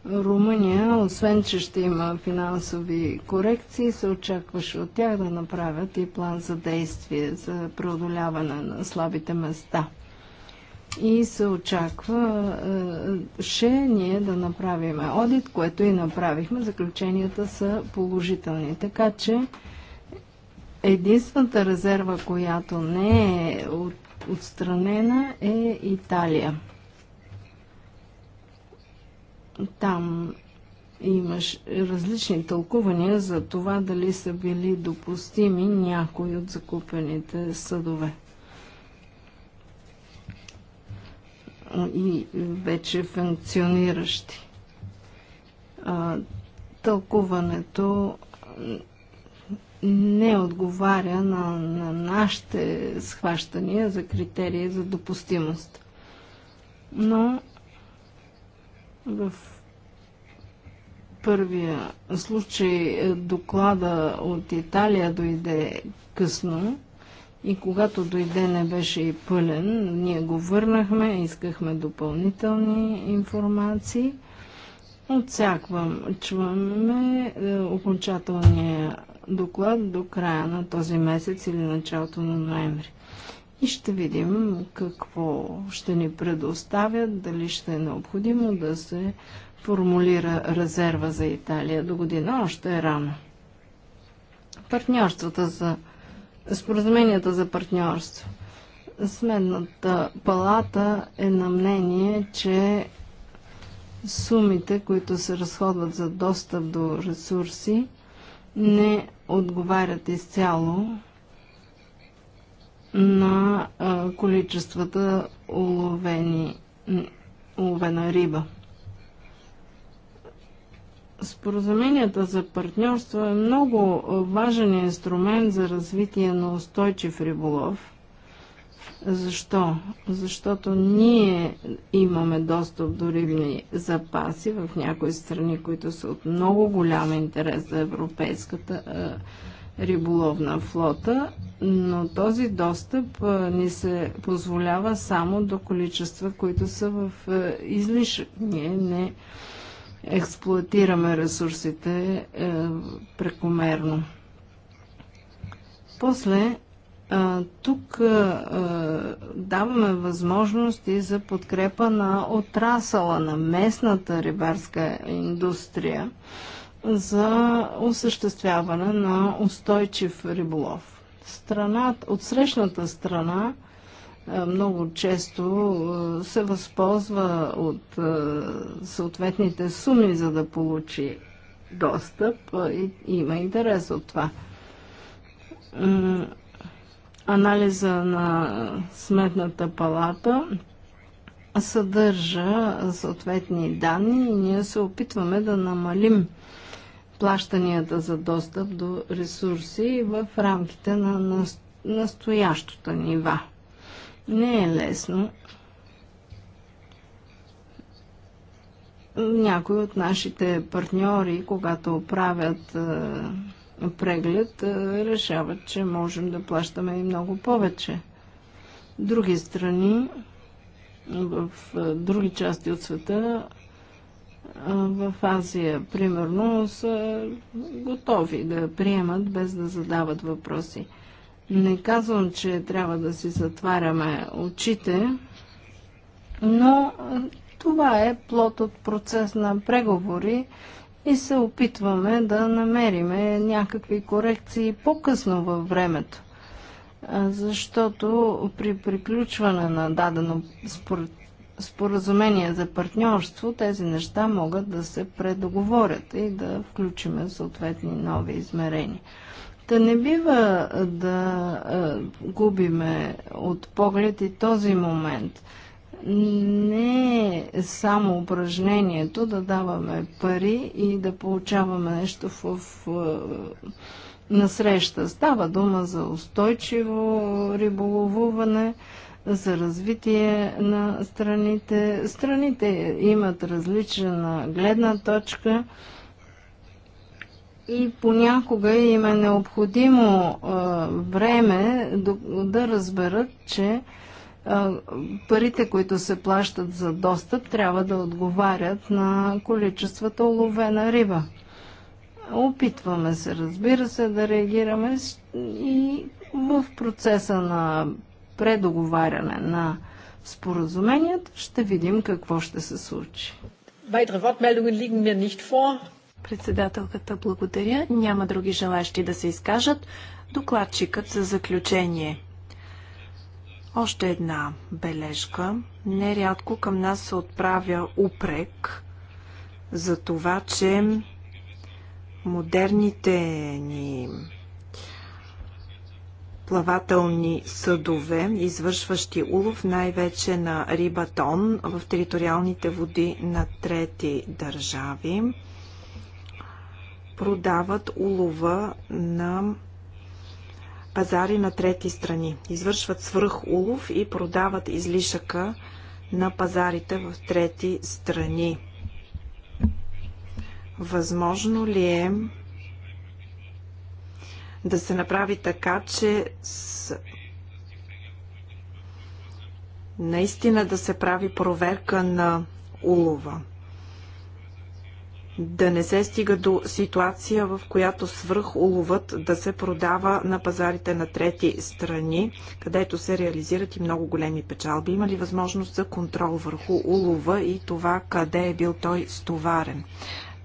Румъния, освен че ще има финансови корекции, се очакваше от тях да направят и план за действие за преодоляване на слабите места. И се очаква е, ще ние да направим одит, което и направихме. Заключенията са положителни. Така че единствената резерва, която не е отстранена, е Италия. Там имаш различни тълкувания за това дали са били допустими някои от закупените съдове. И вече функциониращи. А, тълкуването не отговаря на, на нашите схващания за критерии за допустимост. Но в първия случай е, доклада от Италия дойде късно и когато дойде не беше и пълен. Ние го върнахме, искахме допълнителни информации. Отсяквам, чуваме е, окончателния доклад до края на този месец или началото на ноември и ще видим какво ще ни предоставят, дали ще е необходимо да се формулира резерва за Италия до година. Още е рано. Партньорствата за споразуменията за партньорство. Сметната палата е на мнение, че сумите, които се разходват за достъп до ресурси, не отговарят изцяло на количествата уловени, уловена риба. Споразуменията за партньорство е много важен инструмент за развитие на устойчив риболов. Защо? Защото ние имаме достъп до рибни запаси в някои страни, които са от много голям интерес за Европейската риболовна флота, но този достъп ни се позволява само до количества, които са в излишък. Ние не експлуатираме ресурсите прекомерно. После тук даваме възможности за подкрепа на отрасала на местната рибарска индустрия за осъществяване на устойчив риболов. Страната, от срещната страна е, много често е, се възползва от е, съответните суми, за да получи достъп и има интерес от това. Анализа на сметната палата съдържа съответни данни и ние се опитваме да намалим плащанията за достъп до ресурси в рамките на настоящото нива. Не е лесно. Някои от нашите партньори, когато правят е, преглед, е, решават, че можем да плащаме и много повече. Други страни в е, други части от света в Азия, примерно, са готови да приемат без да задават въпроси. Не казвам, че трябва да си затваряме очите, но това е плод от процес на преговори и се опитваме да намериме някакви корекции по-късно във времето. Защото при приключване на дадено според споразумение за партньорство, тези неща могат да се предоговорят и да включиме съответни нови измерения. Та не бива да губиме от поглед и този момент. Не е само упражнението да даваме пари и да получаваме нещо в, в насреща. Става дума за устойчиво риболовуване, за развитие на страните. Страните имат различна гледна точка и понякога им е необходимо а, време да, да разберат, че парите, които се плащат за достъп, трябва да отговарят на количествата уловена риба. Опитваме се, разбира се, да реагираме и в процеса на предоговаряне на споразуменията, ще видим какво ще се случи. Председателката благодаря. Няма други желащи да се изкажат. Докладчикът за заключение. Още една бележка. Нерядко към нас се отправя упрек за това, че модерните ни плавателни съдове, извършващи улов най-вече на рибатон в териториалните води на трети държави, продават улова на пазари на трети страни. Извършват свръхулов и продават излишъка на пазарите в трети страни. Възможно ли е да се направи така, че с... наистина да се прави проверка на улова. Да не се стига до ситуация, в която свръх уловът да се продава на пазарите на трети страни, където се реализират и много големи печалби. Има ли възможност за контрол върху улова и това къде е бил той стоварен?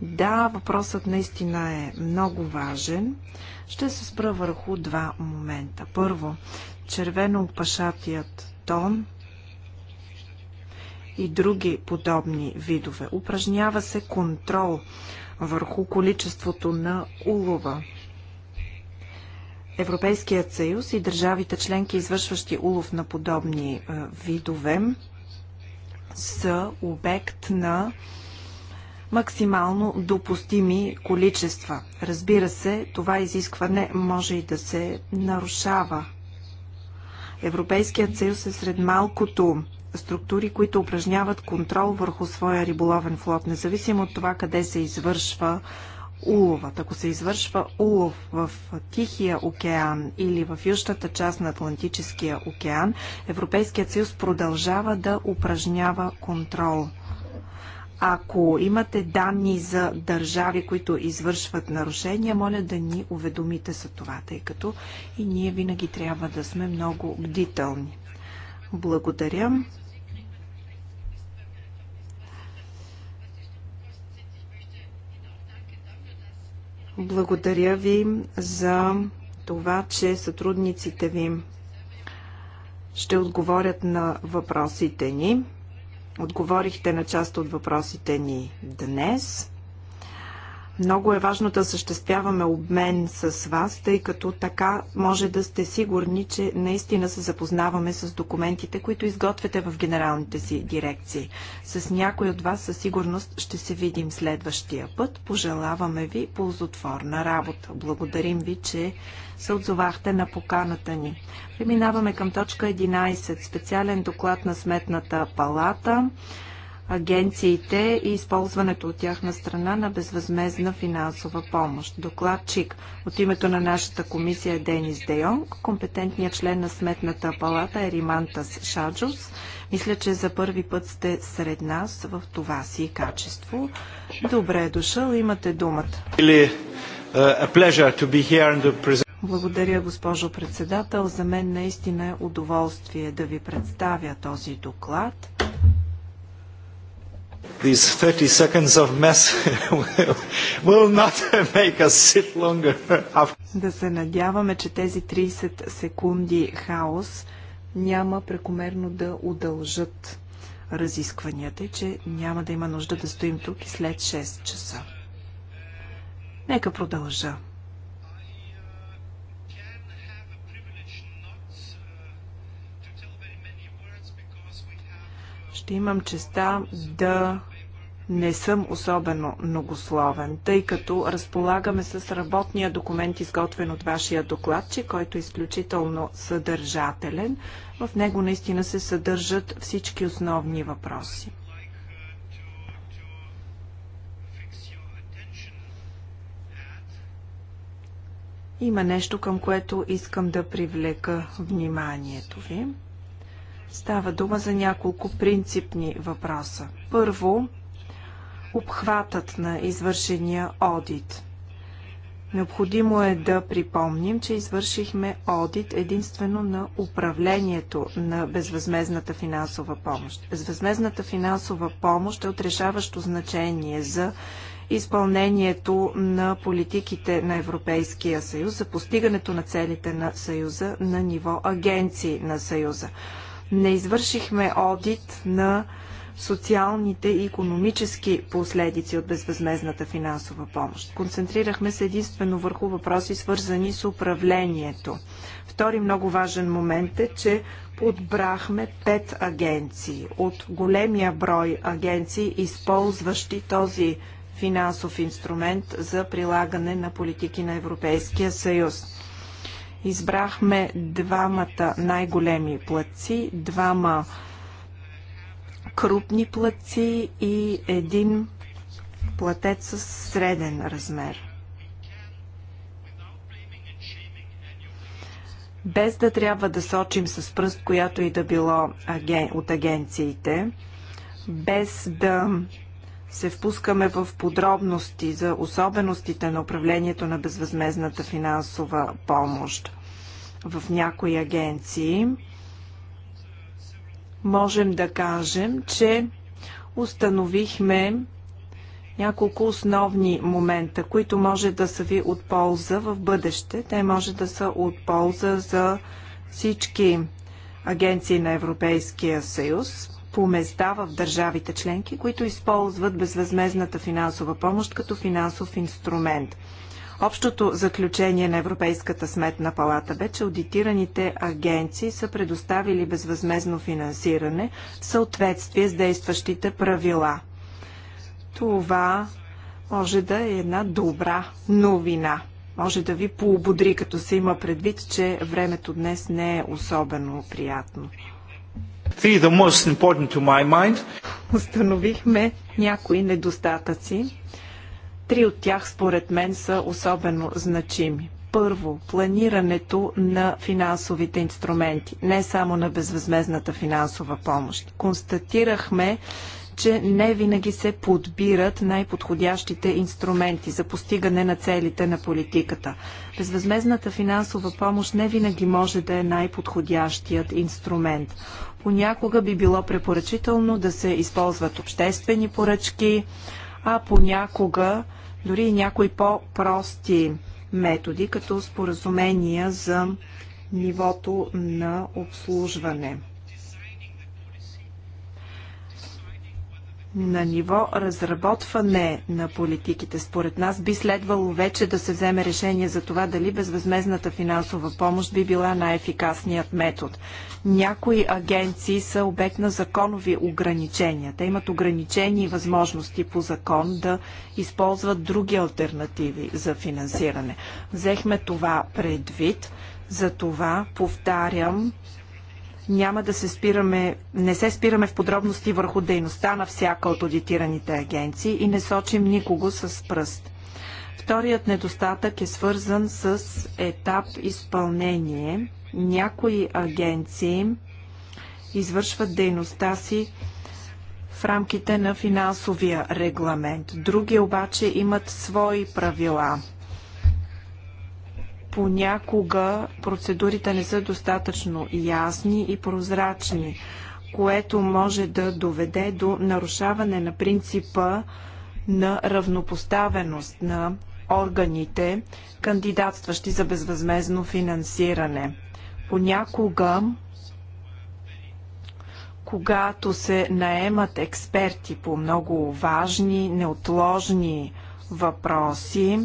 Да, въпросът наистина е много важен. Ще се спра върху два момента. Първо, червено опашатият тон и други подобни видове. Упражнява се контрол върху количеството на улова. Европейският съюз и държавите членки, извършващи улов на подобни е, видове, са обект на максимално допустими количества. Разбира се, това изискване може и да се нарушава. Европейският съюз е сред малкото структури, които упражняват контрол върху своя риболовен флот, независимо от това къде се извършва уловът. Ако се извършва улов в Тихия океан или в южната част на Атлантическия океан, Европейският съюз продължава да упражнява контрол – ако имате данни за държави, които извършват нарушения, моля да ни уведомите за това, тъй като и ние винаги трябва да сме много бдителни. Благодаря. Благодаря ви за това, че сътрудниците ви ще отговорят на въпросите ни. Отговорихте на част от въпросите ни днес. Много е важно да съществяваме обмен с вас, тъй като така може да сте сигурни, че наистина се запознаваме с документите, които изготвяте в генералните си дирекции. С някой от вас със сигурност ще се видим следващия път. Пожелаваме ви ползотворна работа. Благодарим ви, че се отзовахте на поканата ни. Преминаваме към точка 11. Специален доклад на Сметната палата агенциите и използването от тяхна страна на безвъзмезна финансова помощ. Докладчик от името на нашата комисия е Денис Дейонг, компетентният член на Сметната палата е Римантас Шаджус. Мисля, че за първи път сте сред нас в това си качество. Добре е дошъл, имате думата. Uh, Благодаря, госпожо председател. За мен наистина е удоволствие да ви представя този доклад. These 30 seconds of mess will not make us sit longer. Да се надяваме, че тези 30 секунди хаос няма прекомерно да удължат разискванията и че няма да има нужда да стоим тук и след 6 часа. Нека продължа. ще имам честа да не съм особено многословен, тъй като разполагаме с работния документ, изготвен от вашия докладчик, който е изключително съдържателен. В него наистина се съдържат всички основни въпроси. Има нещо, към което искам да привлека вниманието ви. Става дума за няколко принципни въпроса. Първо, обхватът на извършения одит. Необходимо е да припомним, че извършихме одит единствено на управлението на безвъзмезната финансова помощ. Безвъзмезната финансова помощ е от решаващо значение за изпълнението на политиките на Европейския съюз, за постигането на целите на съюза на ниво агенции на съюза не извършихме одит на социалните и економически последици от безвъзмезната финансова помощ. Концентрирахме се единствено върху въпроси, свързани с управлението. Втори много важен момент е, че подбрахме пет агенции от големия брой агенции, използващи този финансов инструмент за прилагане на политики на Европейския съюз. Избрахме двамата най-големи платци, двама крупни платци и един платец с среден размер. Без да трябва да сочим с пръст, която и да било от агенциите, без да се впускаме в подробности за особеностите на управлението на безвъзмезната финансова помощ в някои агенции, можем да кажем, че установихме няколко основни момента, които може да са ви от полза в бъдеще. Те може да са от полза за всички агенции на Европейския съюз по места в държавите членки, които използват безвъзмезната финансова помощ като финансов инструмент. Общото заключение на Европейската сметна палата бе, че аудитираните агенции са предоставили безвъзмезно финансиране в съответствие с действащите правила. Това може да е една добра новина. Може да ви поободри, като се има предвид, че времето днес не е особено приятно. Установихме някои недостатъци. Три от тях според мен са особено значими. Първо, планирането на финансовите инструменти, не само на безвъзмезната финансова помощ. Констатирахме, че не винаги се подбират най-подходящите инструменти за постигане на целите на политиката. Безвъзмезната финансова помощ не винаги може да е най-подходящият инструмент. Понякога би било препоръчително да се използват обществени поръчки, а понякога дори и някои по-прости методи, като споразумения за нивото на обслужване. на ниво разработване на политиките. Според нас би следвало вече да се вземе решение за това дали безвъзмезната финансова помощ би била най-ефикасният метод. Някои агенции са обект на законови ограничения. Те имат ограничени възможности по закон да използват други альтернативи за финансиране. Взехме това предвид. За това повтарям, няма да се спираме, не се спираме в подробности върху дейността на всяка от аудитираните агенции и не сочим никого с пръст. Вторият недостатък е свързан с етап изпълнение. Някои агенции извършват дейността си в рамките на финансовия регламент. Други обаче имат свои правила. Понякога процедурите не са достатъчно ясни и прозрачни, което може да доведе до нарушаване на принципа на равнопоставеност на органите, кандидатстващи за безвъзмезно финансиране. Понякога, когато се наемат експерти по много важни, неотложни въпроси,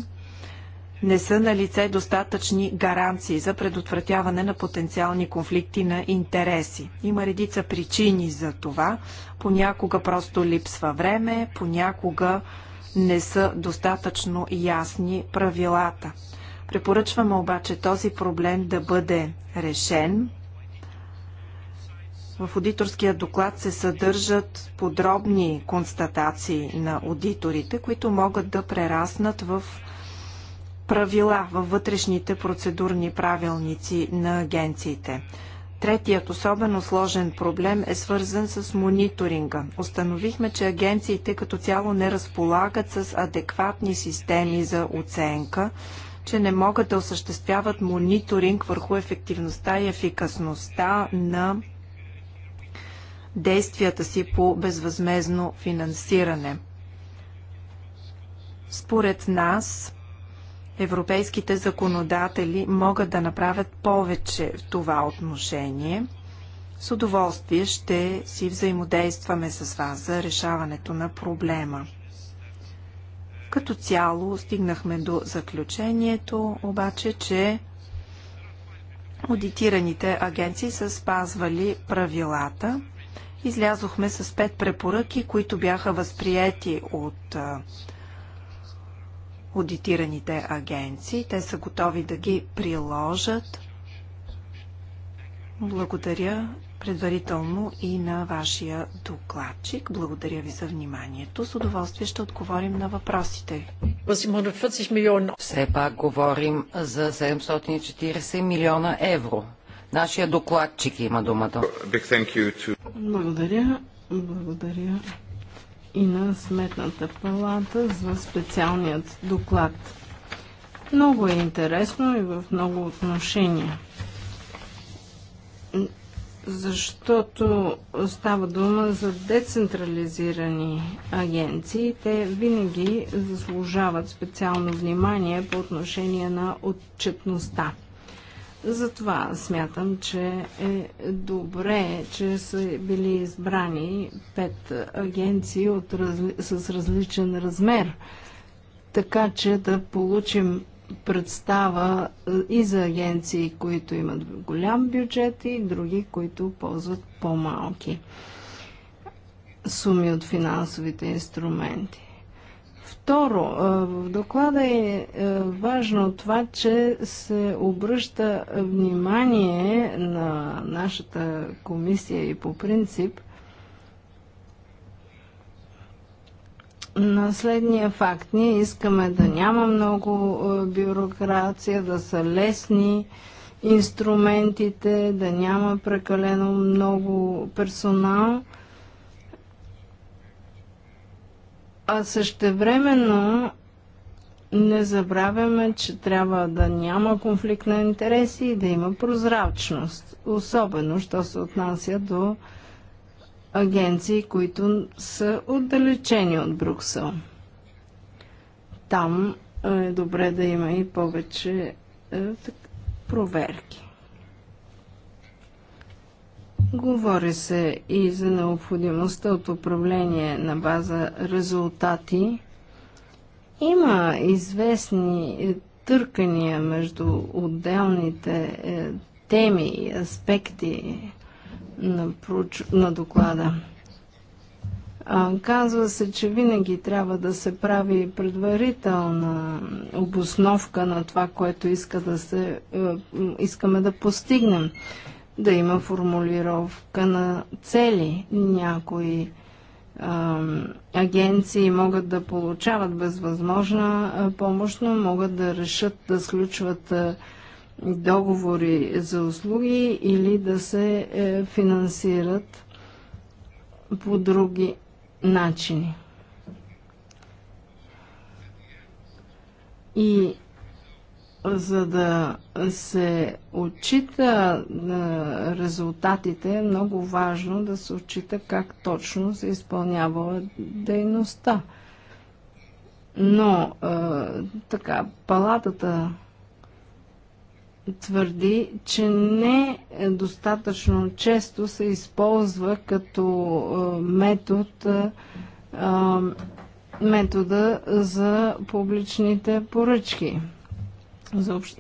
не са на лице достатъчни гаранции за предотвратяване на потенциални конфликти на интереси. Има редица причини за това. Понякога просто липсва време, понякога не са достатъчно ясни правилата. Препоръчваме обаче този проблем да бъде решен. В аудиторския доклад се съдържат подробни констатации на аудиторите, които могат да прераснат в правила във вътрешните процедурни правилници на агенциите. Третият особено сложен проблем е свързан с мониторинга. Установихме, че агенциите като цяло не разполагат с адекватни системи за оценка, че не могат да осъществяват мониторинг върху ефективността и ефикасността на действията си по безвъзмезно финансиране. Според нас, европейските законодатели могат да направят повече в това отношение. С удоволствие ще си взаимодействаме с вас за решаването на проблема. Като цяло стигнахме до заключението, обаче, че аудитираните агенции са спазвали правилата. Излязохме с пет препоръки, които бяха възприяти от аудитираните агенции. Те са готови да ги приложат. Благодаря предварително и на вашия докладчик. Благодаря ви за вниманието. С удоволствие ще отговорим на въпросите. Все пак говорим за 740 милиона евро. Нашия докладчик има думата. Благодаря. Благодаря и на Сметната палата за специалният доклад. Много е интересно и в много отношения. Защото става дума за децентрализирани агенции. Те винаги заслужават специално внимание по отношение на отчетността. Затова смятам, че е добре, че са били избрани пет агенции от, с различен размер, така че да получим представа е, и за агенции, които имат голям бюджет и други, които ползват по-малки суми от финансовите инструменти. Второ, е, в доклада е, е важно това, че се обръща внимание на нашата комисия и по принцип на следния факт. Ние искаме да няма много е, бюрокрация, да са лесни инструментите, да няма прекалено много персонал – А същевременно не забравяме, че трябва да няма конфликт на интереси и да има прозрачност. Особено, що се отнася до агенции, които са отдалечени от Бруксел. Там е добре да има и повече е, проверки. Говори се и за необходимостта от управление на база резултати. Има известни е, търкания между отделните е, теми и аспекти на, проч... на доклада. Казва се, че винаги трябва да се прави предварителна обосновка на това, което иска да се, е, искаме да постигнем да има формулировка на цели. Някои агенции могат да получават безвъзможна помощ, но могат да решат да сключват договори за услуги или да се е, финансират по други начини. И за да се отчита резултатите, е много важно да се отчита как точно се е изпълнява дейността. Но е, така, палатата твърди, че не достатъчно често се използва като е, метод е, метода за публичните поръчки.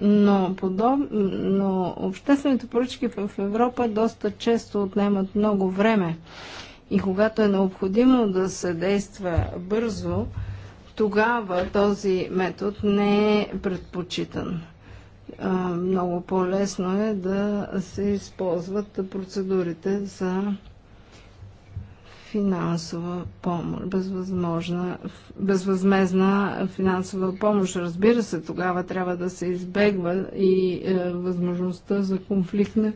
Но, подоб... но обществените поръчки в Европа доста често отнемат много време. И когато е необходимо да се действа бързо, тогава този метод не е предпочитан. Много по-лесно е да се използват процедурите за финансова помощ, безвъзможна, безвъзмезна финансова помощ. Разбира се, тогава трябва да се избегва и е, възможността за конфликт на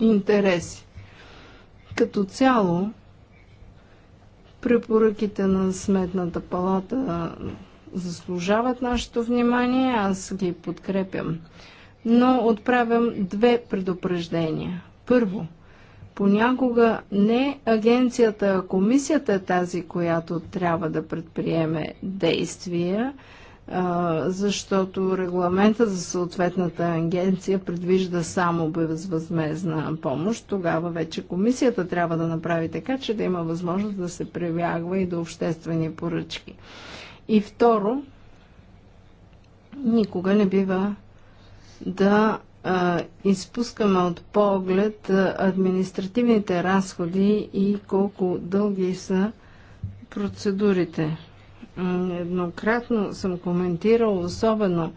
интереси. Като цяло, препоръките на Сметната палата заслужават нашето внимание, аз ги подкрепям. Но отправям две предупреждения. Първо – Понякога не агенцията, а комисията е тази, която трябва да предприеме действия, защото регламента за съответната агенция предвижда само безвъзмезна помощ. Тогава вече комисията трябва да направи така, че да има възможност да се прибягва и до обществени поръчки. И второ, никога не бива да а, изпускаме от поглед административните разходи и колко дълги са процедурите. Еднократно съм коментирал, особено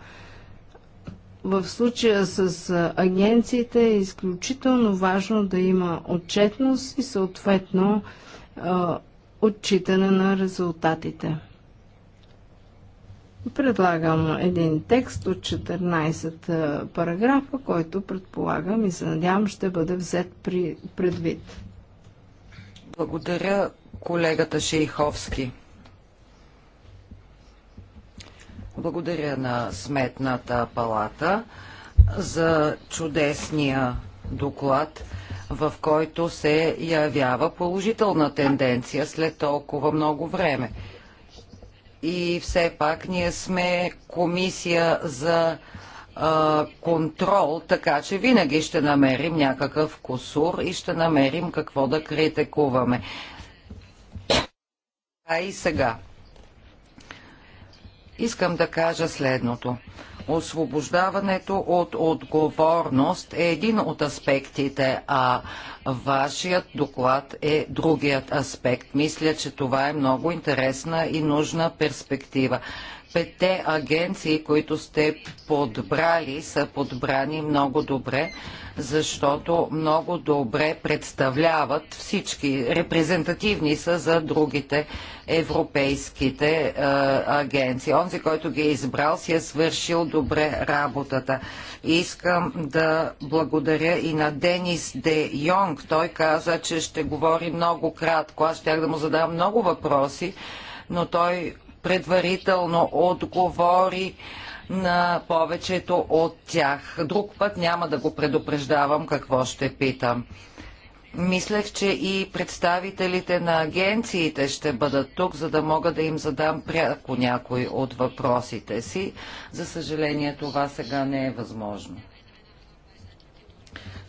в случая с агенциите е изключително важно да има отчетност и съответно отчитане на резултатите. Предлагам един текст от 14 параграфа, който предполагам и се надявам ще бъде взет при, предвид. Благодаря колегата Шейховски. Благодаря на Сметната палата за чудесния доклад, в който се явява положителна тенденция след толкова много време и все пак ние сме комисия за а, контрол, така че винаги ще намерим някакъв косур и ще намерим какво да критикуваме. А и сега. Искам да кажа следното освобождаването от отговорност е един от аспектите, а вашият доклад е другият аспект. Мисля, че това е много интересна и нужна перспектива пете агенции, които сте подбрали, са подбрани много добре, защото много добре представляват всички. Репрезентативни са за другите европейските е, агенции. Онзи, който ги е избрал, си е свършил добре работата. Искам да благодаря и на Денис Де Йонг. Той каза, че ще говори много кратко. Аз щях да му задам много въпроси, но той предварително отговори на повечето от тях. Друг път няма да го предупреждавам какво ще питам. Мислех, че и представителите на агенциите ще бъдат тук, за да мога да им задам пряко някой от въпросите си. За съжаление, това сега не е възможно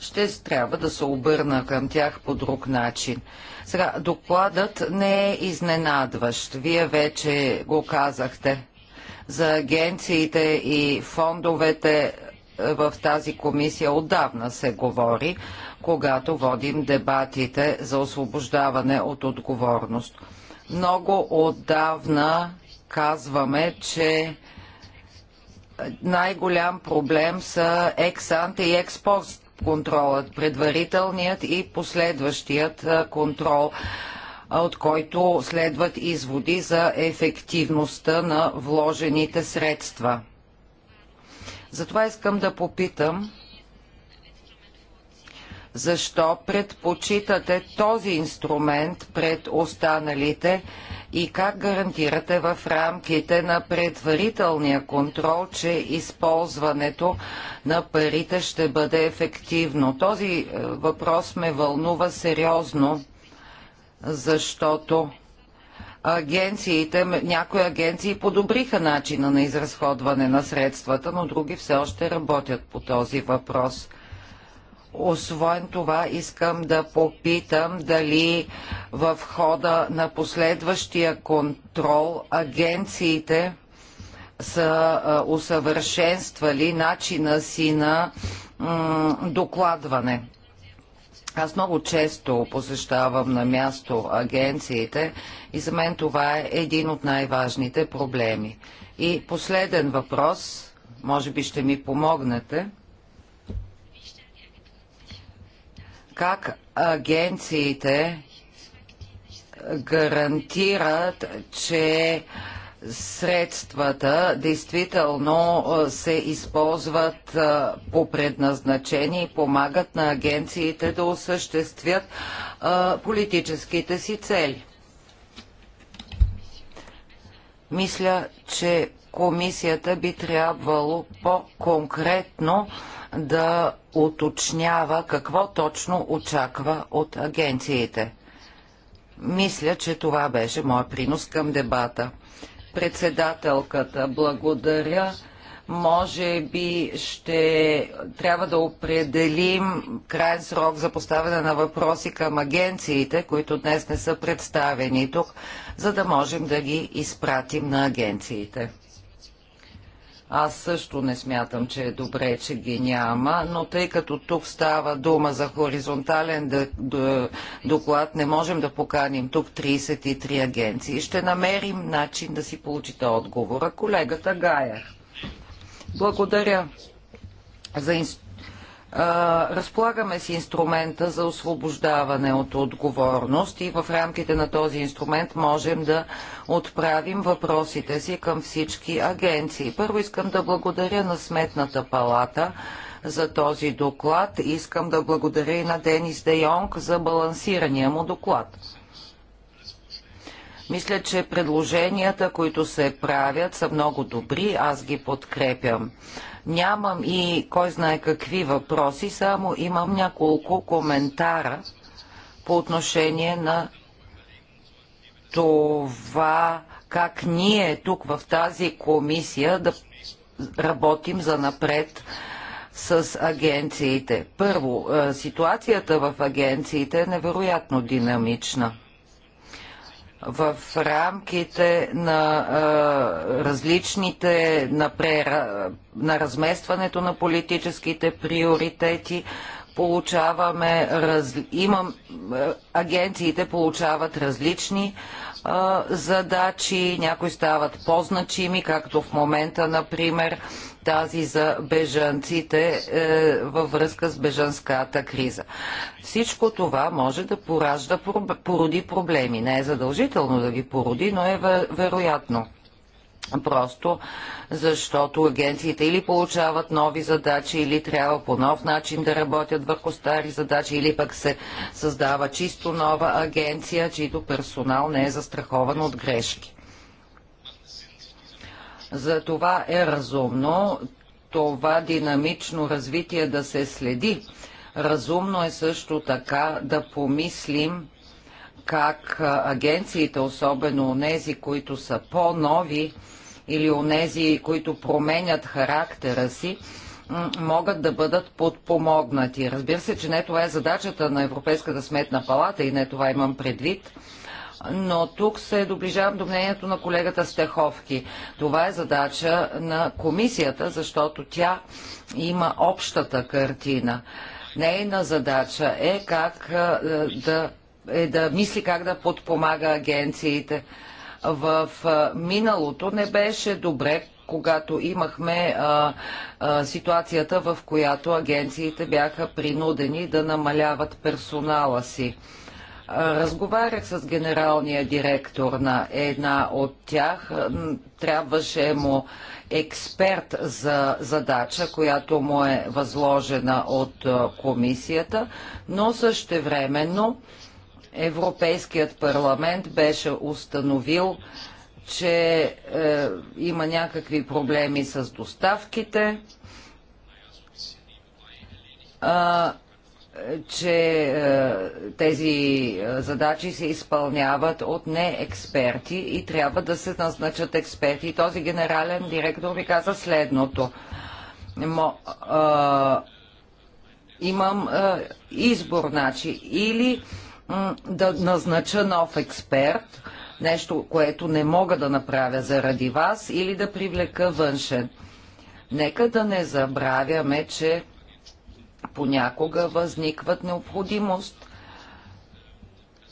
ще трябва да се обърна към тях по друг начин. Сега, докладът не е изненадващ. Вие вече го казахте. За агенциите и фондовете е, в тази комисия отдавна се говори, когато водим дебатите за освобождаване от отговорност. Много отдавна казваме, че най-голям проблем са ексанте и експост контролът, предварителният и последващият контрол, от който следват изводи за ефективността на вложените средства. Затова искам да попитам, защо предпочитате този инструмент пред останалите, и как гарантирате в рамките на предварителния контрол, че използването на парите ще бъде ефективно? Този е, въпрос ме вълнува сериозно, защото агенциите, някои агенции подобриха начина на изразходване на средствата, но други все още работят по този въпрос – освен това, искам да попитам дали в хода на последващия контрол агенциите са усъвършенствали начина си на докладване. Аз много често посещавам на място агенциите и за мен това е един от най-важните проблеми. И последен въпрос, може би ще ми помогнете – как агенциите гарантират, че средствата действително се използват по предназначение и помагат на агенциите да осъществят политическите си цели. Мисля, че комисията би трябвало по-конкретно да да уточнява какво точно очаква от агенциите. Мисля, че това беше моят принос към дебата. Председателката, благодаря. Може би ще трябва да определим крайен срок за поставяне на въпроси към агенциите, които днес не са представени тук, за да можем да ги изпратим на агенциите. Аз също не смятам, че е добре, че ги няма, но тъй като тук става дума за хоризонтален доклад, не можем да поканим тук 33 агенции. Ще намерим начин да си получите отговора. Колегата Гаяр. Благодаря за инструментите разполагаме с инструмента за освобождаване от отговорност и в рамките на този инструмент можем да отправим въпросите си към всички агенции. Първо искам да благодаря на Сметната палата за този доклад. Искам да благодаря и на Денис Дейонг за балансирания му доклад. Мисля, че предложенията, които се правят, са много добри. Аз ги подкрепям. Нямам и кой знае какви въпроси, само имам няколко коментара по отношение на това как ние тук в тази комисия да работим за напред с агенциите. Първо, е, ситуацията в агенциите е невероятно динамична в рамките на а, различните, на, пре, на разместването на политическите приоритети, получаваме, раз, имам, агенциите получават различни а, задачи, някои стават по-значими, както в момента, например, тази за бежанците е, във връзка с бежанската криза. Всичко това може да поражда, породи проблеми. Не е задължително да ги породи, но е вероятно. Просто защото агенциите или получават нови задачи, или трябва по нов начин да работят върху стари задачи, или пък се създава чисто нова агенция, чийто персонал не е застрахован от грешки. За това е разумно това динамично развитие да се следи. Разумно е също така да помислим как агенциите, особено онези, които са по-нови или онези, които променят характера си, могат да бъдат подпомогнати. Разбира се, че не това е задачата на Европейската сметна палата и не това имам предвид но тук се доближавам до мнението на колегата Стеховки. Това е задача на комисията, защото тя има общата картина. Нейна задача е как да, е да мисли как да подпомага агенциите. В миналото не беше добре когато имахме а, а, ситуацията, в която агенциите бяха принудени да намаляват персонала си. Разговарях с генералния директор на една от тях. Трябваше му експерт за задача, която му е възложена от комисията, но времено Европейският парламент беше установил, че е, има някакви проблеми с доставките. А, че е, тези е, задачи се изпълняват от не експерти и трябва да се назначат експерти. този генерален директор ми каза следното. Е, имам избор, значи, или да назнача нов експерт, нещо, което не мога да направя заради вас, или да привлека външен. Нека да не забравяме, че понякога възникват необходимост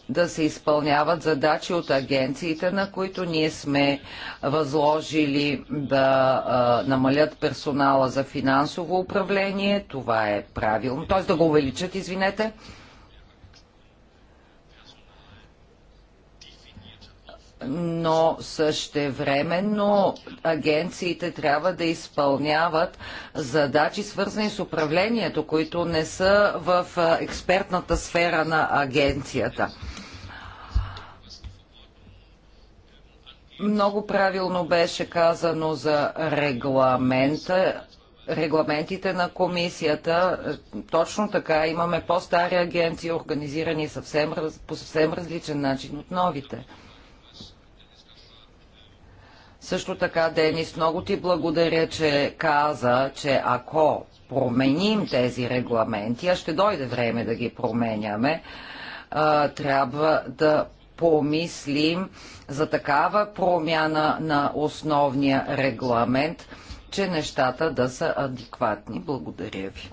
да се изпълняват задачи от агенциите, на които ние сме възложили да а, намалят персонала за финансово управление. Това е правилно. Т.е. да го увеличат, извинете. но същевременно агенциите трябва да изпълняват задачи, свързани с управлението, които не са в експертната сфера на агенцията. Много правилно беше казано за регламента регламентите на комисията. Точно така имаме по-стари агенции, организирани съвсем, по съвсем различен начин от новите. Също така, Денис, много ти благодаря, че каза, че ако променим тези регламенти, а ще дойде време да ги променяме, трябва да помислим за такава промяна на основния регламент, че нещата да са адекватни. Благодаря ви.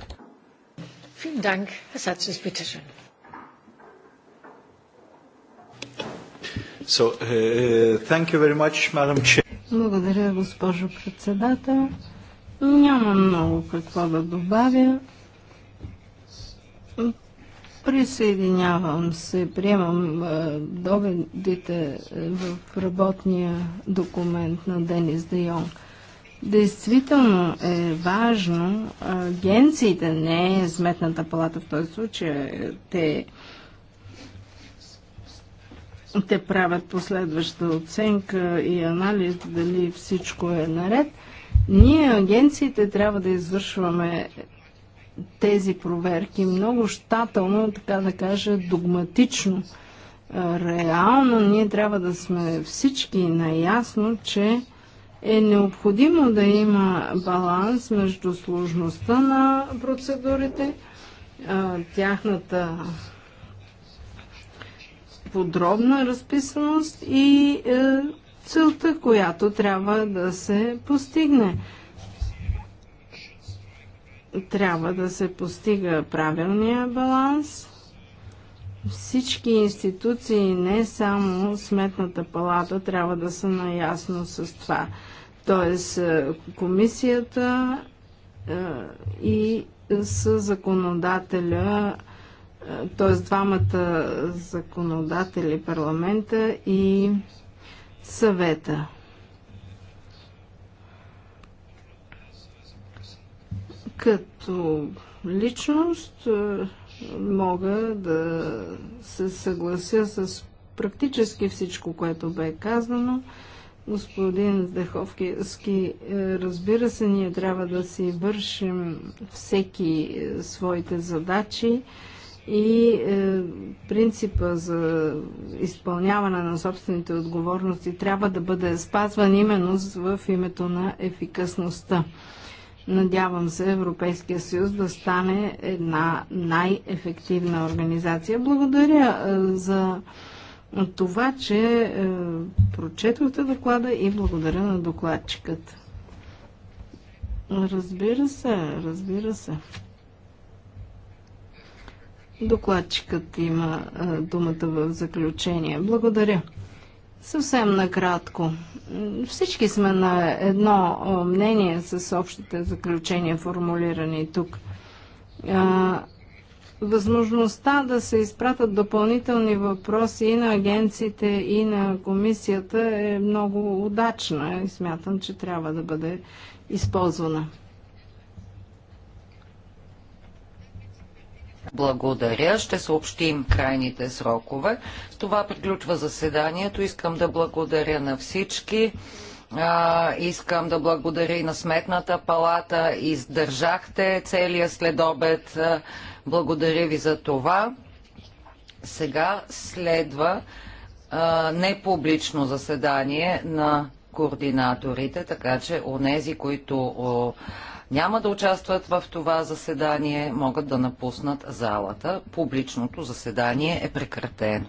So, uh, uh much, благодаря, госпожо председател. Няма много какво да добавя. Присъединявам се, приемам доведите в работния документ на Денис Де Йонг. Действително е важно агенциите, не е сметната палата в този случай, те те правят последваща оценка и анализ дали всичко е наред. Ние, агенциите, трябва да извършваме тези проверки много щателно, така да кажа, догматично. Реално ние трябва да сме всички наясно, че е необходимо да има баланс между сложността на процедурите, тяхната подробна разписаност и е, целта, която трябва да се постигне. Трябва да се постига правилния баланс. Всички институции, не само Сметната палата, трябва да са наясно с това. Тоест, е, комисията е, и с законодателя т.е. двамата законодатели, парламента и съвета. Като личност е, мога да се съглася с практически всичко, което бе казано. Господин Деховски, е, разбира се, ние трябва да си вършим всеки е, своите задачи и е, принципа за изпълняване на собствените отговорности трябва да бъде спазван именно в името на ефикасността. Надявам се Европейския съюз да стане една най-ефективна организация. Благодаря е, за това, че е, прочетвате доклада и благодаря на докладчикът. Разбира се, разбира се. Докладчикът има думата в заключение. Благодаря. Съвсем накратко. Всички сме на едно мнение с общите заключения, формулирани тук. Възможността да се изпратят допълнителни въпроси и на агенциите, и на комисията е много удачна и смятам, че трябва да бъде използвана. Благодаря. Ще съобщим крайните срокове. С това приключва заседанието. Искам да благодаря на всички. А, искам да благодаря и на Сметната палата. Издържахте целия следобед. Благодаря ви за това. Сега следва непублично заседание на координаторите, така че онези, които о, няма да участват в това заседание, могат да напуснат залата. Публичното заседание е прекратено.